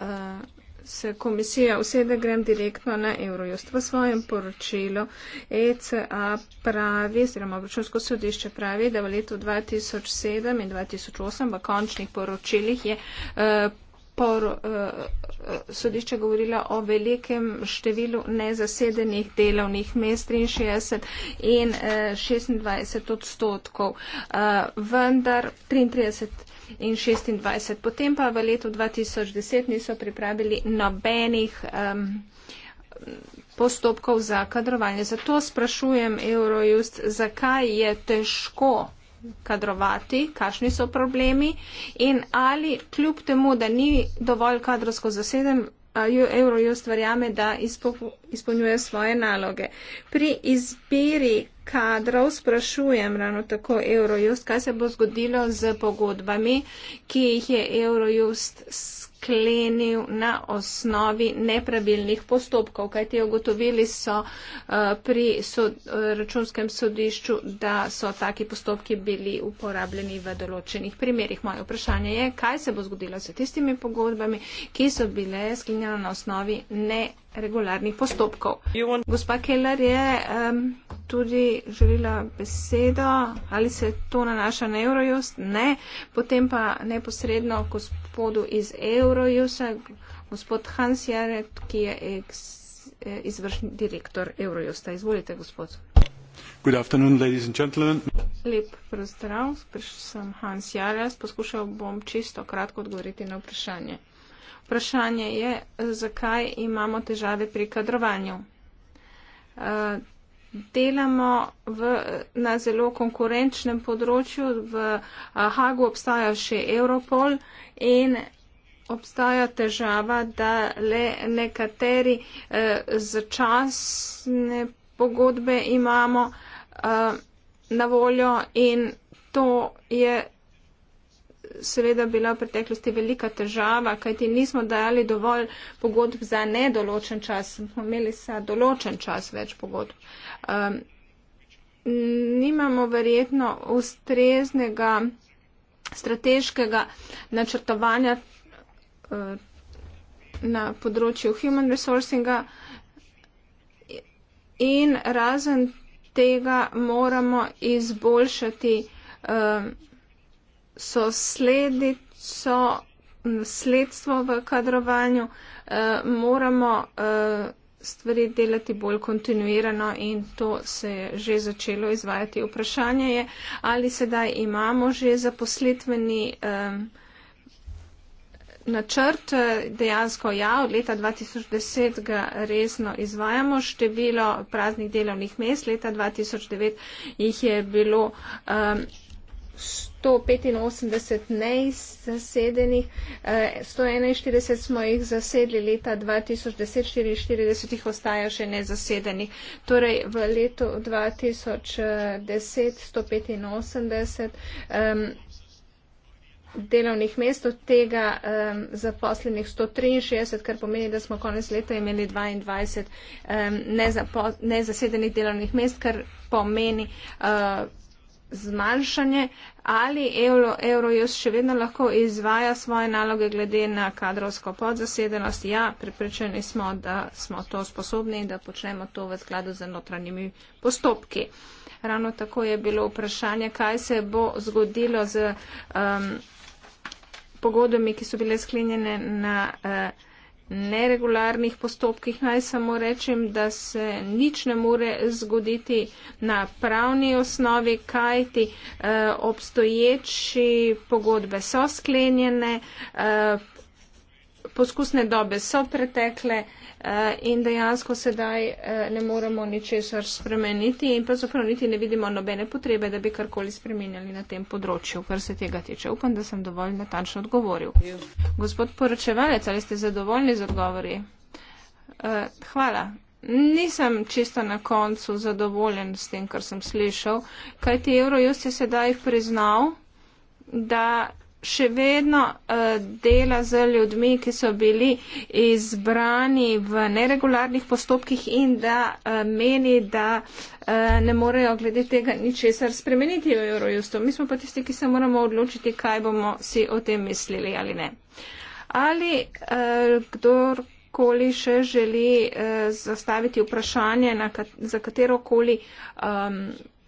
uh, se komisija usede, grem direktno na Eurojust. V svojem poročilu ECA pravi, oziroma obračunsko sodišče pravi, da v letu 2007 in 2008 v končnih poročilih je uh, por, eh, eh, sodišče govorilo o velikem številu nezasedenih delovnih mest 63 in 26 eh, odstotkov, vendar 33 in 26. Potem pa v letu 2010 niso pripravili nobenih um, postopkov za kadrovanje. Zato sprašujem Eurojust, zakaj je težko kadrovati, kakšni so problemi in ali kljub temu, da ni dovolj kadrovsko zaseden, Eurojust verjame, da izpolnjuje svoje naloge. Pri izbiri kadrov sprašujem ravno tako Eurojust, kaj se bo zgodilo z pogodbami, ki jih je Eurojust sklenil sklenil na osnovi nepravilnih postopkov, kajti ugotovili so eh, pri sod, računskem sodišču, da so taki postopki bili uporabljeni v določenih primerjih. Moje vprašanje je, kaj se bo zgodilo s tistimi pogodbami, ki so bile sklenjene na osnovi neregularnih postopkov. Gospa Keller je um, tudi želila besedo, ali se to nanaša na Eurojust? Ne. Potem pa neposredno, gospod gospodu iz Eurojusa, gospod Hans Jarek, ki je e, izvršni direktor Eurojusta. Izvolite, gospod. Good afternoon, ladies and gentlemen. Lep pozdrav, prišel sem Hans Jarek, poskušal bom čisto kratko odgovoriti na vprašanje. Vprašanje je, zakaj imamo težave pri kadrovanju. Uh, delamo v, na zelo konkurenčnem področju. V Hagu obstaja še Europol in obstaja težava, da le nekateri eh, začasne pogodbe imamo eh, na voljo in to je seveda bila v preteklosti velika težava, kajti nismo dajali dovolj pogodb za nedoločen čas, smo imeli za določen čas več pogodb. Um, nimamo verjetno ustreznega strateškega načrtovanja uh, na področju human resourcinga in razen tega moramo izboljšati. Uh, so sledi, so sledstvo v kadrovanju, eh, moramo eh, stvari delati bolj kontinuirano in to se je že začelo izvajati. Vprašanje je, ali sedaj imamo že zaposlitveni eh, načrt, eh, dejansko ja, od leta 2010 ga resno izvajamo, število praznih delovnih mest, leta 2009 jih je bilo. Eh, 185 nezasedenih, 141 eh, smo jih zasedli leta 2010, 44 jih ostaja še nezasedenih. Torej v letu 2010 185 um, delovnih mest, od tega um, zaposlenih 163, kar pomeni, da smo konec leta imeli 22 um, nezasedenih delovnih mest, kar pomeni. Uh, zmanjšanje, ali Eurojus še vedno lahko izvaja svoje naloge glede na kadrovsko podzasedenost. Ja, pripričani smo, da smo to sposobni in da počnemo to v skladu z notranjimi postopki. Ravno tako je bilo vprašanje, kaj se bo zgodilo z um, pogodbami, ki so bile sklenjene na. Uh, neregularnih postopkih. Naj samo rečem, da se nič ne more zgoditi na pravni osnovi, kajti eh, obstoječi pogodbe so sklenjene, eh, poskusne dobe so pretekle eh, in dejansko sedaj eh, ne moremo ničesar spremeniti in pa zapravo niti ne vidimo nobene potrebe, da bi karkoli spremenjali na tem področju, kar se tega tiče. Upam, da sem dovolj natančno odgovoril. Gospod poročevalec, ali ste zadovoljni z odgovori? Eh, hvala. Nisem čisto na koncu zadovoljen s tem, kar sem slišal, kajti Eurojust je sedaj priznal, da še vedno eh, dela z ljudmi, ki so bili izbrani v neregularnih postopkih in da eh, meni, da eh, ne morejo glede tega ničesar spremeniti v Eurojustu. Mi smo pa tisti, ki se moramo odločiti, kaj bomo si o tem mislili ali ne. Ali kdor koli še želi eh, zastaviti vprašanje, kat za katero koli um,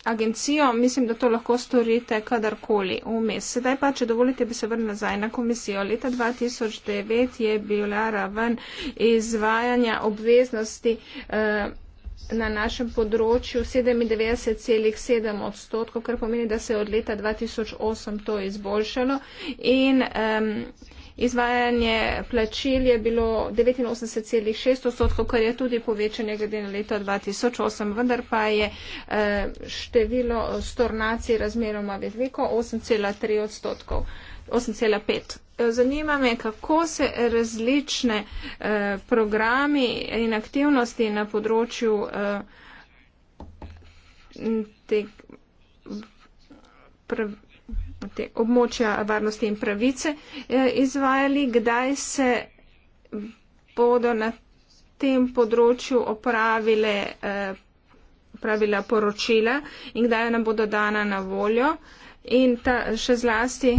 agencijo, mislim, da to lahko storite kadarkoli vmes. Sedaj pa, če dovolite, bi se vrnil nazaj na komisijo. Leta 2009 je bila raven izvajanja obveznosti. Eh, na našem področju 97,7 odstotkov, kar pomeni, da se je od leta 2008 to izboljšalo. In, um, Izvajanje plačil je bilo 89,6 odstotkov, kar je tudi povečanje glede na leto 2008, vendar pa je eh, število stornacij razmeroma veliko 8,3 odstotkov. 8,5. Eh, zanima me, kako se različne eh, programi in aktivnosti na področju eh, te, pre, te območja varnosti in pravice eh, izvajali, kdaj se bodo na tem področju opravile, eh, opravila poročila in kdaj nam bodo dana na voljo. In ta, še zlasti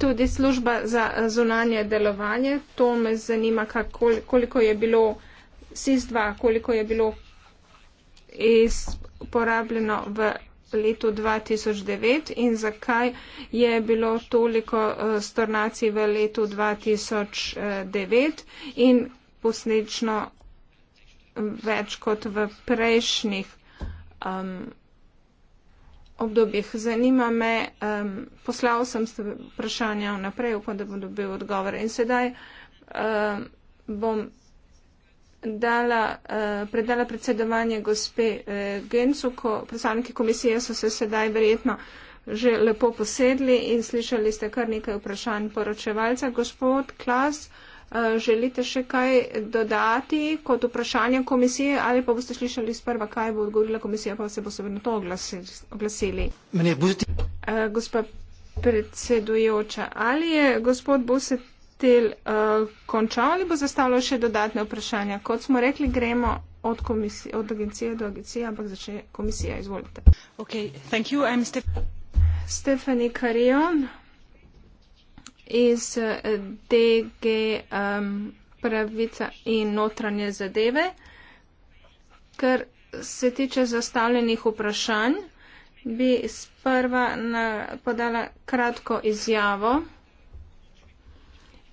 tudi služba za eh, zunanje delovanje. To me zanima, kako, koliko je bilo SIS-2, koliko je bilo iz porabljeno v letu 2009 in zakaj je bilo toliko eh, stornacij v letu 2009 in posledično več kot v prejšnjih um, obdobjih. Zanima me, um, poslal sem vprašanja vnaprej, upam, da bom dobil odgovor. In sedaj um, bom dala, uh, predala predsedovanje gospe uh, eh, Gencu, ko predstavniki komisije so se sedaj verjetno že lepo posedli in slišali ste kar nekaj vprašanj poročevalca. Gospod Klas, uh, želite še kaj dodati kot vprašanje komisije ali pa boste slišali sprva, kaj bo odgovorila komisija, pa se bo se vedno to oglasili? Uh, gospa predsedujoča, ali je gospod Buset del uh, končal ali bo zastavljal še dodatne vprašanja? Kot smo rekli, gremo od, komisije, od agencije do agencije, ampak začne komisija. Izvolite. Ok, thank you. I'm Steph Stephanie Carion iz eh, DG um, pravica in notranje zadeve. Ker se tiče zastavljenih vprašanj, bi sprva podala kratko izjavo.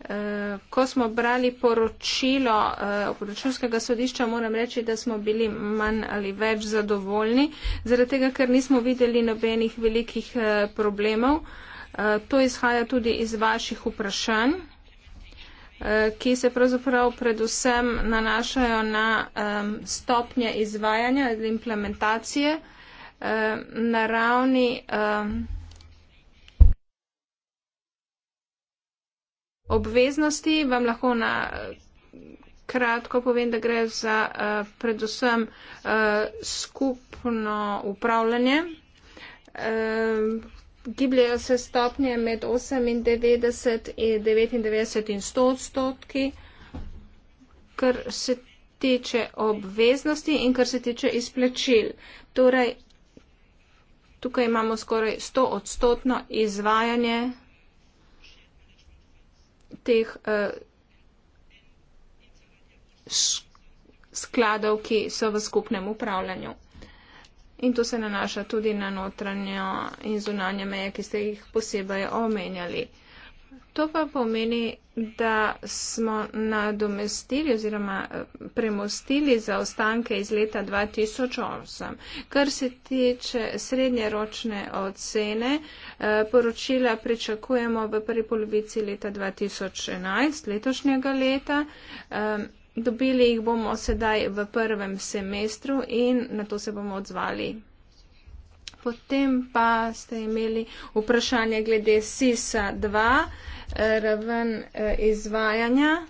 Eh, ko smo brali poročilo eh, poročilskega sodišča, moram reči, da smo bili manj ali več zadovoljni, zaradi tega, ker nismo videli nobenih velikih eh, problemov. To izhaja tudi iz vaših vprašanj, ki se pravzaprav predvsem nanašajo na stopnje izvajanja ali implementacije na ravni obveznosti. Vam lahko na kratko povem, da gre za uh, predvsem uh, skupno upravljanje. Uh, eh, gibljajo se stopnje med 98 in 99 in 100 odstotki, kar se tiče obveznosti in kar se tiče izplačil. Torej, tukaj imamo skoraj 100 odstotno izvajanje teh uh, skladov, ki so v skupnem upravljanju. In to se nanaša tudi na notranjo in zunanje meje, ki ste jih posebej omenjali. To pa pomeni, da smo nadomestili oziroma eh, premostili zaostanke iz leta 2008. Kar se tiče srednjeročne ocene, eh, poročila pričakujemo v prvi polovici leta 2011, letošnjega leta. Dobili jih bomo sedaj v prvem semestru in na to se bomo odzvali. Potem pa ste imeli vprašanje glede SISA 2 raven eh, izvajanja,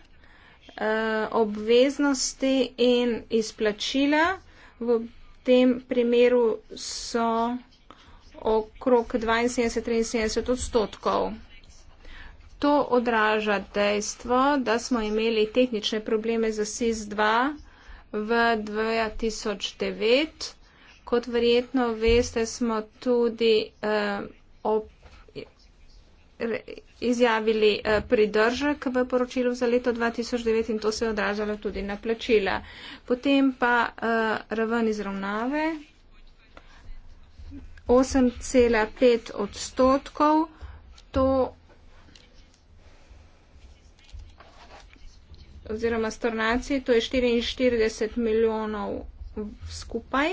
eh, obveznosti in izplačila. V tem primeru so okrog 72-73 odstotkov. To odraža dejstvo, da smo imeli tehnične probleme za SIS-2 v 2009. Kot verjetno veste, smo tudi eh, izjavili eh, pridržek v poročilu za leto 2009 in to se je odražalo tudi na plačila. Potem pa eh, raven izravnave 8,5 odstotkov. To oziroma stornaci, to je 44 milijonov skupaj.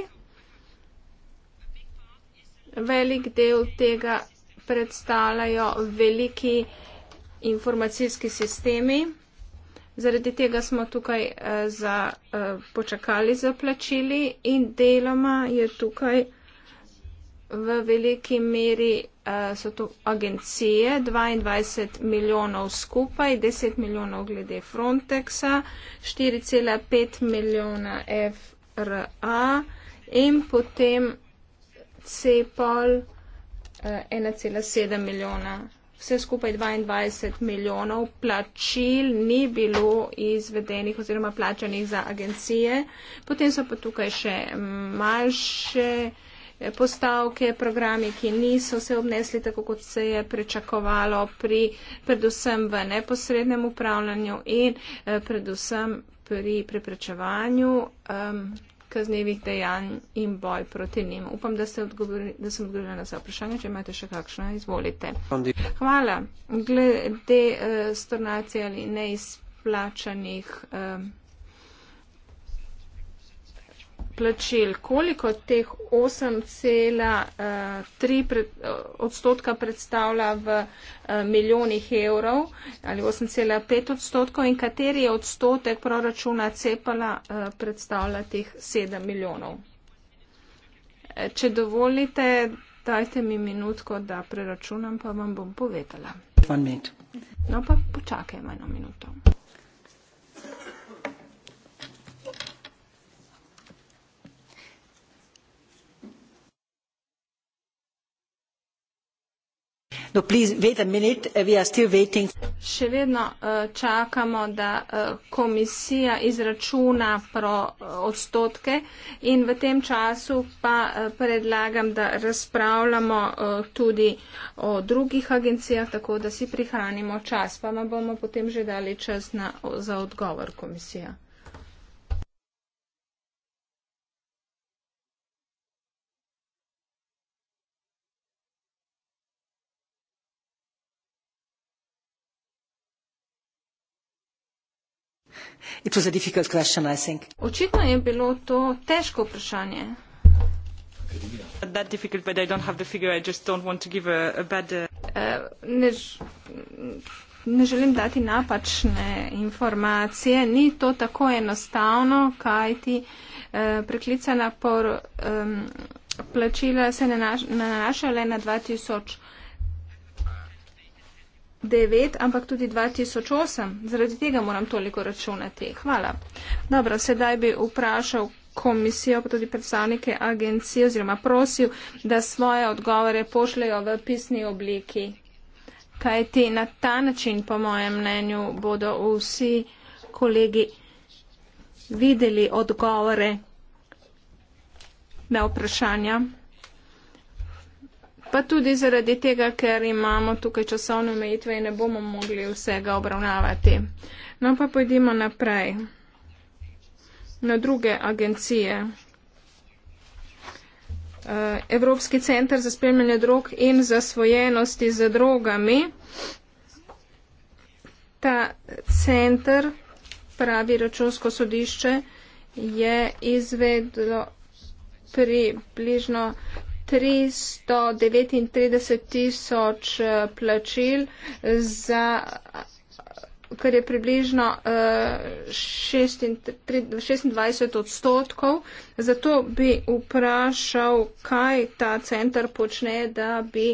Velik del tega predstavljajo veliki informacijski sistemi. Zaradi tega smo tukaj eh, za, eh, počakali za plačili in deloma je tukaj v veliki meri eh, so to agencije, 22 milijonov skupaj, 10 milijonov glede Frontexa, 4,5 milijona FRA in potem CEPOL. 1,7 milijona. Vse skupaj 22 milijonov plačil ni bilo izvedenih oziroma plačanih za agencije. Potem so pa tukaj še manjše postavke, programi, ki niso se obnesli tako, kot se je prečakovalo pri predvsem v neposrednem upravljanju in eh, predvsem pri preprečevanju um, kaznevih dejanj in boj proti njim. Upam, da, da sem odgovorila na vse vprašanje. Če imate še kakšno, izvolite. Hvala. Glede uh, stornacije ali neizplačanih. Uh, plačil, koliko teh 8,3 eh, eh, odstotka predstavlja v eh, milijonih evrov ali 8,5 odstotkov in kateri je odstotek proračuna cepala predstavlja teh 7 milijonov. Če dovolite, dajte mi minutko, da preračunam, pa vam bom povedala. No pa počakajmo eno minuto. no please wait a minute we are still waiting še vedno uh, čakamo da uh, komisija izračuna pro uh, odstotke in v tem času pa uh, predlagam da razpravljamo uh, tudi o drugih agencijah tako da si prihranimo čas pa vam bomo potem že dali čas na za odgovor komisija Question, Očitno je bilo to težko vprašanje. Uh, eh, ne želim dati napačne informacije, ni to tako enostavno, kaj ti uh, eh, preklicana por, um, plačila se nanašajo le na 2000. 2009, ampak tudi 2008. Zaradi tega moram toliko računati. Hvala. Dobro, sedaj bi vprašal komisijo, pa tudi predstavnike agencije oziroma prosil, da svoje odgovore pošljajo v pisni obliki. Kaj ti na ta način, po mojem mnenju, bodo vsi kolegi videli odgovore na vprašanja? pa tudi zaradi tega, ker imamo tukaj časovne omejitve in ne bomo mogli vsega obravnavati. No pa pojdimo naprej na druge agencije. Eh, Evropski centr za spremljanje drog in zasvojenosti z drogami. Ta centr, pravi računsko sodišče, je izvedlo približno 339 tisoč eh, plačil za kar je približno uh, eh, 26 odstotkov. Zato bi vprašal, kaj ta centar počne, da bi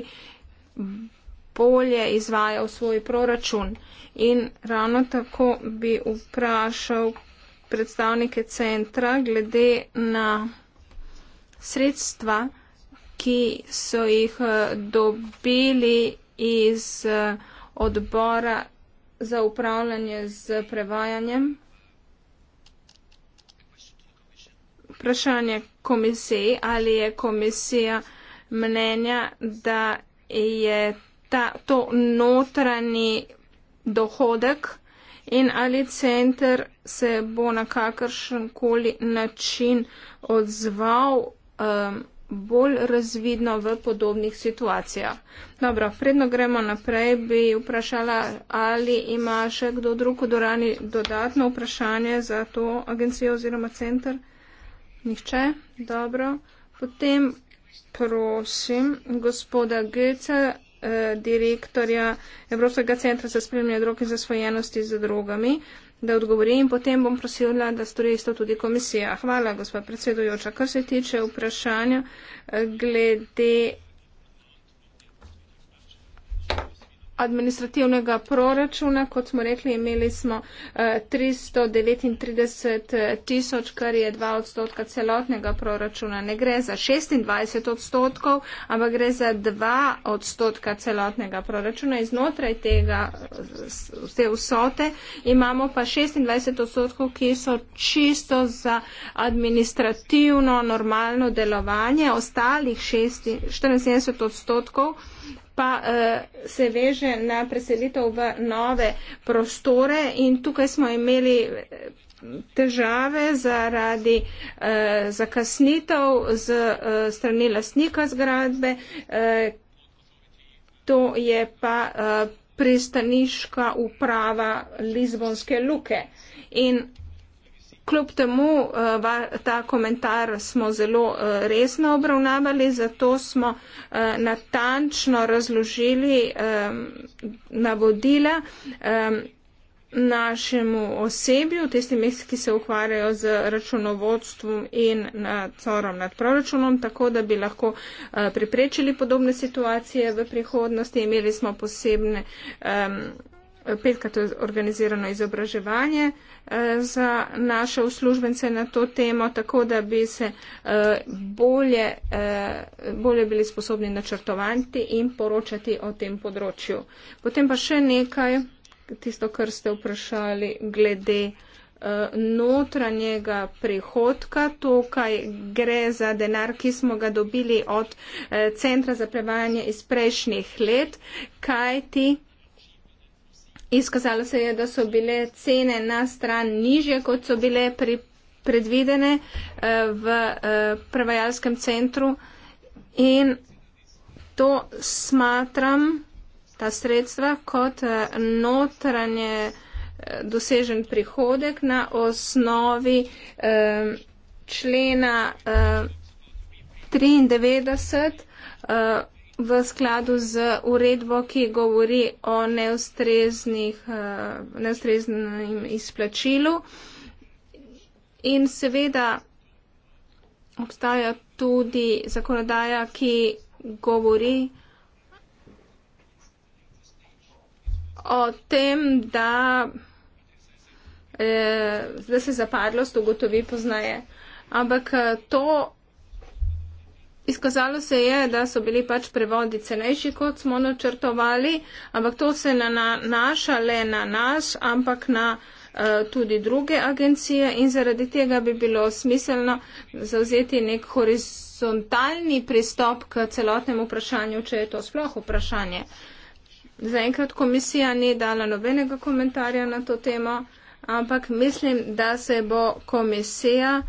bolje izvajal svoj proračun. In ravno tako bi vprašal predstavnike centra glede na sredstva, ki so jih eh, dobili iz eh, odbora za upravljanje z prevajanjem. Vprašanje komisiji, ali je komisija mnenja, da je ta, to notranji dohodek in ali center se bo na kakršen koli način odzval. Um, bolj razvidno v podobnih situacijah. Dobro, predno gremo naprej, bi vprašala, ali ima še kdo drug v dorani dodatno vprašanje za to agencijo oziroma center? Nihče? Dobro. Potem prosim gospoda Goethe, eh, direktorja Evropskega centra za spremljanje drog in zasvojenosti z drogami da odgovori in potem bom prosila, da stori isto tudi komisija. Hvala, gospod predsedujoča. Kar se tiče vprašanja eh, glede administrativnega proračuna. Kot smo rekli, imeli smo 339 eh, eh, tisoč, kar je 2 odstotka celotnega proračuna. Ne gre za 26 odstotkov, ampak gre za 2 odstotka celotnega proračuna. Iznotraj tega vse eh, vsote imamo pa 26 odstotkov, ki so čisto za administrativno normalno delovanje. Ostalih 76 odstotkov pa uh, se veže na preselitev v nove prostore in tukaj smo imeli eh, težave zaradi uh, zakasnitev z uh, strani lasnika zgradbe. Uh, to je pa. Uh, pristaniška uprava Lizbonske luke. In kljub temu eh, ta komentar smo zelo eh, resno obravnavali, zato smo eh, natančno razložili navodila našemu osebju, tistim, ki se ukvarjajo z računovodstvom in nadzorom nad proračunom, tako da bi lahko preprečili podobne situacije v prihodnosti. Imeli smo posebne. Um, petka to je organizirano izobraževanje eh, za naše uslužbence na to temo, tako da bi se eh, bolje, eh, bolje bili sposobni načrtovati in poročati o tem področju. Potem pa še nekaj, tisto, kar ste vprašali glede notranjega prihodka. Tukaj gre za denar, ki smo ga dobili od centra za prevajanje iz prejšnjih let, kajti Izkazalo se je, da so bile cene na stran nižje, kot so bile pri, predvidene eh, v eh, prevajalskem centru. In to smatram, ta sredstva, kot eh, notranje dosežen prihodek na osnovi člena 93 v skladu z uredbo, ki govori o neustreznih, eh, neustreznem izplačilu. In seveda obstaja tudi zakonodaja, ki govori o tem, da, eh, da se zapadlost ugotovi poznaje. Ampak eh, to Izkazalo se je, da so bili pač prevodi cenejši, kot smo načrtovali, ampak to se nanaša le na nas, ampak na eh, tudi druge agencije in zaradi tega bi bilo smiselno zauzeti nek horizontalni pristop k celotnemu vprašanju, če je to sploh vprašanje. Zaenkrat komisija ni dala nobenega komentarja na to temo, ampak mislim, da se bo komisija.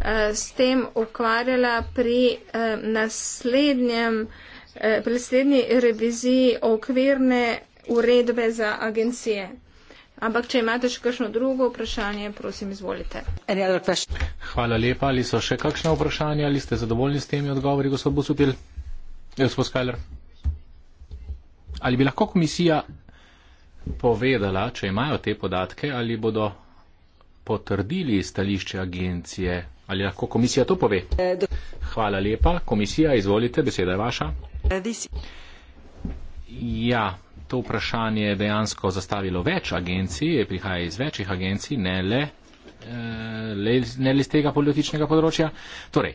Eh, s tem ukvarjala pri eh, naslednjem, eh, pri naslednji reviziji okvirne uredbe za agencije. Ampak, če imate še kakšno drugo vprašanje, prosim, izvolite. Hvala lepa. Ali so še kakšna vprašanja? Ali ste zadovoljni s temi odgovori, gospod Bosutil? Gospod Skaler. Ali bi lahko komisija povedala, če imajo te podatke, ali bodo potrdili stališče agencije Ali lahko komisija to pove? Hvala lepa. Komisija, izvolite, beseda je vaša. Ja, to vprašanje je dejansko zastavilo več agencij, prihaja iz večjih agencij, ne le, eh, le ne le z tega političnega področja. Torej,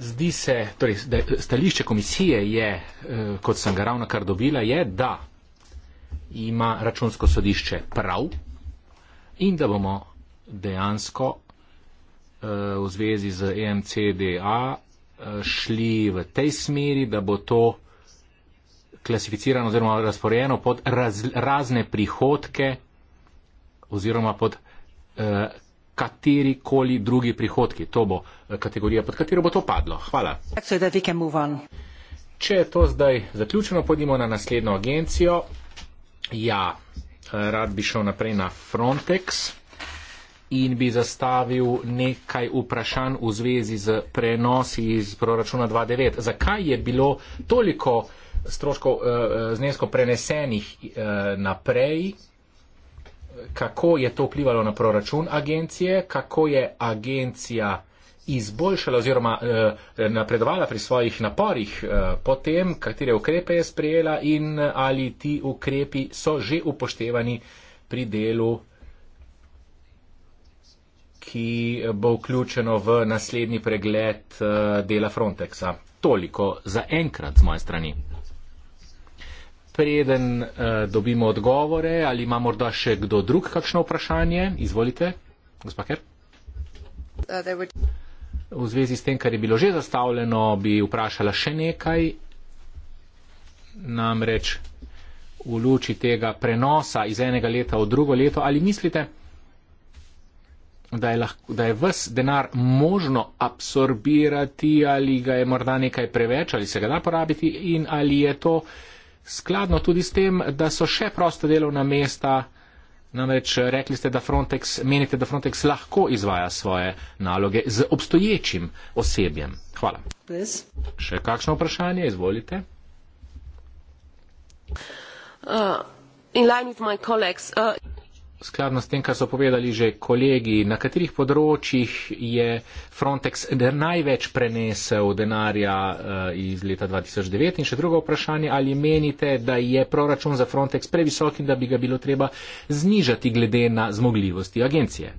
zdi se, torej, da stališče komisije je, eh, kot sem ga ravno kar dobila, je, da ima računsko sodišče prav in da bomo dejansko eh, v zvezi z EMCDA eh, šli v tej smeri, da bo to klasificirano oziroma razporejeno pod raz, razne prihodke oziroma pod eh, kateri koli drugi prihodki. To bo kategorija, pod katero bo to padlo. Hvala. Če je to zdaj zaključeno, pojdimo na naslednjo agencijo. Ja, rad bi šel naprej na Frontex in bi zastavil nekaj vprašanj v zvezi z prenosi iz proračuna 2009. Zakaj je bilo toliko stroškov eh, eh, znesko prenesenih eh, naprej? Kako je to vplivalo na proračun agencije? Kako je agencija? izboljšala oziroma eh, napredovala pri svojih naporih eh, po tem, katere ukrepe je sprejela in ali ti ukrepi so že upoštevani pri delu, ki bo vključeno v naslednji pregled eh, dela Frontexa. Toliko za enkrat z moje strani. Preden eh, dobimo odgovore, ali ima morda še kdo drug kakšno vprašanje? Izvolite, gospod Ker. Uh, v zvezi s tem, kar je bilo že zastavljeno, bi vprašala še nekaj. Namreč v luči tega prenosa iz enega leta v drugo leto, ali mislite, da je, lahko, da je ves denar možno absorbirati ali ga je morda nekaj preveč ali se ga da porabiti in ali je to skladno tudi s tem, da so še prosta delovna mesta Namreč eh, rekli ste, da Frontex, menite, da Frontex lahko izvaja svoje naloge z obstoječim osebjem. Hvala. Bez. Še kakšno vprašanje? Izvolite. Uh, in line with my colleagues. Uh skladno s tem, kar so povedali že kolegi, na katerih področjih je Frontex največ prenesel denarja eh, iz leta 2009? In še drugo vprašanje, ali menite, da je proračun za Frontex previsok in da bi ga bilo treba znižati glede na zmogljivosti agencije?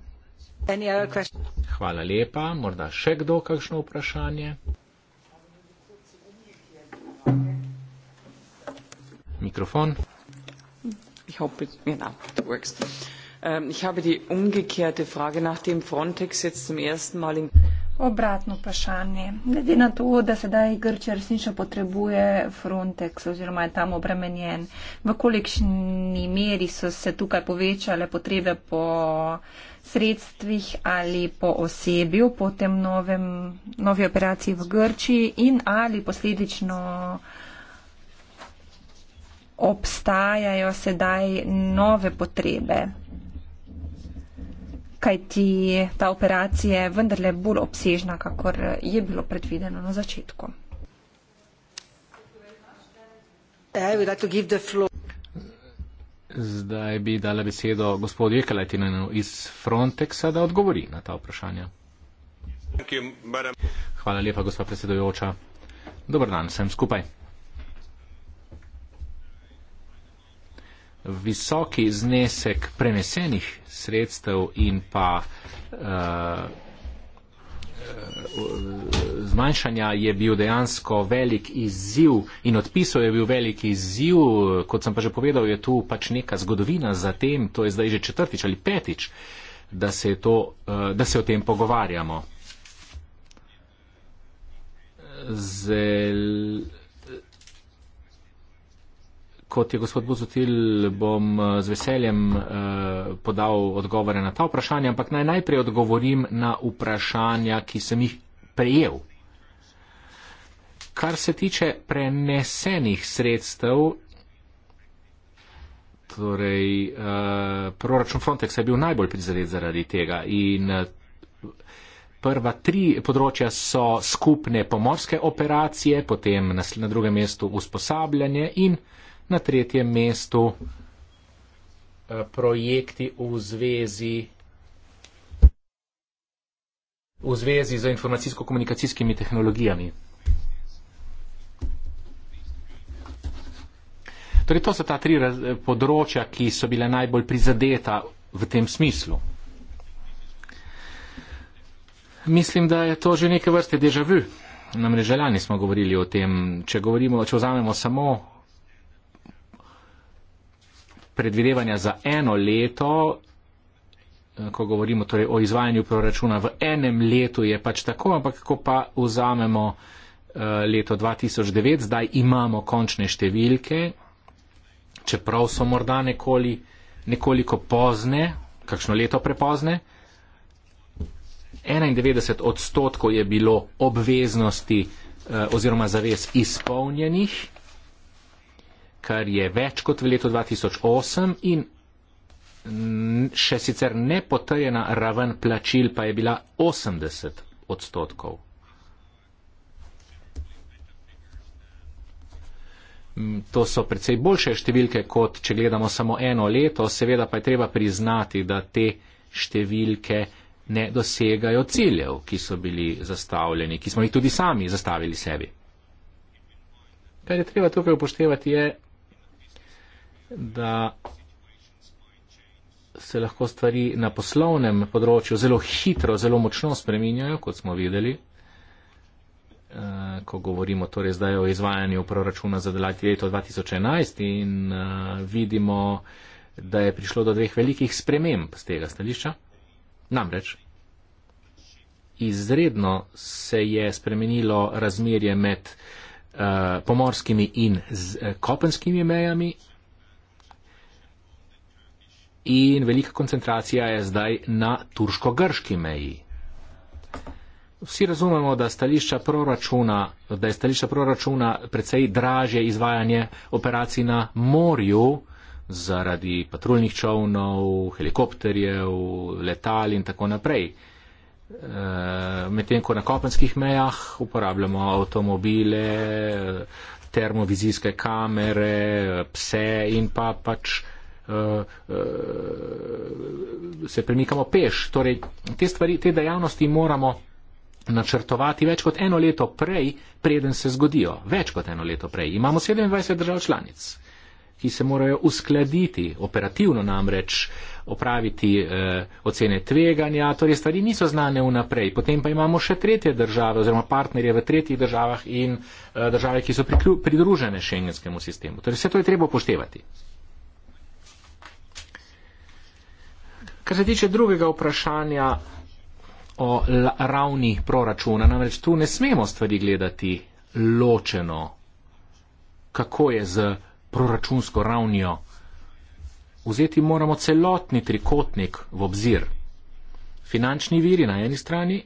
Hvala lepa. Morda še kdo kakšno vprašanje? Mikrofon. Ich hoffe, genau, du works. Ähm, ich habe die umgekehrte Frage, nachdem Frontex jetzt zum ersten Mal in. Obratno vprašanje. Glede na to, da sedaj Grčija resnično potrebuje Frontex oziroma je tam obremenjen, v kolikšni meri so se tukaj povečale potrebe po sredstvih ali po osebju po tem novem, novi operaciji v Grčiji in ali posledično uh, obstajajo sedaj nove potrebe, kajti ta operacija je vendarle bolj obsežna, kakor je bilo predvideno na začetku. Ja, Zdaj bi dala besedo gospodu Jekalajtinenu iz Frontexa, da odgovori na ta vprašanja. Hvala lepa, gospod predsedujoča. Dobar dan, sem skupaj. visoki znesek prenesenih sredstev in pa uh, zmanjšanja je bil dejansko velik izziv in odpisov je bil velik izziv. Kot sem pa že povedal, je tu pač neka zgodovina za tem, to je zdaj že četrtič ali petič, da se, to, uh, da se o tem pogovarjamo. Zel kot je gospod Buzotil, bom eh, z veseljem eh, podal odgovore na ta vprašanja, ampak naj najprej odgovorim na vprašanja, ki sem jih prejel. Kar se tiče prenesenih sredstev, torej eh, proračun Frontex je bil najbolj prizadet zaradi tega in Prva tri področja so skupne pomorske operacije, potem na drugem mestu usposabljanje in uh, na tretjem mestu eh, projekti v zvezi v zvezi z informacijsko-komunikacijskimi tehnologijami. Torej, to so ta tri eh, področja, ki so bile najbolj prizadeta v tem smislu. Mislim, da je to že neke vrste deja vu. Namreč lani smo govorili o tem, če govorimo, če vzamemo samo predvidevanja za eno leto, eh, ko govorimo torej o izvajanju proračuna v enem letu, je pač tako, ampak ko pa vzamemo eh, leto 2009, zdaj imamo končne številke, čeprav so morda nekoli, nekoliko pozne, kakšno leto prepozne. 91 odstotkov je bilo obveznosti eh, oziroma zavez izpolnjenih kar je več kot v letu 2008 in še sicer nepotrjena raven plačil pa je bila 80 odstotkov. Mm, to so precej boljše številke, kot če gledamo samo eno leto, seveda pa je treba priznati, da te številke ne dosegajo ciljev, ki so bili zastavljeni, ki smo jih tudi sami zastavili sebi. Kar je treba tukaj upoštevati, je, da se lahko stvari na poslovnem področju zelo hitro, zelo močno spreminjajo, kot smo videli, eh, ko govorimo torej zdaj o izvajanju proračuna za leto 2011 in eh, vidimo, da je prišlo do dveh velikih sprememb z tega stališča. Namreč izredno se je spremenilo razmerje med uh, pomorskimi in z, uh, kopenskimi mejami in velika koncentracija je zdaj na turško-grški meji. Vsi razumemo, da, da je stališča proračuna precej dražje izvajanje operacij na morju zaradi patruljnih čovnov, helikopterjev, letal in tako naprej. E, medtem ko na kopenskih mejah uporabljamo avtomobile, termovizijske kamere, pse in pa pač Eh, se premikamo peš. Torej, te, stvari, te dejavnosti moramo načrtovati več kot eno leto prej, preden se zgodijo. Več kot eno leto prej. Imamo 27 držav članic, ki se morajo uskladiti, operativno namreč opraviti eh, ocene tveganja, torej stvari niso znane vnaprej. Potem pa imamo še tretje države oziroma partnerje v tretjih državah in eh, države, ki so pridružene šengenskemu sistemu. Torej vse to je treba upoštevati. Kar se tiče drugega vprašanja o ravni proračuna, namreč tu ne smemo stvari gledati ločeno, kako je z proračunsko ravnjo. Vzeti moramo celotni trikotnik v obzir. Finančni viri na eni strani,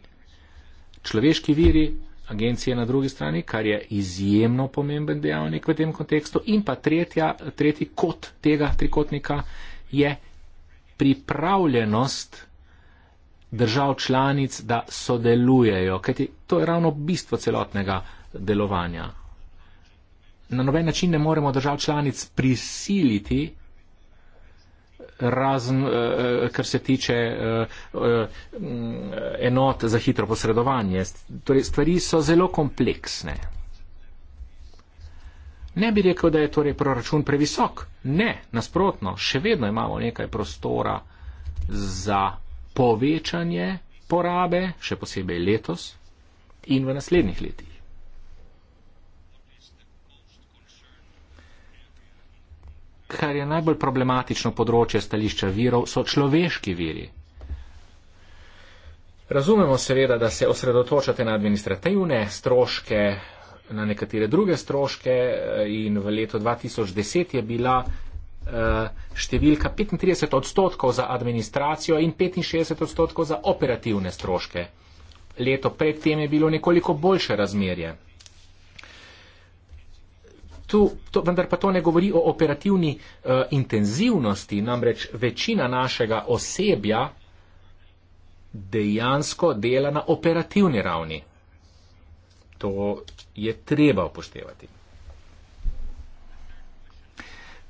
človeški viri, agencije na drugi strani, kar je izjemno pomemben dejavnik v tem kontekstu, in pa tretja, tretji kot tega trikotnika je pripravljenost držav članic, da sodelujejo, kajti to je ravno bistvo celotnega delovanja. Na noben način ne moremo držav članic prisiliti, razen eh, eh, kar se tiče eh, enot za hitro posredovanje. Torej, stvari so zelo kompleksne. Ne bi rekel, da je torej proračun previsok. Ne, nasprotno, še vedno imamo nekaj prostora za povečanje porabe, še posebej letos in v naslednjih letih. Kar je najbolj problematično področje stališča virov, so človeški viri. Razumemo seveda, da se osredotočate na administrativne stroške, na nekatere druge stroške eh, in v letu 2010 je bila eh, številka 35 odstotkov za administracijo in 65 odstotkov za operativne stroške. Leto predtem je bilo nekoliko boljše razmerje. Tu, to, vendar pa to ne govori o operativni uh, intenzivnosti, namreč večina našega osebja dejansko dela na operativni ravni to je treba upoštevati.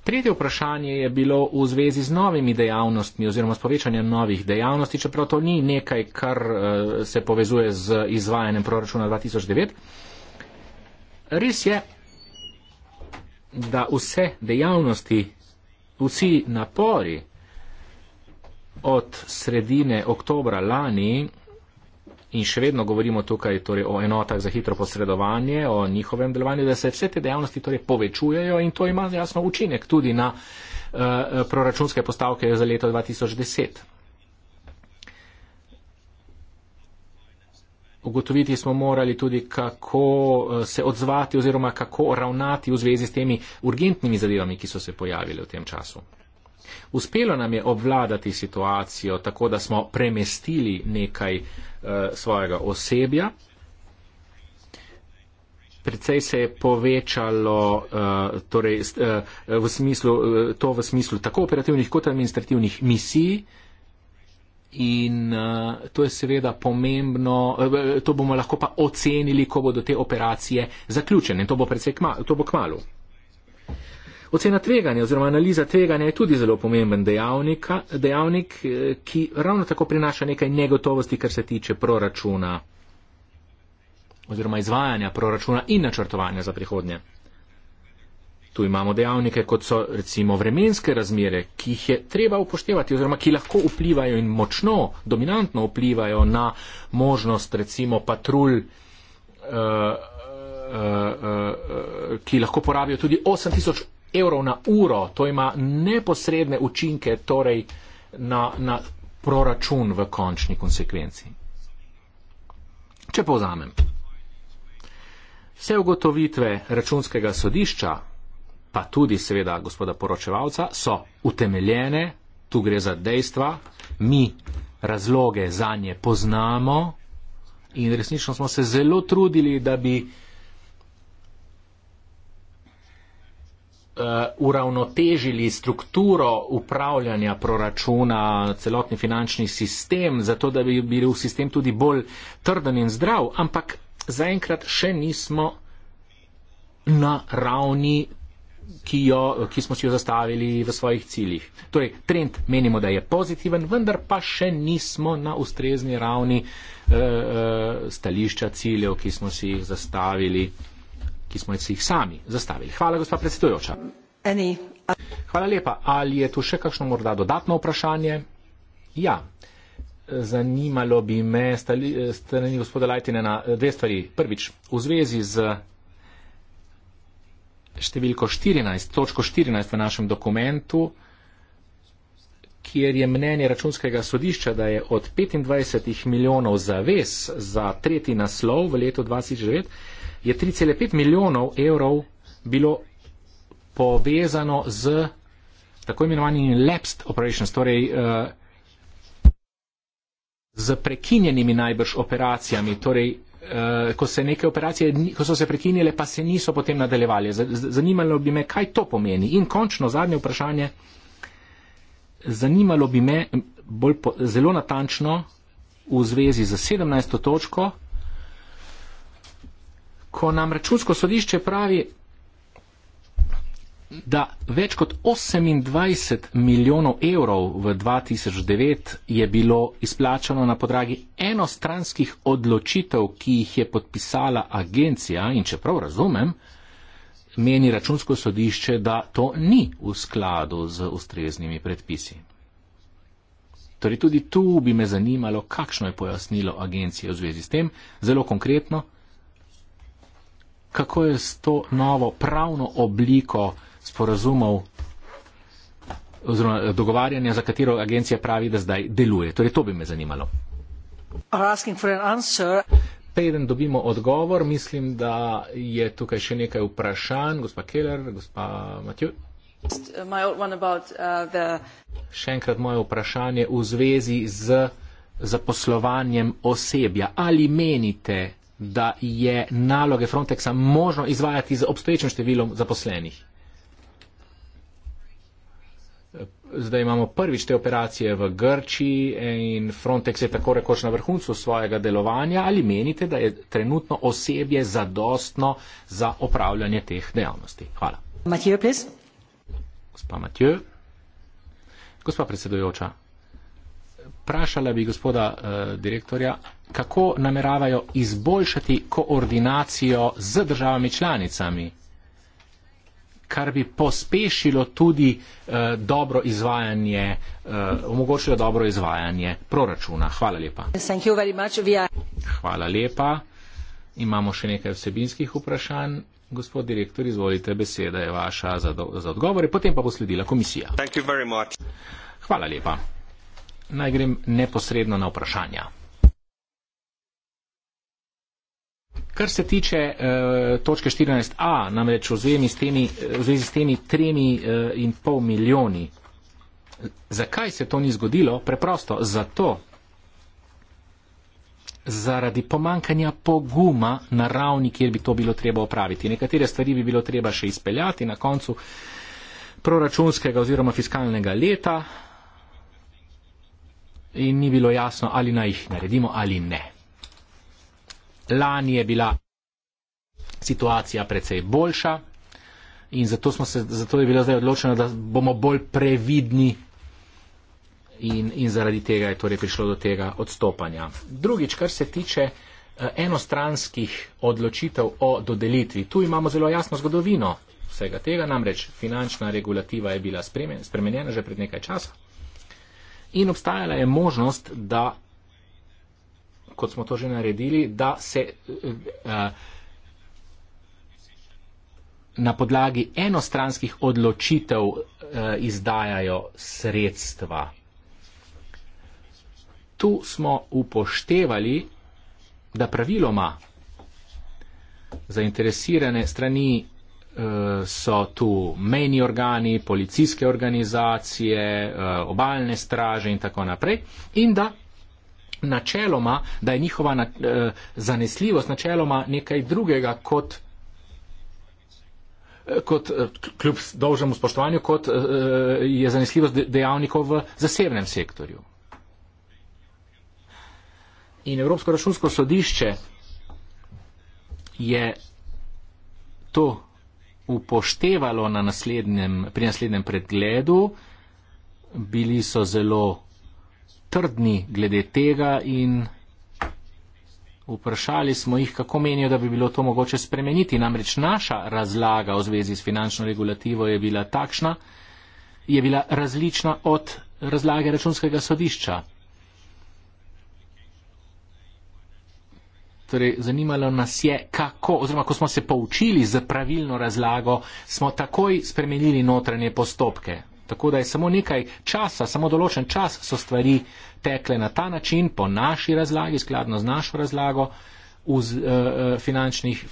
Tretje vprašanje je bilo v zvezi z novimi dejavnostmi oziroma s povečanjem novih dejavnosti, čeprav to ni nekaj, kar eh, se povezuje z izvajanjem proračuna 2009. Res je, da vse dejavnosti, vsi napori od sredine oktobra lani in še vedno govorimo tukaj torej, o enotah za hitro posredovanje, o njihovem delovanju, da se vse te dejavnosti torej, povečujejo in to ima jasno učinek tudi na uh, proračunske postavke za leto 2010. Ugotoviti smo morali tudi, kako eh, se odzvati oziroma kako ravnati v zvezi s temi urgentnimi zadevami, ki so se pojavile v tem času. Uspelo nam je obvladati situacijo, tako da smo premestili nekaj eh, svojega osebja. Predvsej se je povečalo uh, torej, uh, v smislu, uh, to v smislu tako operativnih kot administrativnih misij in uh, to je seveda pomembno, uh, to bomo lahko pa ocenili, ko bodo te operacije zaključene. To bo, kmalo, to bo kmalu. Ocena tveganja oziroma analiza tveganja je tudi zelo pomemben dejavnik, eh, ki ravno tako prinaša nekaj negotovosti, kar se tiče proračuna oziroma izvajanja proračuna in načrtovanja za prihodnje. Tu imamo dejavnike, kot so recimo vremenske razmere, ki jih je treba upoštevati oziroma ki lahko vplivajo in močno, dominantno vplivajo na možnost recimo patrulj, uh, uh, uh, uh, ki lahko porabijo tudi 8000 evrov na uro, to ima neposredne učinke torej na, na proračun v končni konsekvenci. Če povzamem, vse ugotovitve računskega sodišča, pa tudi seveda gospoda poročevalca, so utemeljene, tu gre za dejstva, mi razloge za nje poznamo in resnično smo se zelo trudili, da bi uh, uravnotežili strukturo upravljanja proračuna, celotni finančni sistem, zato da bi bil sistem tudi bolj trden in zdrav, ampak zaenkrat še nismo na ravni, ki, jo, ki smo si jo zastavili v svojih ciljih. Torej, trend menimo, da je pozitiven, vendar pa še nismo na ustrezni ravni uh, uh, stališča ciljev, ki smo si jih zastavili ki smo si jih sami zastavili. Hvala, gospa predsedujoča. Hvala lepa. Ali je tu še kakšno morda dodatno vprašanje? Ja, zanimalo bi me strani gospoda Lajtine na dve stvari. Prvič, v zvezi z številko 14, točko 14 v našem dokumentu, kjer je mnenje računskega sodišča, da je od 25 milijonov zaves za tretji naslov v letu 2009 je 3,5 milijonov evrov bilo povezano z tako imenovanimi lapsed operations, torej uh, z prekinjenimi najbrž operacijami, torej uh, ko, se operacije, ko so se prekinjile, pa se niso potem nadaljevali. Zanimalo bi me, kaj to pomeni. In končno zadnje vprašanje. Zanimalo bi me bolj po, zelo natančno v zvezi z 17. točko, ko nam računsko sodišče pravi, da več kot 28 milijonov evrov v 2009 je bilo izplačano na podlagi enostranskih odločitev, ki jih je podpisala agencija in čeprav razumem, meni računsko sodišče, da to ni v skladu z ustreznimi predpisi. Torej tudi tu bi me zanimalo, kakšno je pojasnilo agencije v zvezi s tem, zelo konkretno kako je s to novo pravno obliko sporazumov oziroma dogovarjanja, za katero agencija pravi, da zdaj deluje. Torej, to bi me zanimalo. Preden dobimo odgovor, mislim, da je tukaj še nekaj vprašanj. Gospa Keller, gospa Matjuj. Uh, about, uh, the... Še enkrat moje vprašanje v zvezi z zaposlovanjem osebja. Ali menite, da je naloge Frontexa možno izvajati z obstoječim številom zaposlenih. Zdaj imamo prvič te operacije v Grčiji in Frontex je tako rekoč na vrhuncu svojega delovanja. Ali menite, da je trenutno osebje zadostno za opravljanje teh dejavnosti? Hvala. Matijo, please. Gospa Matijo. Gospa predsedujoča. Prašala bi gospoda uh, direktorja, kako nameravajo izboljšati koordinacijo z državami članicami, kar bi pospešilo tudi eh, dobro izvajanje, eh, omogočilo dobro izvajanje proračuna. Hvala lepa. Hvala lepa. Imamo še nekaj vsebinskih vprašanj. Gospod direktor, izvolite, beseda je vaša za, do, za odgovore, potem pa bo sledila komisija. Hvala lepa. Naj grem neposredno na vprašanja. Kar se tiče uh, točke 14a, namreč v zvezi s temi, zvezi s temi tremi uh, in pol milijoni, zakaj se to ni zgodilo? Preprosto zato, zaradi pomankanja poguma na ravni, kjer bi to bilo treba opraviti. Nekatere stvari bi bilo treba še izpeljati na koncu proračunskega oziroma fiskalnega leta in ni bilo jasno, ali naj jih naredimo ali ne lani je bila situacija precej boljša in zato, se, zato je bilo zdaj odločeno, da bomo bolj previdni in, in zaradi tega je torej prišlo do tega odstopanja. Drugič, kar se tiče eh, enostranskih odločitev o dodelitvi. Tu imamo zelo jasno zgodovino vsega tega, namreč finančna regulativa je bila spremenjena že pred nekaj časa in obstajala je možnost, da kot smo to že naredili, da se eh, eh, na podlagi enostranskih odločitev eh, izdajajo sredstva. Tu smo upoštevali, da praviloma zainteresirane strani so tu meni organi, policijske organizacije, obaljne straže in tako naprej, in da načeloma, da je njihova na, eh, zanesljivost načeloma nekaj drugega kot eh, kot eh, kljub dolžnemu spoštovanju, kot eh, je zanesljivost dejavnikov v zasebnem sektorju. In Evropsko računsko sodišče je to upoštevalo na naslednjem, pri naslednjem predgledu. Bili so zelo trdni glede tega in vprašali smo jih, kako menijo, da bi bilo to mogoče spremeniti. Namreč naša razlaga v zvezi s finančno regulativo je bila takšna, je bila različna od razlage računskega sodišča. Torej, zanimalo nas je, kako, oziroma ko smo se poučili z pravilno razlago, smo takoj spremenili notranje postopke. Tako da je samo nekaj časa, samo določen čas so stvari tekle na ta način, po naši razlagi, skladno z našo razlago uz, uh,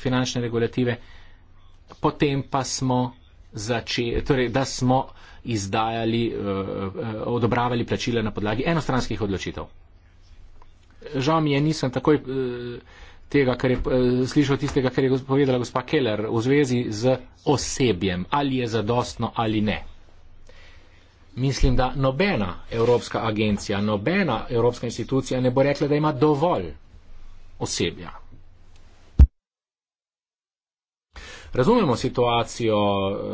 finančne regulative, potem pa smo začeli, torej da smo izdajali, uh, uh, odobravali plačila na podlagi enostranskih odločitev. Žal mi je, nisem takoj uh, tega, kar je, uh, slišal tistega, kar je povedala gospa Keller v zvezi z osebjem, ali je zadostno ali ne mislim, da nobena evropska agencija, nobena evropska institucija ne bo rekla, da ima dovolj osebja. Razumemo situacijo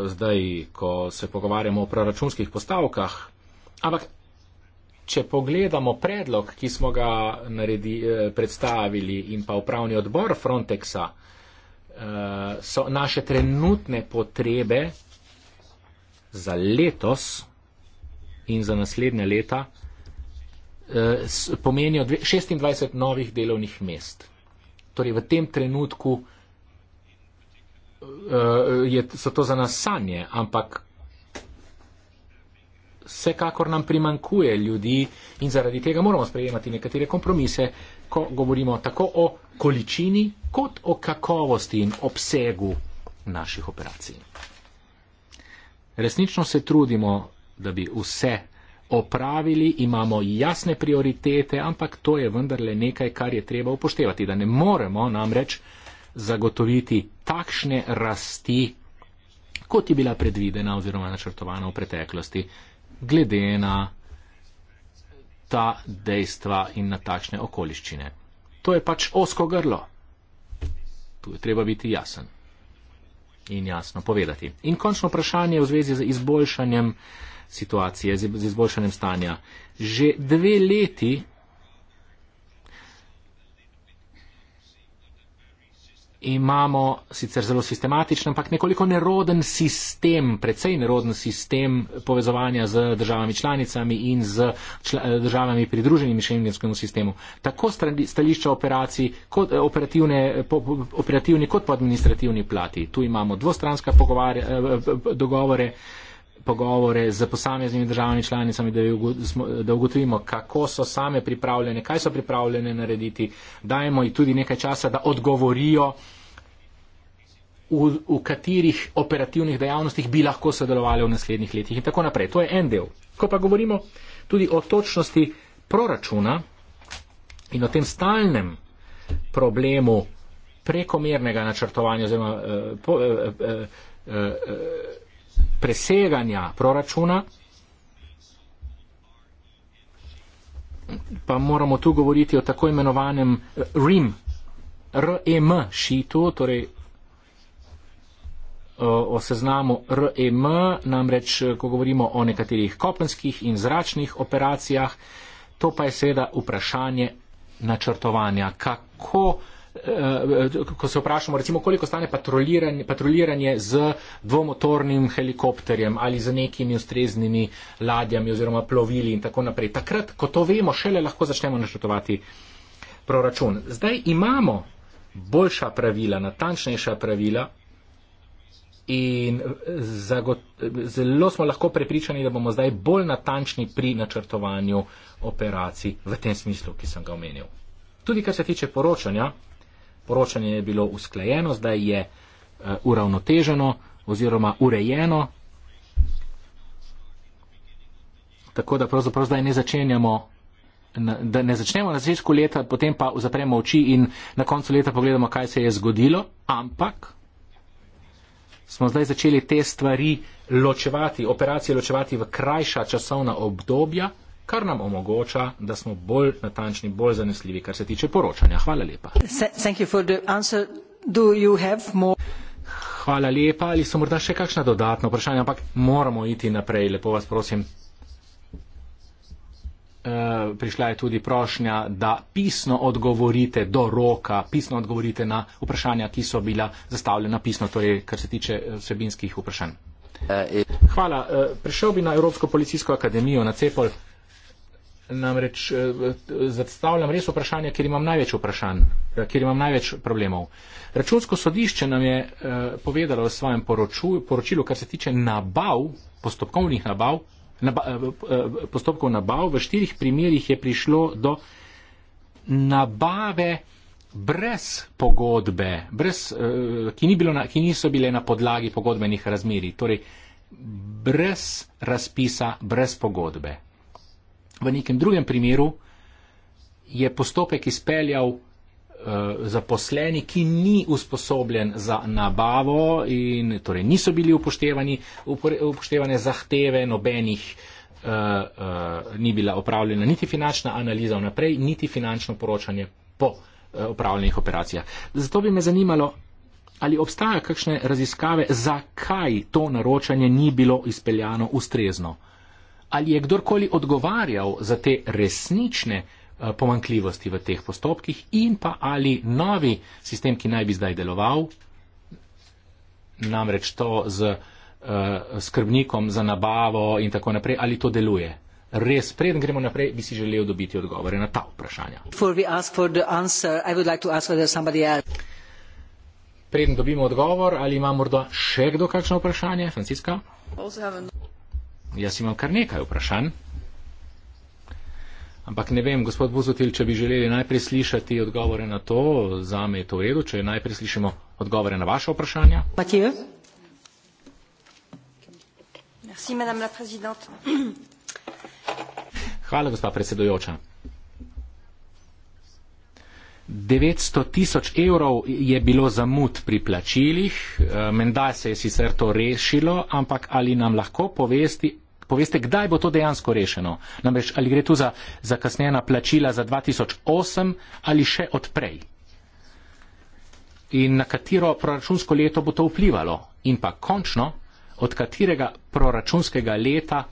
zdaj, ko se pogovarjamo o proračunskih postavkah, ampak če pogledamo predlog, ki smo ga naredi, eh, predstavili in pa upravni odbor Frontexa, eh, so naše trenutne potrebe za letos in za naslednje leta eh, pomenijo dve, 26 novih delovnih mest. Torej, v tem trenutku eh, je, so to za nas sanje, ampak vsekakor nam primankuje ljudi in zaradi tega moramo sprejemati nekatere kompromise, ko govorimo tako o količini kot o kakovosti in obsegu naših operacij. Resnično se trudimo da bi vse opravili, imamo jasne prioritete, ampak to je vendarle nekaj, kar je treba upoštevati, da ne moremo namreč zagotoviti takšne rasti, kot je bila predvidena oziroma načrtovana v preteklosti, glede na ta dejstva in na takšne okoliščine. To je pač osko grlo. Tu je treba biti jasen in jasno povedati. In končno vprašanje v zvezi z izboljšanjem situacije, z izboljšanjem stanja. Že dve leti imamo sicer zelo sistematičen, ampak nekoliko neroden sistem, precej neroden sistem povezovanja z državami članicami in z čl državami pridruženimi šengenskemu sistemu. Tako stališča operacij, kot, eh, operativne, po, operativni kot po administrativni plati. Tu imamo dvostranska eh, eh, dogovore pogovore z posameznimi državami članicami, da, da ugotovimo, kako so same pripravljene, kaj so pripravljene narediti. Dajmo jih tudi nekaj časa, da odgovorijo, v, v katerih operativnih dejavnostih bi lahko sodelovali v naslednjih letih in tako naprej. To je en del. Ko pa govorimo tudi o točnosti proračuna in o tem stalnem problemu prekomernega načrtovanja oziroma eh, po, eh, eh, eh, eh preseganja proračuna, pa moramo tu govoriti o tako imenovanem eh, REM, REM šitu, torej eh, o seznamu REM, namreč, eh, ko govorimo o nekaterih kopenskih in zračnih operacijah, to pa je seveda vprašanje načrtovanja, kako Eh, ko se vprašamo, recimo, koliko stane patroliranje, patroliranje z dvomotornim helikopterjem ali z nekimi ustreznimi ladjami oziroma plovili in tako naprej. Takrat, ko to vemo, šele lahko začnemo naštetovati proračun. Zdaj imamo boljša pravila, natančnejša pravila in eh, zelo smo lahko prepričani, da bomo zdaj bolj natančni pri načrtovanju operacij v tem smislu, ki sem ga omenil. Tudi kar se tiče poročanja, poročanje je bilo usklajeno, zdaj je eh, uravnoteženo oziroma urejeno. Tako da pravzaprav zdaj ne začenjamo. Da ne začnemo na začetku leta, potem pa zapremo oči in na koncu leta pogledamo, kaj se je zgodilo, ampak smo zdaj začeli te stvari ločevati, operacije ločevati v krajša časovna obdobja kar nam omogoča, da smo bolj natančni, bolj zanesljivi, kar se tiče poročanja. Hvala lepa. Hvala lepa. Ali so morda še kakšna dodatna vprašanja, ampak moramo iti naprej. Lepo vas prosim. Eh, prišla je tudi prošnja, da pisno odgovorite do roka, pisno odgovorite na vprašanja, ki so bila zastavljena pisno, torej kar se tiče eh, vsebinskih vprašanj. Eh, Hvala. Prišel bi na Evropsko policijsko akademijo na Cepol namreč eh, zastavljam res vprašanje, kjer imam največ vprašanj, eh, kjer imam največ problemov. Računsko sodišče nam je eh, povedalo v svojem poročilu, kar se tiče nabav, postopkovnih nabav, naba, postopkov nabav, v štirih primerjih je prišlo do nabave brez pogodbe, brez, ki, ni bilo na, ki niso bile na podlagi pogodbenih razmeri, torej brez razpisa, brez pogodbe v nekem drugem primeru je postopek izpeljal eh, zaposleni, ki ni usposobljen za nabavo in torej niso bili upoštevani, upoštevane zahteve nobenih, uh, uh, ni bila opravljena niti finančna analiza vnaprej, niti finančno poročanje po opravljenih operacijah. Zato bi me zanimalo, ali obstajajo kakšne raziskave, zakaj to naročanje ni bilo izpeljano ustrezno. Uh, ali je kdorkoli odgovarjal za te resnične eh, pomankljivosti v teh postopkih in pa ali novi sistem, ki naj bi zdaj deloval, namreč to z uh, skrbnikom za nabavo in tako naprej, ali to deluje. Res, preden gremo naprej, bi si želel dobiti odgovore na ta vprašanja. Preden dobimo odgovor, ali ima morda še kdo kakšno vprašanje? Francisca? Jaz imam kar nekaj vprašanj. Ampak ne vem, gospod Buzotil, če bi želeli najprej slišati odgovore na to, za me je to v redu, če najprej slišimo odgovore na vaše vprašanja. Matijo. Hvala, gospa predsedojoča. 900 tisoč evrov je bilo zamud pri plačilih, eh, menda se je sicer to rešilo, ampak ali nam lahko povesti, Poveste, kdaj bo to dejansko rešeno? Namreč, ali gre tu za zakasnjena plačila za 2008 ali še odprej? In na katero proračunsko leto bo to vplivalo? In pa končno, od katerega proračunskega leta,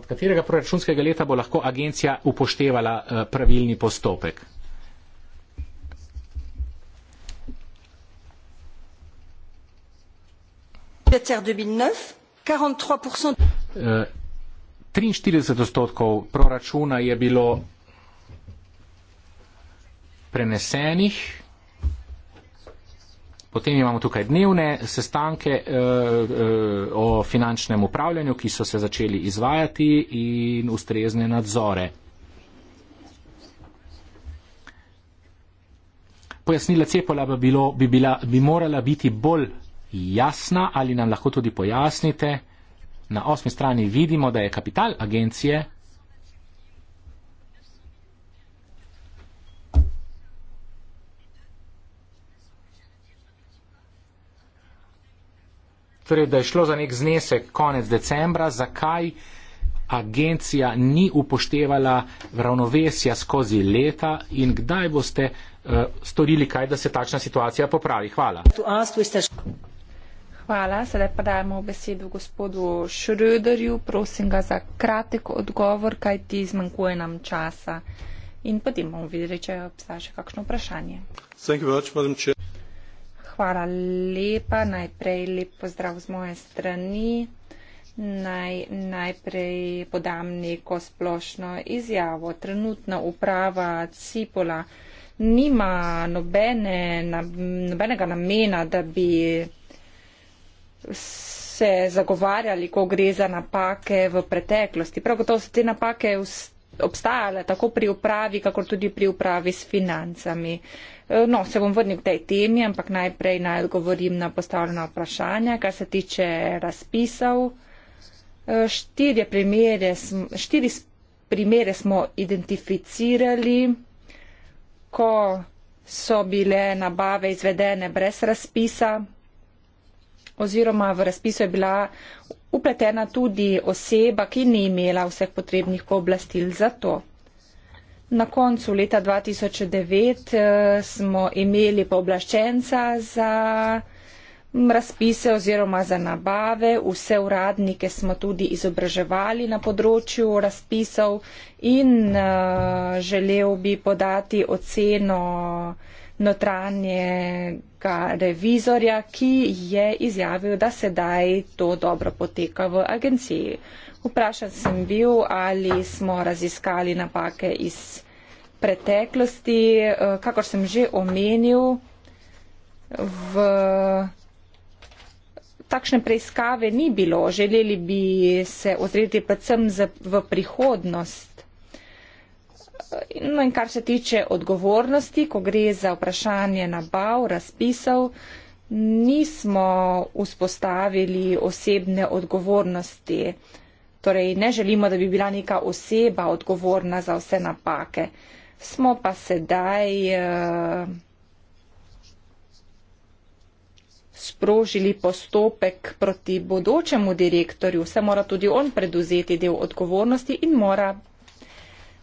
od katerega proračunskega leta bo lahko agencija upoštevala eh, pravilni postopek? budgétaire deux mille neuf quarante trois eh, triinštirideset odstotkov proračuna je bilo prenesenih Potem imamo tukaj dnevne sestanke eh, eh, o finančnem upravljanju, ki so se začeli izvajati in ustrezne nadzore. Pojasnila Cepola bi, bilo, bi, bila, bi morala biti bolj jasna ali nam lahko tudi pojasnite. Na osmi strani vidimo, da je kapital agencije Torej, da je šlo za nek znesek konec decembra, zakaj agencija ni upoštevala ravnovesja skozi leta in kdaj boste uh, storili kaj, da se takšna situacija popravi. Hvala. Hvala. Sedaj pa dajemo besedo gospodu Šröderju. Prosim ga za kratek odgovor, kaj ti zmanjkuje nam časa. In potem bomo videli, če obstaja še kakšno vprašanje. Hvala lepa. Najprej lep pozdrav z moje strani. Naj, najprej podam neko splošno izjavo. Trenutna uprava Cipola nima nobene, nobenega namena, da bi se zagovarjali, ko gre za napake v preteklosti. Prav gotovo so te napake obstajale tako pri upravi, kakor tudi pri upravi s financami. No, se bom vrnil k tej temi, ampak najprej naj odgovorim na postavljena vprašanja, kar se tiče razpisov. E, štirje primere, štiri primere smo identificirali, ko so bile nabave izvedene brez razpisa, oziroma v razpisu je bila upletena tudi oseba, ki ni imela vseh potrebnih pooblastil za to. Na koncu leta 2009 eh, smo imeli pooblaščenca za mm, razpise oziroma za nabave. Vse uradnike smo tudi izobraževali na področju razpisov in eh, želel bi podati oceno uh, notranjega revizorja, ki je izjavil, da sedaj to dobro poteka v agenciji. Vprašan sem bil, ali smo raziskali napake iz preteklosti, eh, kakor sem že omenil, v takšne preiskave ni bilo. Želeli bi se ozreti predvsem v prihodnost no in kar se tiče odgovornosti, ko gre za vprašanje nabav, razpisov, nismo vzpostavili osebne odgovornosti. Torej, ne želimo, da bi bila neka oseba odgovorna za vse napake. Smo pa sedaj uh, sprožili postopek proti bodočemu direktorju. Vse mora tudi on preduzeti del odgovornosti in mora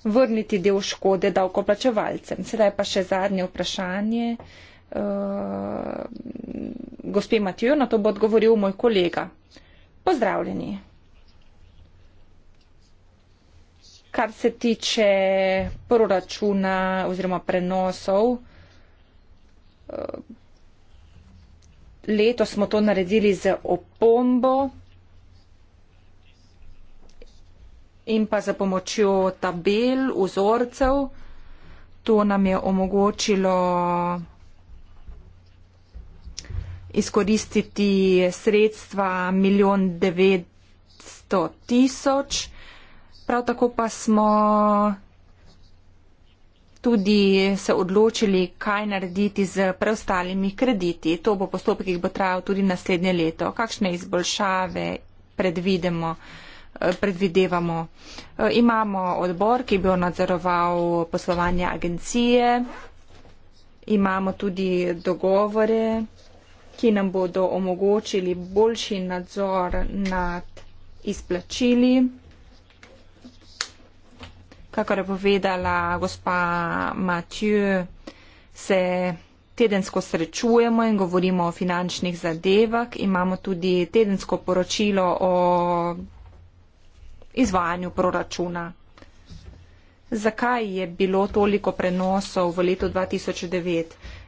vrniti del škode davkoplačevalcem. Sedaj pa še zadnje vprašanje. Uh, gospe Matijo, na to bo odgovoril moj kolega. Pozdravljeni. Kar se tiče proračuna oziroma prenosov, eh, letos smo to naredili z opombo, in pa za pomočjo tabel, vzorcev. To nam je omogočilo izkoristiti sredstva milijon devetsto tisoč. Prav tako pa smo tudi se odločili, kaj narediti z preostalimi krediti. To bo postopek, ki bo trajal tudi naslednje leto. Kakšne izboljšave predvidemo? Eh, predvidevamo. Eh, imamo odbor, ki bi jo nadzoroval poslovanje agencije, imamo tudi dogovore, ki nam bodo omogočili boljši nadzor nad izplačili. Kakor je povedala gospa Matju, se tedensko srečujemo in govorimo o finančnih zadevah. Imamo tudi tedensko poročilo o izvajanju proračuna. Zakaj je bilo toliko prenosov v letu 2009?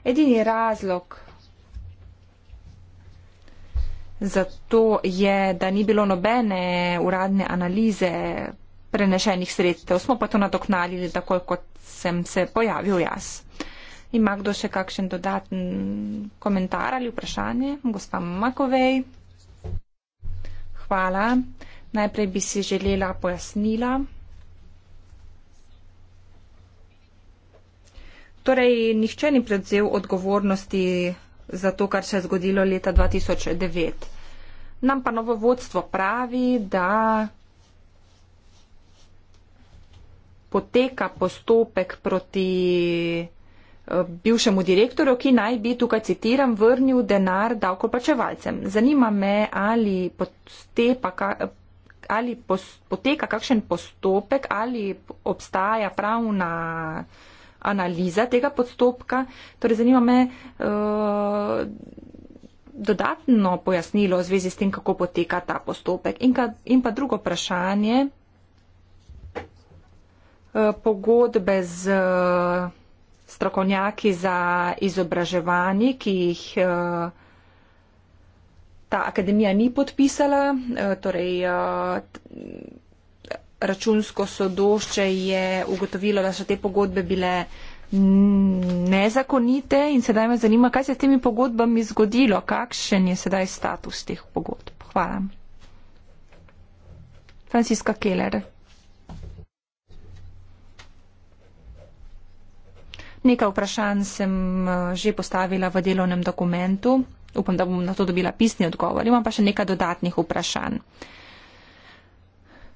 Edini razlog za to je, da ni bilo nobene uradne analize prenešenih sredstev. Smo pa to nadoknadili takoj, kot sem se pojavil jaz. Ima kdo še kakšen dodaten komentar ali vprašanje? Gospa Makovej. Hvala. Najprej bi si želela pojasnila. Torej, nihče ni predzel odgovornosti za to, kar se je zgodilo leta 2009. Nam pa novo vodstvo pravi, da poteka postopek proti eh, bivšemu direktorju, ki naj bi, tukaj citiram, vrnil denar davkoplačevalcem. Zanima me, ali ali pos, poteka kakšen postopek, ali obstaja pravna analiza tega postopka. Torej, zanima me uh, dodatno pojasnilo v zvezi s tem, kako poteka ta postopek. In, ka, in pa drugo vprašanje. Uh, pogodbe z. Uh, strokovnjaki za izobraževanje, ki jih uh, ta akademija ni podpisala. Eh, torej, eh, računsko sodošče je ugotovilo, da so te pogodbe bile nezakonite in sedaj me zanima, kaj se s temi pogodbami zgodilo, kakšen je sedaj status teh pogodb. Hvala. Franciska Keller. Nekaj vprašanj sem eh, že postavila v delovnem dokumentu upam, da bom na to dobila pisni odgovor. Imam pa še nekaj dodatnih vprašanj.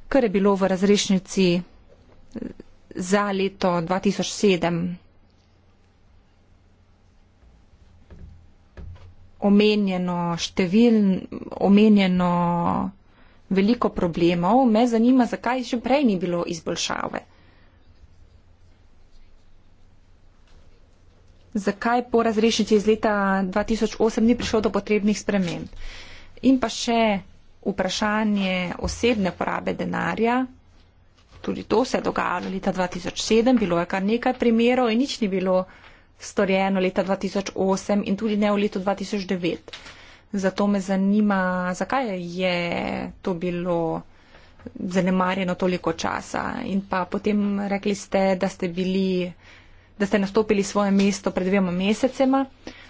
Kar je bilo v razrešnici za leto 2007 omenjeno števil, omenjeno veliko problemov, me zanima, zakaj še prej ni bilo izboljšave. zakaj po razrešitvi iz leta 2008 ni prišlo do potrebnih sprememb. In pa še vprašanje osebne porabe denarja. Tudi to se je dogajalo leta 2007, bilo je kar nekaj primerov in nič ni bilo storjeno leta 2008 in tudi ne v letu 2009. Zato me zanima, zakaj je to bilo zanemarjeno toliko časa. In pa potem rekli ste, da ste bili da ste nastopili svoje mesto pred dvema mesecema.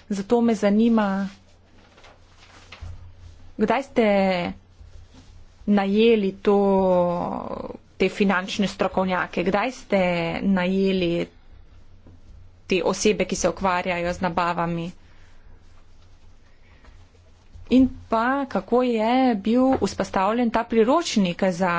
Zato me zanima, kdaj ste najeli to, te finančne strokovnjake, kdaj ste najeli te osebe, ki se ukvarjajo z nabavami. In pa kako je bil vzpostavljen ta priročnik za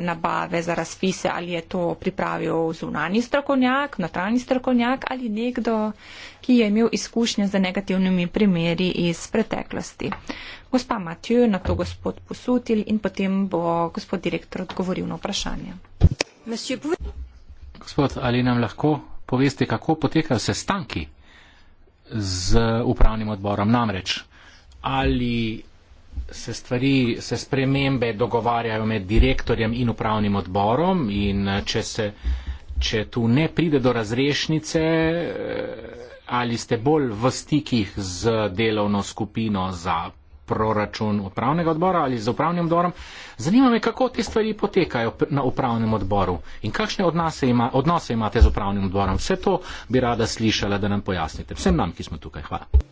nabave, za razpise, ali je to pripravil zunani strokovnjak, notranji strokovnjak ali nekdo, ki je imel izkušnje z negativnimi primeri iz preteklosti. Gospa Matjo, na to gospod posutil in potem bo gospod direktor odgovoril na vprašanje. Gospod, ali nam lahko poveste, kako potekajo sestanki z upravnim odborom? Namreč ali se stvari, se spremembe dogovarjajo med direktorjem in upravnim odborom in eh, če se če tu ne pride do razrešnice, eh, ali ste bolj v stikih z delovno skupino za proračun upravnega odbora ali z upravnim odborom. Zanima me, kako te stvari potekajo na upravnem odboru in kakšne odnose, ima, odnose imate z upravnim odborom. Vse to bi rada slišala, da nam pojasnite. Vsem nam, ki smo tukaj. Hvala.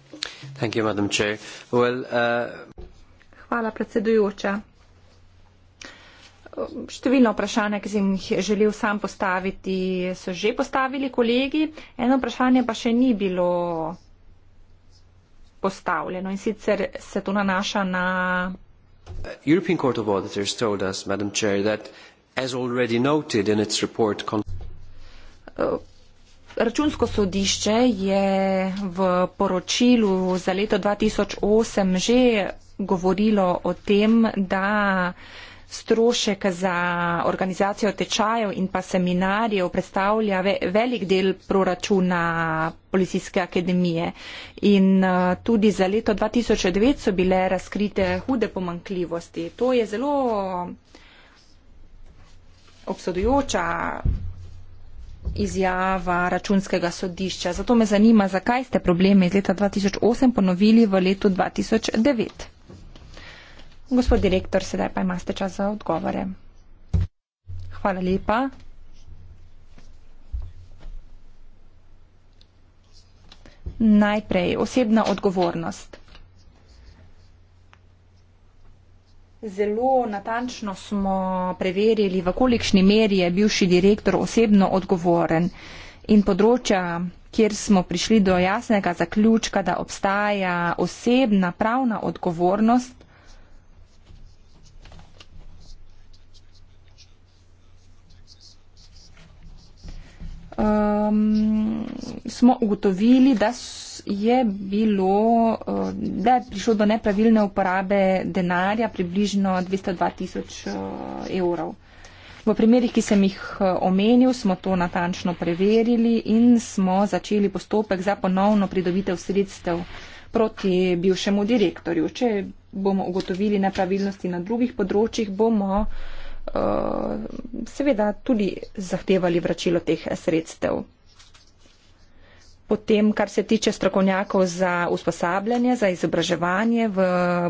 Uh, Hvala, predsedujoča. Številno vprašanje, ki sem jih želel sam postaviti, so že postavili kolegi. Eno vprašanje pa še ni bilo postavljeno in sicer se to nanaša na. Uh, us, chair, noted, report, uh, Računsko sodišče je v poročilu za leto 2008 že govorilo o tem, da strošek za organizacijo tečajev in pa seminarjev predstavlja velik del proračuna Policijske akademije. In eh, tudi za leto 2009 so bile razkrite hude pomankljivosti. To je zelo obsodujoča izjava računskega sodišča. Zato me zanima, zakaj ste probleme iz leta 2008 ponovili v letu 2009. Gospod direktor, sedaj pa imate čas za odgovore. Hvala lepa. Najprej osebna odgovornost. Zelo natančno smo preverili, v kolikšni meri je bivši direktor osebno odgovoren in področja, kjer smo prišli do jasnega zaključka, da obstaja osebna pravna odgovornost. Um, smo ugotovili, da so je bilo, eh, da je prišlo do nepravilne uporabe denarja približno 202 tisoč eh, evrov. V primerih, ki sem jih eh, omenil, smo to natančno preverili in smo začeli postopek za ponovno pridobitev sredstev proti bivšemu direktorju. Če bomo ugotovili nepravilnosti na drugih področjih, bomo uh, seveda tudi zahtevali vračilo teh sredstev. Potem, kar se tiče strokovnjakov za usposabljanje, za izobraževanje, v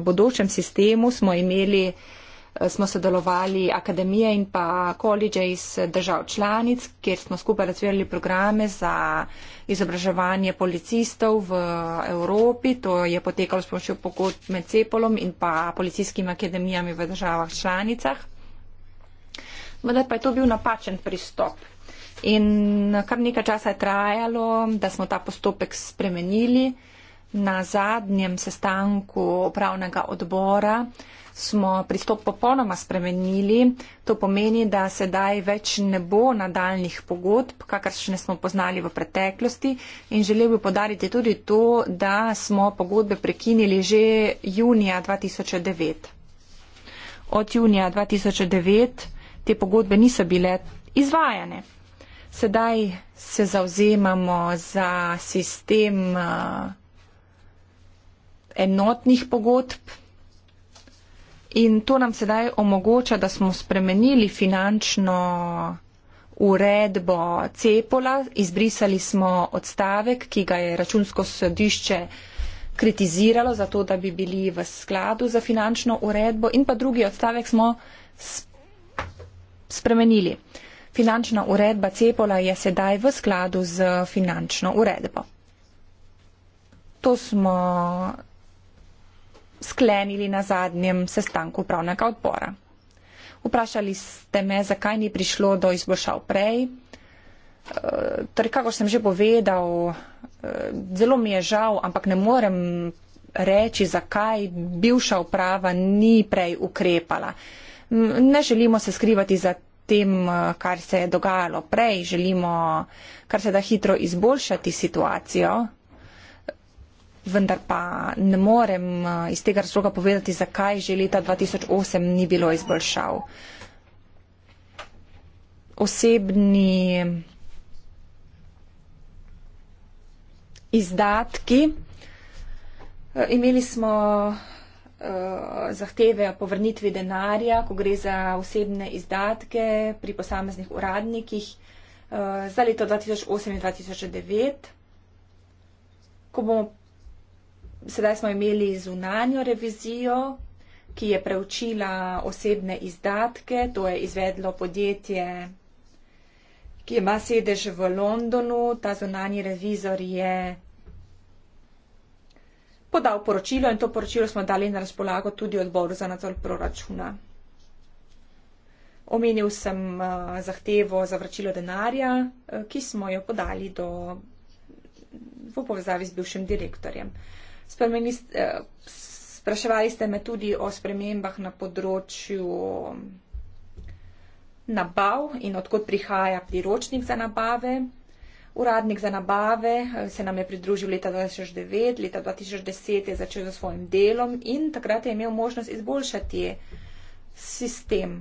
bodočem sistemu smo imeli, eh, smo sodelovali akademije in pa koledže iz eh, držav članic, kjer smo skupaj razvijali programe za izobraževanje policistov v eh, Evropi. To je potekalo s pomočjo pogodb med Cepolom in pa policijskimi akademijami v državah članicah. Vendar pa je to bil napačen pristop, In kar nekaj časa je trajalo, da smo ta postopek spremenili. Na zadnjem sestanku upravnega odbora smo pristop popolnoma spremenili. To pomeni, da sedaj več ne bo nadaljnih pogodb, kakršne smo poznali v preteklosti. In želel bi podariti tudi to, da smo pogodbe prekinili že junija 2009. Od junija 2009 te pogodbe niso bile izvajane sedaj se zauzemamo za sistem eh, enotnih pogodb in to nam sedaj omogoča, da smo spremenili finančno uredbo cepola, izbrisali smo odstavek, ki ga je računsko sodišče kritiziralo za to, da bi bili v skladu za finančno uredbo in pa drugi odstavek smo spremenili. Finančna uredba Cepola je sedaj v skladu z finančno uredbo. To smo sklenili na zadnjem sestanku upravnega odbora. Vprašali ste me, zakaj ni prišlo do izboljšav prej. E, torej, kako sem že povedal, e, zelo mi je žal, ampak ne morem reči, zakaj bivša uprava ni prej ukrepala. Ne želimo se skrivati za tem, eh, kar se je dogajalo prej, želimo kar se da hitro izboljšati situacijo, vendar pa ne morem eh, iz tega razloga povedati, zakaj že leta 2008 ni bilo izboljšav. Osebni izdatki. Eh, imeli smo Eh, zahteve o povrnitvi denarja, ko gre za osebne izdatke pri posameznih uradnikih eh, za leto 2008 in 2009. Sedaj smo imeli zunanjo revizijo, ki je preučila osebne izdatke, to je izvedlo podjetje, ki ima sedež v Londonu, ta zunanji revizor je podal poročilo in to poročilo smo dali na razpolago tudi odboru za nadzor proračuna. Omenil sem eh, zahtevo za vračilo denarja, eh, ki smo jo podali do, v povezavi s bivšim direktorjem. Spremeni, eh, spraševali ste me tudi o spremembah na področju nabav in odkot prihaja priročnik za nabave. Uradnik za nabave eh, se nam je pridružil leta 2009, leta 2010 je začel z svojim delom in takrat je imel možnost izboljšati sistem.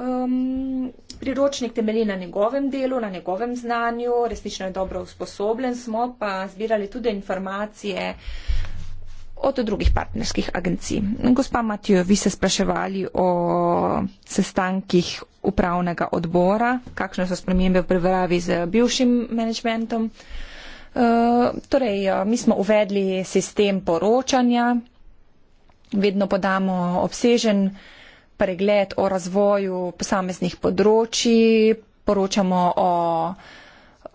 Um, priročnik temelji na njegovem delu, na njegovem znanju, resnično je dobro usposobljen, smo pa zbirali tudi informacije uh, od drugih partnerskih agencij. Gospa Matijo, vi ste spraševali o sestankih upravnega odbora, kakšne so spremembe v prevaravi z bivšim menedžmentom. E, torej, e, mi smo uvedli sistem poročanja, vedno podamo obsežen pregled o razvoju posameznih področji, poročamo o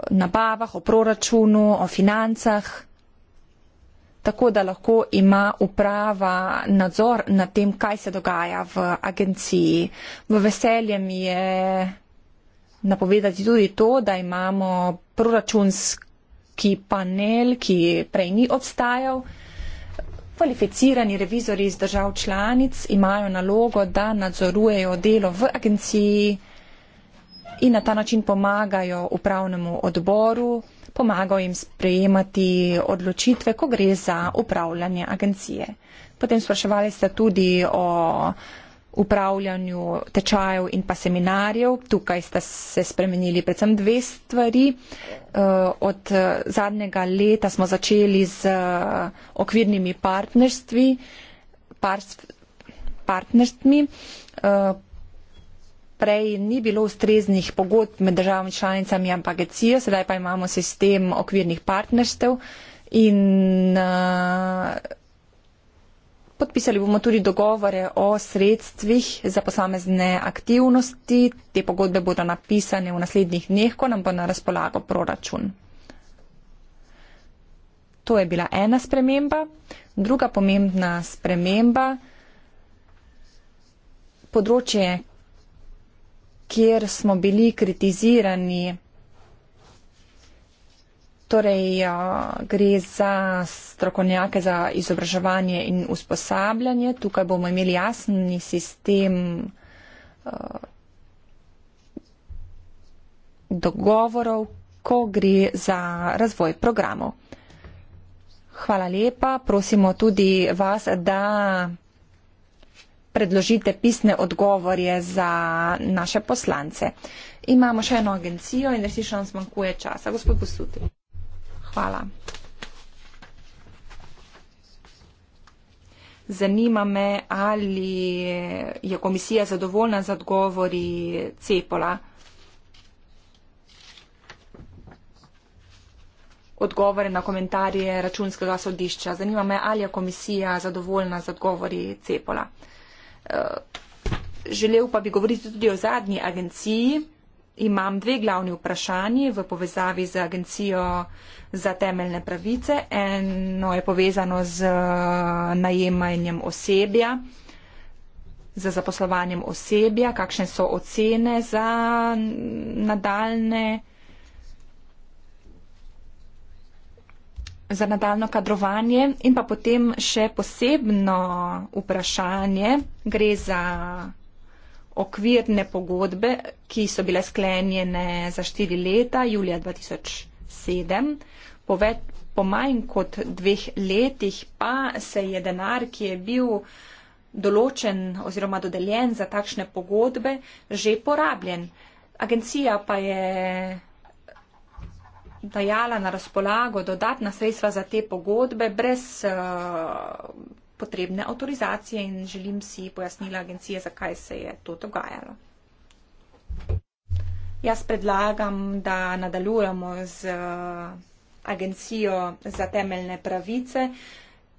nabavah, o proračunu, o financah tako da lahko ima uprava nadzor nad tem, kaj se dogaja v agenciji. V veselje mi je napovedati tudi to, da imamo proračunski panel, ki prej ni obstajal. Kvalificirani revizori iz držav članic imajo nalogo, da nadzorujejo delo v agenciji in na ta način pomagajo upravnemu odboru pomagal jim sprejemati odločitve, ko gre za upravljanje agencije. Potem spraševali ste tudi o upravljanju tečajev in pa seminarjev. Tukaj ste se spremenili predvsem dve stvari. Eh, od zadnjega leta smo začeli z eh, okvirnimi partnerstvi, partnerstvi eh, prej ni bilo ustreznih pogodb med državami članicami, ampak agencijo, sedaj pa imamo sistem okvirnih partnerstev in uh, podpisali bomo tudi dogovore o sredstvih za posamezne aktivnosti. Te pogodbe bodo napisane v naslednjih dneh, ko nam bo na razpolago proračun. To je bila ena sprememba. Druga pomembna sprememba. Področje kjer smo bili kritizirani. Torej, eh, gre za strokovnjake za izobraževanje in usposabljanje. Tukaj bomo imeli jasni sistem eh, dogovorov, ko gre za razvoj programov. Hvala lepa. Prosimo tudi vas, da predložite pisne odgovore za naše poslance. Imamo še eno agencijo in resnično nam zmanjkuje časa. Gospod Posuti. Hvala. Zanima me, ali je komisija zadovoljna z odgovori Cepola. Odgovore na komentarje računskega sodišča. Zanima me, ali je komisija zadovoljna z odgovori Cepola. Eh, želel pa bi govoriti tudi o zadnji agenciji. Imam dve glavni vprašanji v povezavi z Agencijo za temeljne pravice. Eno je povezano z eh, najemanjem osebja, z zaposlovanjem osebja, kakšne so ocene za nadaljne. za nadaljno kadrovanje in pa potem še posebno vprašanje gre za okvirne pogodbe, ki so bile sklenjene za štiri leta, julija 2007. Po, ved, po manj kot dveh letih pa se je denar, ki je bil določen oziroma dodeljen za takšne pogodbe, že porabljen. Agencija pa je dajala na razpolago dodatna sredstva za te pogodbe brez eh, potrebne avtorizacije in želim si pojasnila agencije, zakaj se je to dogajalo. Jaz predlagam, da nadaljujemo z eh, agencijo za temeljne pravice,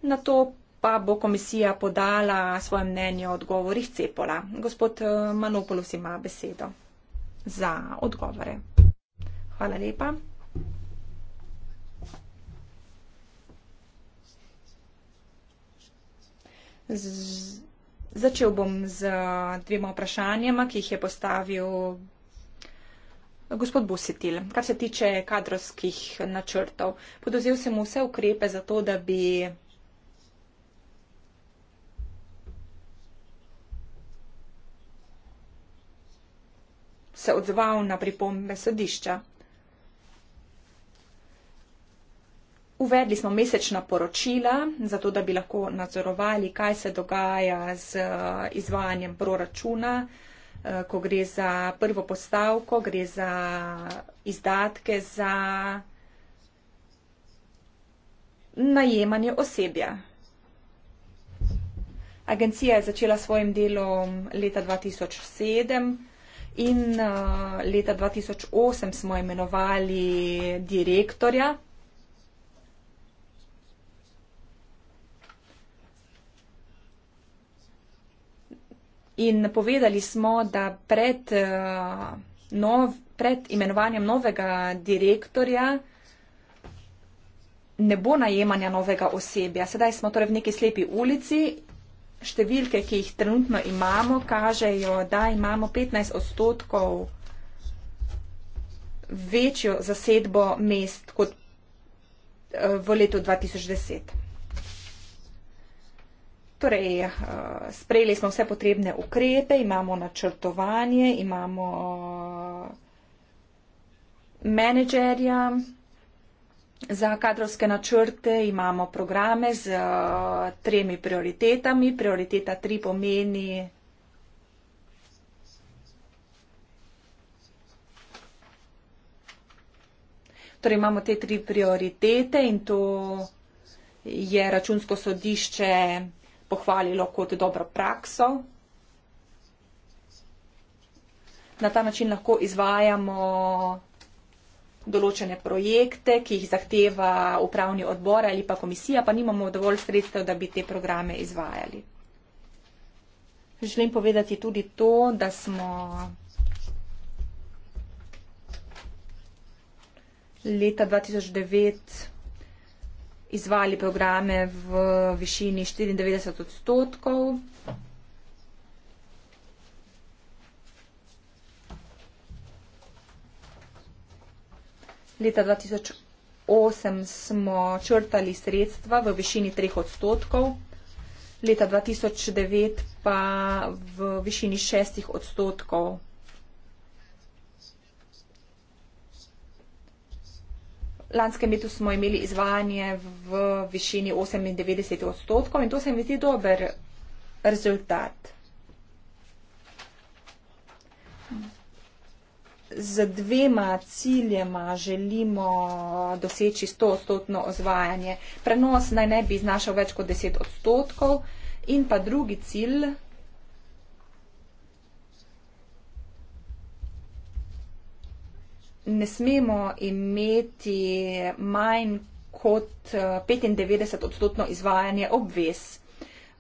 na to pa bo komisija podala svoje mnenje o odgovorih Cepola. Gospod eh, Manopolos ima besedo za odgovore. Hvala lepa. Začel bom z eh, dvema vprašanjama, ki jih je postavil eh, gospod Busitil. Kar se tiče kadrovskih načrtov, podozel sem vse ukrepe za to, da bi. se odzval na pripombe sodišča. Uvedli smo mesečna poročila, zato da bi lahko nadzorovali, kaj se dogaja z eh, izvajanjem proračuna, eh, ko gre za prvo postavko, gre za izdatke za najemanje osebja. Agencija je začela svojim delom leta 2007 in eh, leta 2008 smo imenovali direktorja. In povedali smo, da pred, eh, nov, pred imenovanjem novega direktorja ne bo najemanja novega osebja. Sedaj smo torej v neki slepi ulici. Številke, ki jih trenutno imamo, kažejo, da imamo 15 odstotkov večjo zasedbo mest kot eh, v letu 2010. Torej, eh, sprejeli smo vse potrebne ukrepe, imamo načrtovanje, imamo eh, menedžerja za kadrovske načrte, imamo programe z eh, tremi prioritetami. Prioriteta tri pomeni. Torej, imamo te tri prioritete in to je računsko sodišče pohvalilo kot dobro prakso. Na ta način lahko izvajamo določene projekte, ki jih zahteva upravni odbor ali pa komisija, pa nimamo dovolj sredstev, da bi te programe izvajali. Želim povedati tudi to, da smo leta 2009 izvali programe v višini 94 odstotkov. Leta 2008 smo črtali sredstva v višini 3 odstotkov, leta 2009 pa v višini 6 odstotkov. Lanskem letu smo imeli izvajanje v višini 98 odstotkov in to se mi zdi dober rezultat. Z dvema ciljema želimo doseči 100 odstotno ozvajanje. Prenos naj ne bi znašal več kot 10 odstotkov. In pa drugi cilj, ne smemo imeti manj kot 95 eh, odstotno izvajanje obvez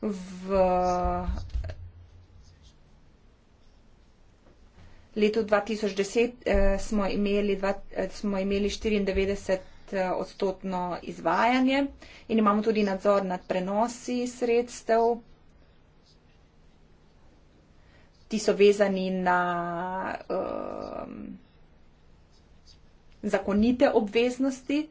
v letu 2010 eh, smo, imeli dva, eh, smo imeli 94 eh, odstotno izvajanje in imamo tudi nadzor nad prenosi sredstev. Ti so vezani na eh, zakonite obveznosti.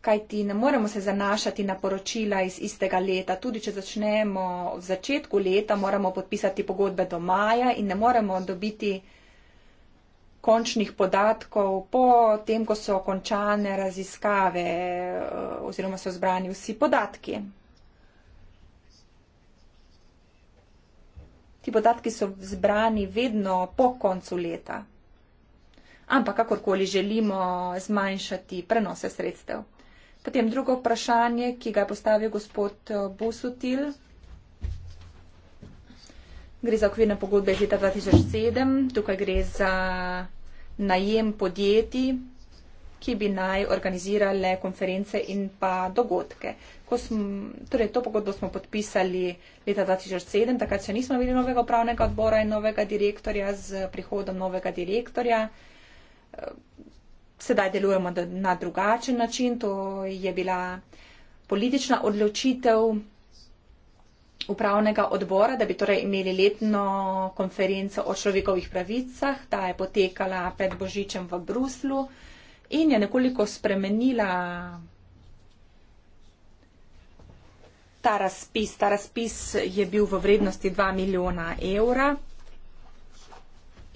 Kaj ti ne moremo se zanašati na poročila iz istega leta. Tudi, če začnemo v začetku leta, moramo podpisati pogodbe do maja in ne moremo dobiti končnih podatkov po tem, ko so končane raziskave eh, oziroma so zbrani vsi podatki. Ti podatki so zbrani vedno po koncu leta. Ampak kakorkoli želimo zmanjšati prenose sredstev. Potem drugo vprašanje, ki ga je postavil gospod eh, Busutil. Gre za okvirne pogodbe iz leta 2007. Tukaj gre za najem podjetij, ki bi naj organizirale konference in pa dogodke. Smo, torej, to pogodbo smo podpisali leta 2007, takrat še nismo imeli novega upravnega odbora in novega direktorja z prihodom novega direktorja. Eh, sedaj delujemo na drugačen način, to je bila politična odločitev upravnega odbora, da bi torej imeli letno konferenco o človekovih pravicah, ta je potekala pred Božičem v Bruslu in je nekoliko spremenila ta razpis. Ta razpis je bil v vrednosti 2 milijona evra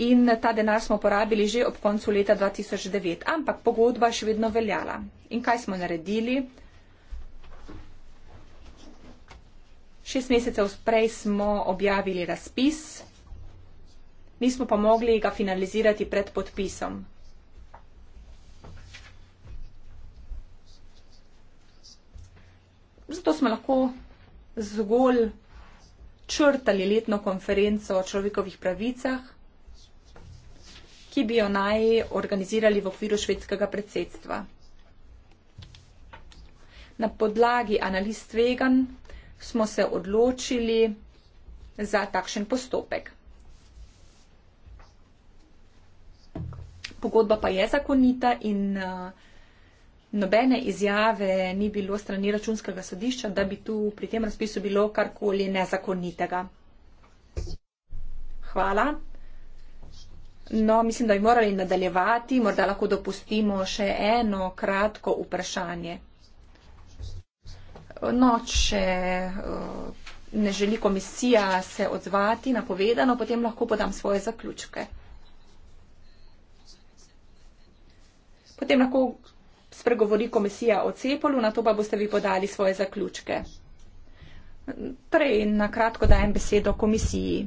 in ta denar smo porabili že ob koncu leta 2009, ampak pogodba še vedno veljala. In kaj smo naredili? Šest mesecev prej smo objavili razpis. Nismo pa mogli ga finalizirati pred podpisom. Zato smo lahko zgolj črtali letno konferenco o človekovih pravicah, ki bi jo naj organizirali v okviru švedskega predsedstva. Na podlagi analiz tvegan smo se odločili za takšen postopek. Pogodba pa je zakonita in uh, nobene izjave ni bilo strani računskega sodišča, da bi tu pri tem razpisu bilo karkoli nezakonitega. Hvala. No, mislim, da bi morali nadaljevati. Morda lahko dopustimo še eno kratko vprašanje. No, če eh, ne želi komisija se odzvati na povedano, potem lahko podam svoje zaključke. Potem lahko spregovori komisija o Cepolu, na to pa boste vi podali svoje zaključke. Prej na kratko dajem besedo komisiji,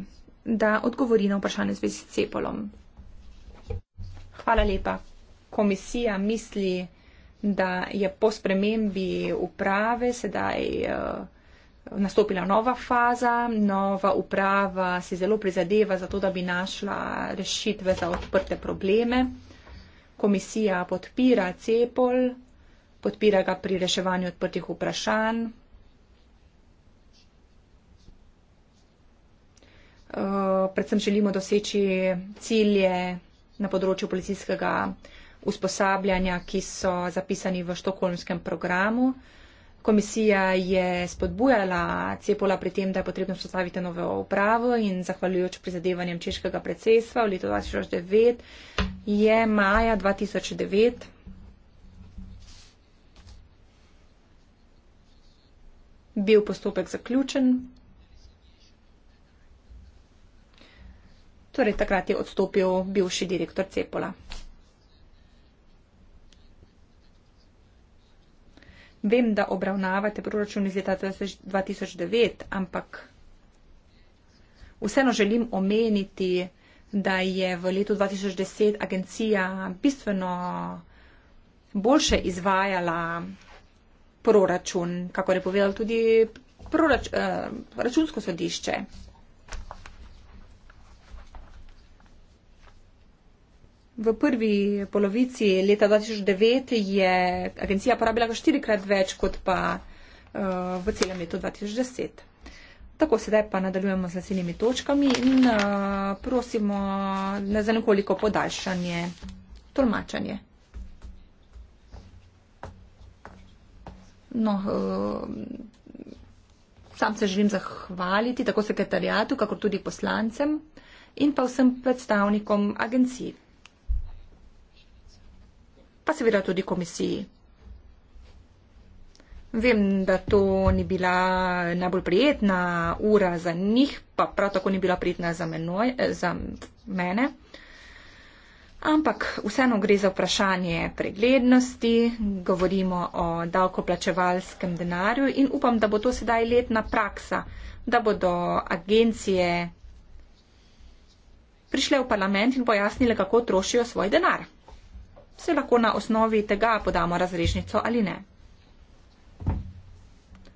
da odgovori na vprašanje z vezi s Cepolom. Hvala lepa. Komisija misli, da je po spremembi uprave sedaj uh, nastopila nova faza, nova uprava si zelo prizadeva za to, da bi našla rešitve za odprte probleme. Uh, Komisija podpira Cepol, podpira ga pri reševanju odprtih vprašanj. Eh, predvsem želimo doseči cilje na področju policijskega usposabljanja, ki so zapisani v štokholmskem programu. Komisija je spodbujala Cepola pri tem, da je potrebno vzpostaviti novo upravo in zahvaljujoč prizadevanjem češkega predsedstva v letu 2009 je maja 2009 bil postopek zaključen. Torej, takrat je odstopil bivši direktor Cepola. Vem, da obravnavate proračun iz leta 2009, ampak vseeno želim omeniti, da je v letu 2010 agencija bistveno boljše izvajala proračun, kako je povedal tudi prorač, eh, računsko sodišče. V prvi polovici leta 2009 je agencija porabila štirikrat več kot pa uh, v celem letu 2010. Tako, sedaj pa nadaljujemo z naslednjimi točkami in uh, prosimo za nekoliko podaljšanje, tolmačanje. No, uh, sam se želim zahvaliti tako sekretarjatu, kako tudi poslancem in pa vsem predstavnikom agencij. Pa seveda tudi komisiji. Vem, da to ni bila najbolj prijetna ura za njih, pa prav tako ni bila prijetna za, menoj, eh, za mene. Ampak vseeno gre za vprašanje preglednosti, govorimo o davkoplačevalskem denarju in upam, da bo to sedaj letna praksa, da bodo agencije prišle v parlament in pojasnile, kako trošijo svoj denar. Se lahko na osnovi tega podamo razrežnico ali ne.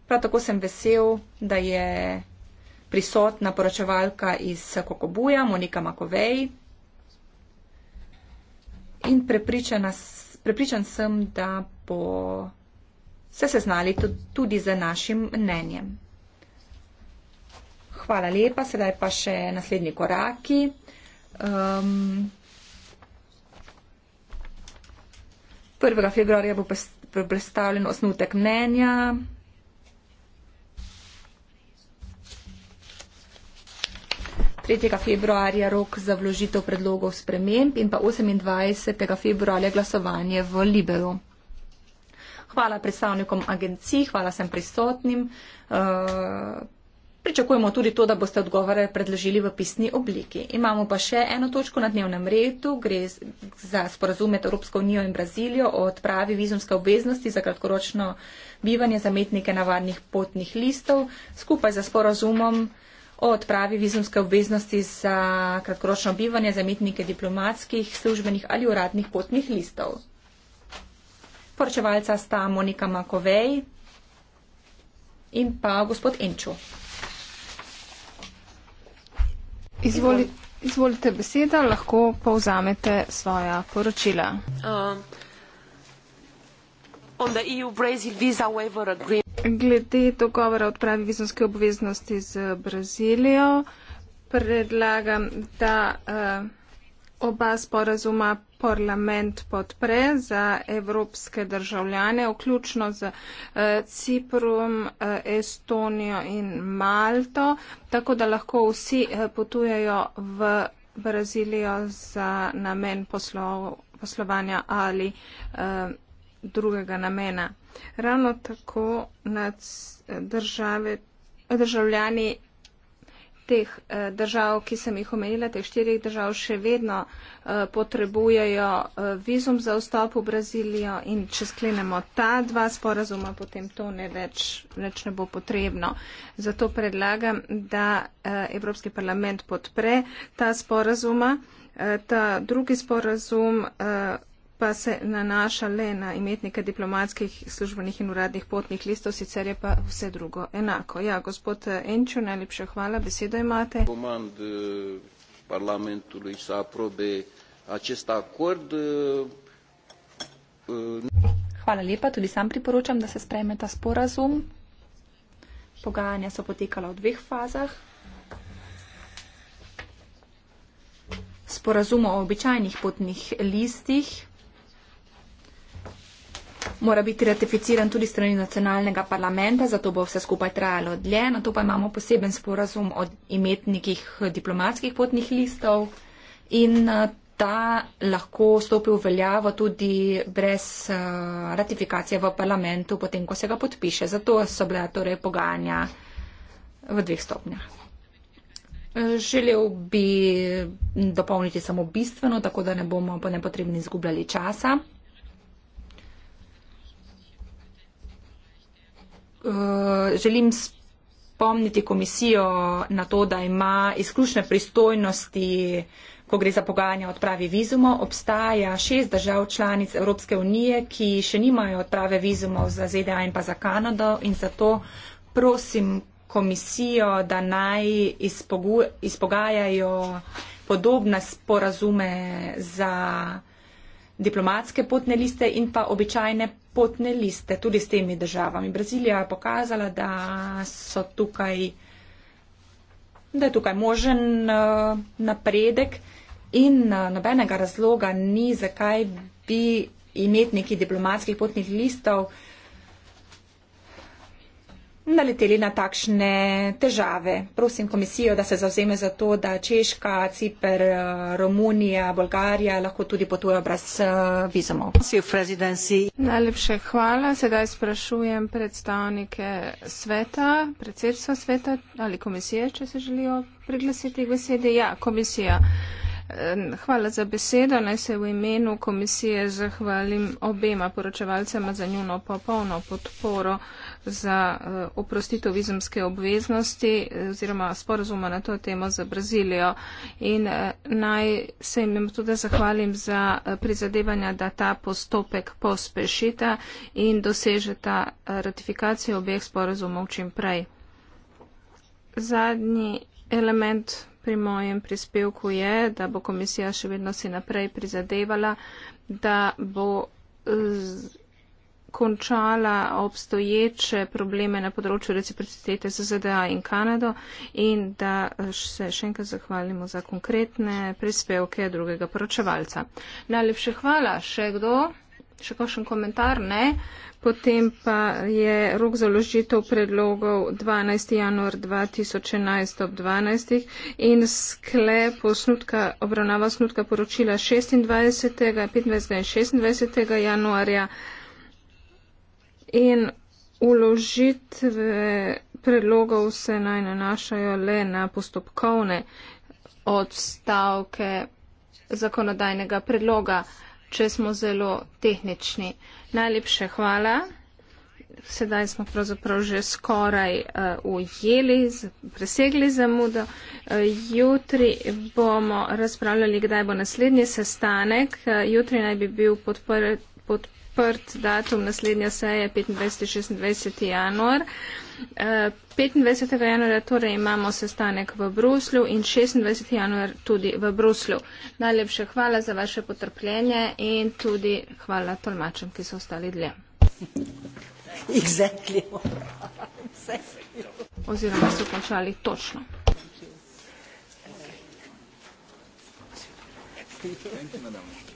Prav tako sem vesel, da je prisotna poročevalka iz Kokobuja, Monika Makovej. In prepričan sem, da bo se seznali tudi z našim mnenjem. Hvala lepa, sedaj pa še naslednji koraki. Um, ehm, 1. februarja bo predstavljen osnutek mnenja. 3. februarja rok za vložitev predlogov sprememb in pa 28. februarja glasovanje v Liberu. Hvala predstavnikom agencij, hvala sem prisotnim. Eh, pričakujemo tudi to, da boste odgovore predložili v pisni obliki. Imamo pa še eno točko na dnevnem redu, gre za sporazum med Evropsko unijo in Brazilijo o odpravi vizumske obveznosti za kratkoročno bivanje zametnike navadnih potnih listov. Skupaj za sporazumom o odpravi vizumske obveznosti za kratkoročno bivanje za imetnike diplomatskih, službenih ali uradnih potnih listov. Poročevalca sta Monika Makovej in pa gospod Enču. Izvoli, izvolite beseda, lahko povzamete svoja poročila. Uh, on the EU-Brazil visa waiver agreement glede dogovora o odpravi vizonske obveznosti z Brazilijo predlagam, da uh, oba sporazuma parlament podpre za evropske državljane, vključno z uh, Ciprom, uh, Estonijo in Malto, tako da lahko vsi uh, potujejo v Brazilijo za namen poslov, poslovanja ali uh, drugega namena. Ravno tako nad eh, države, državljani teh eh, držav, ki sem jih omenila, teh štirih držav, še vedno eh, potrebujejo vizum za vstop v Brazilijo in če sklenemo ta dva sporazuma, potem to ne več, več ne bo potrebno. Zato predlagam, da Evropski parlament podpre ta sporazuma. Ta drugi sporazum pa se nanaša le na imetnike diplomatskih, službenih in uradnih potnih listov, sicer je pa vse drugo enako. Ja, gospod Enčun, najlepša hvala, besedo imate. Komand eh, parlamentului sa aprobe acest acord. Eh, eh, hvala lepa, tudi sam priporočam, da se spreme ta sporazum. Pogajanja so potekala v dveh fazah. Sporazum o običajnih potnih listih mora biti ratificiran tudi strani nacionalnega parlamenta, zato bo vse skupaj trajalo dlje. Na to pa imamo poseben sporazum od imetnikih diplomatskih potnih listov in eh, ta lahko stopi v veljavo tudi brez eh, ratifikacije v parlamentu, potem, ko se ga podpiše. Zato so bila torej pogajanja v dveh stopnjah. Želel bi dopolniti samo bistveno, tako da ne bomo po nepotrebni izgubljali časa. Eh, želim spomniti komisijo na to, da ima izključne pristojnosti, ko gre za pogajanja o odpravi vizumov. Obstaja šest držav članic Evropske unije, ki še nimajo odprave vizumov za ZDA in pa za Kanado in zato prosim komisijo, da naj izpogajajo podobne sporazume za diplomatske potne liste in pa običajne potne liste tudi s temi državami. Brazilija je pokazala, da so tukaj da je tukaj možen uh, napredek in uh, nobenega razloga ni, zakaj bi imetniki diplomatskih potnih listov uh, naleteli na takšne težave. Prosim komisijo, da se zavzeme za to, da Češka, Cipr, Romunija, Bolgarija lahko tudi potujejo brez eh, vizumov. Najlepše hvala. Sedaj sprašujem predstavnike sveta, predsedstva sveta ali komisije, če se želijo priglasiti k besedi. Ja, komisija. Eh, hvala za besedo. Naj se v imenu komisije zahvalim obema poročevalcema za njuno popolno podporo za eh, oprostitev vizumske obveznosti eh, oziroma sporozuma na to temo za Brazilijo. In eh, naj se jim tudi zahvalim za prizadevanja, da ta postopek pospešita in dosežeta ratifikacijo obeh sporozumov čim prej. Zadnji element pri mojem prispevku je, da bo komisija še vedno si naprej prizadevala, da bo. Z, končala obstoječe probleme na področju reciprocitete z ZDA in Kanado in da eh, se še enkrat zahvalimo za konkretne prispevke drugega poročevalca. Najlepše hvala. Še kdo? Še kakšen komentar? Ne. Potem pa je rok za ložitev predlogov 12. januar 2011 ob 12. in sklep osnutka, obravnava osnutka poročila 26. 25. in 26. januarja in uložitve predlogov se naj nanašajo le na postopkovne odstavke zakonodajnega predloga, če smo zelo tehnični. Najlepše hvala. Sedaj smo pravzaprav že skoraj uh, ujeli, presegli zamudo. Uh, jutri bomo razpravljali, kdaj bo naslednji sestanek. Uh, jutri naj bi bil podprt. podprt odprt datum naslednja seja 25-26. januar. 25. Eh, januarja torej imamo sestanek v Bruslju in 26. januar tudi v Bruslju. Najlepše hvala za vaše potrpljenje in tudi hvala tolmačem, ki so ostali dlje. Exactly. Oziroma so končali točno. Thank you, madam.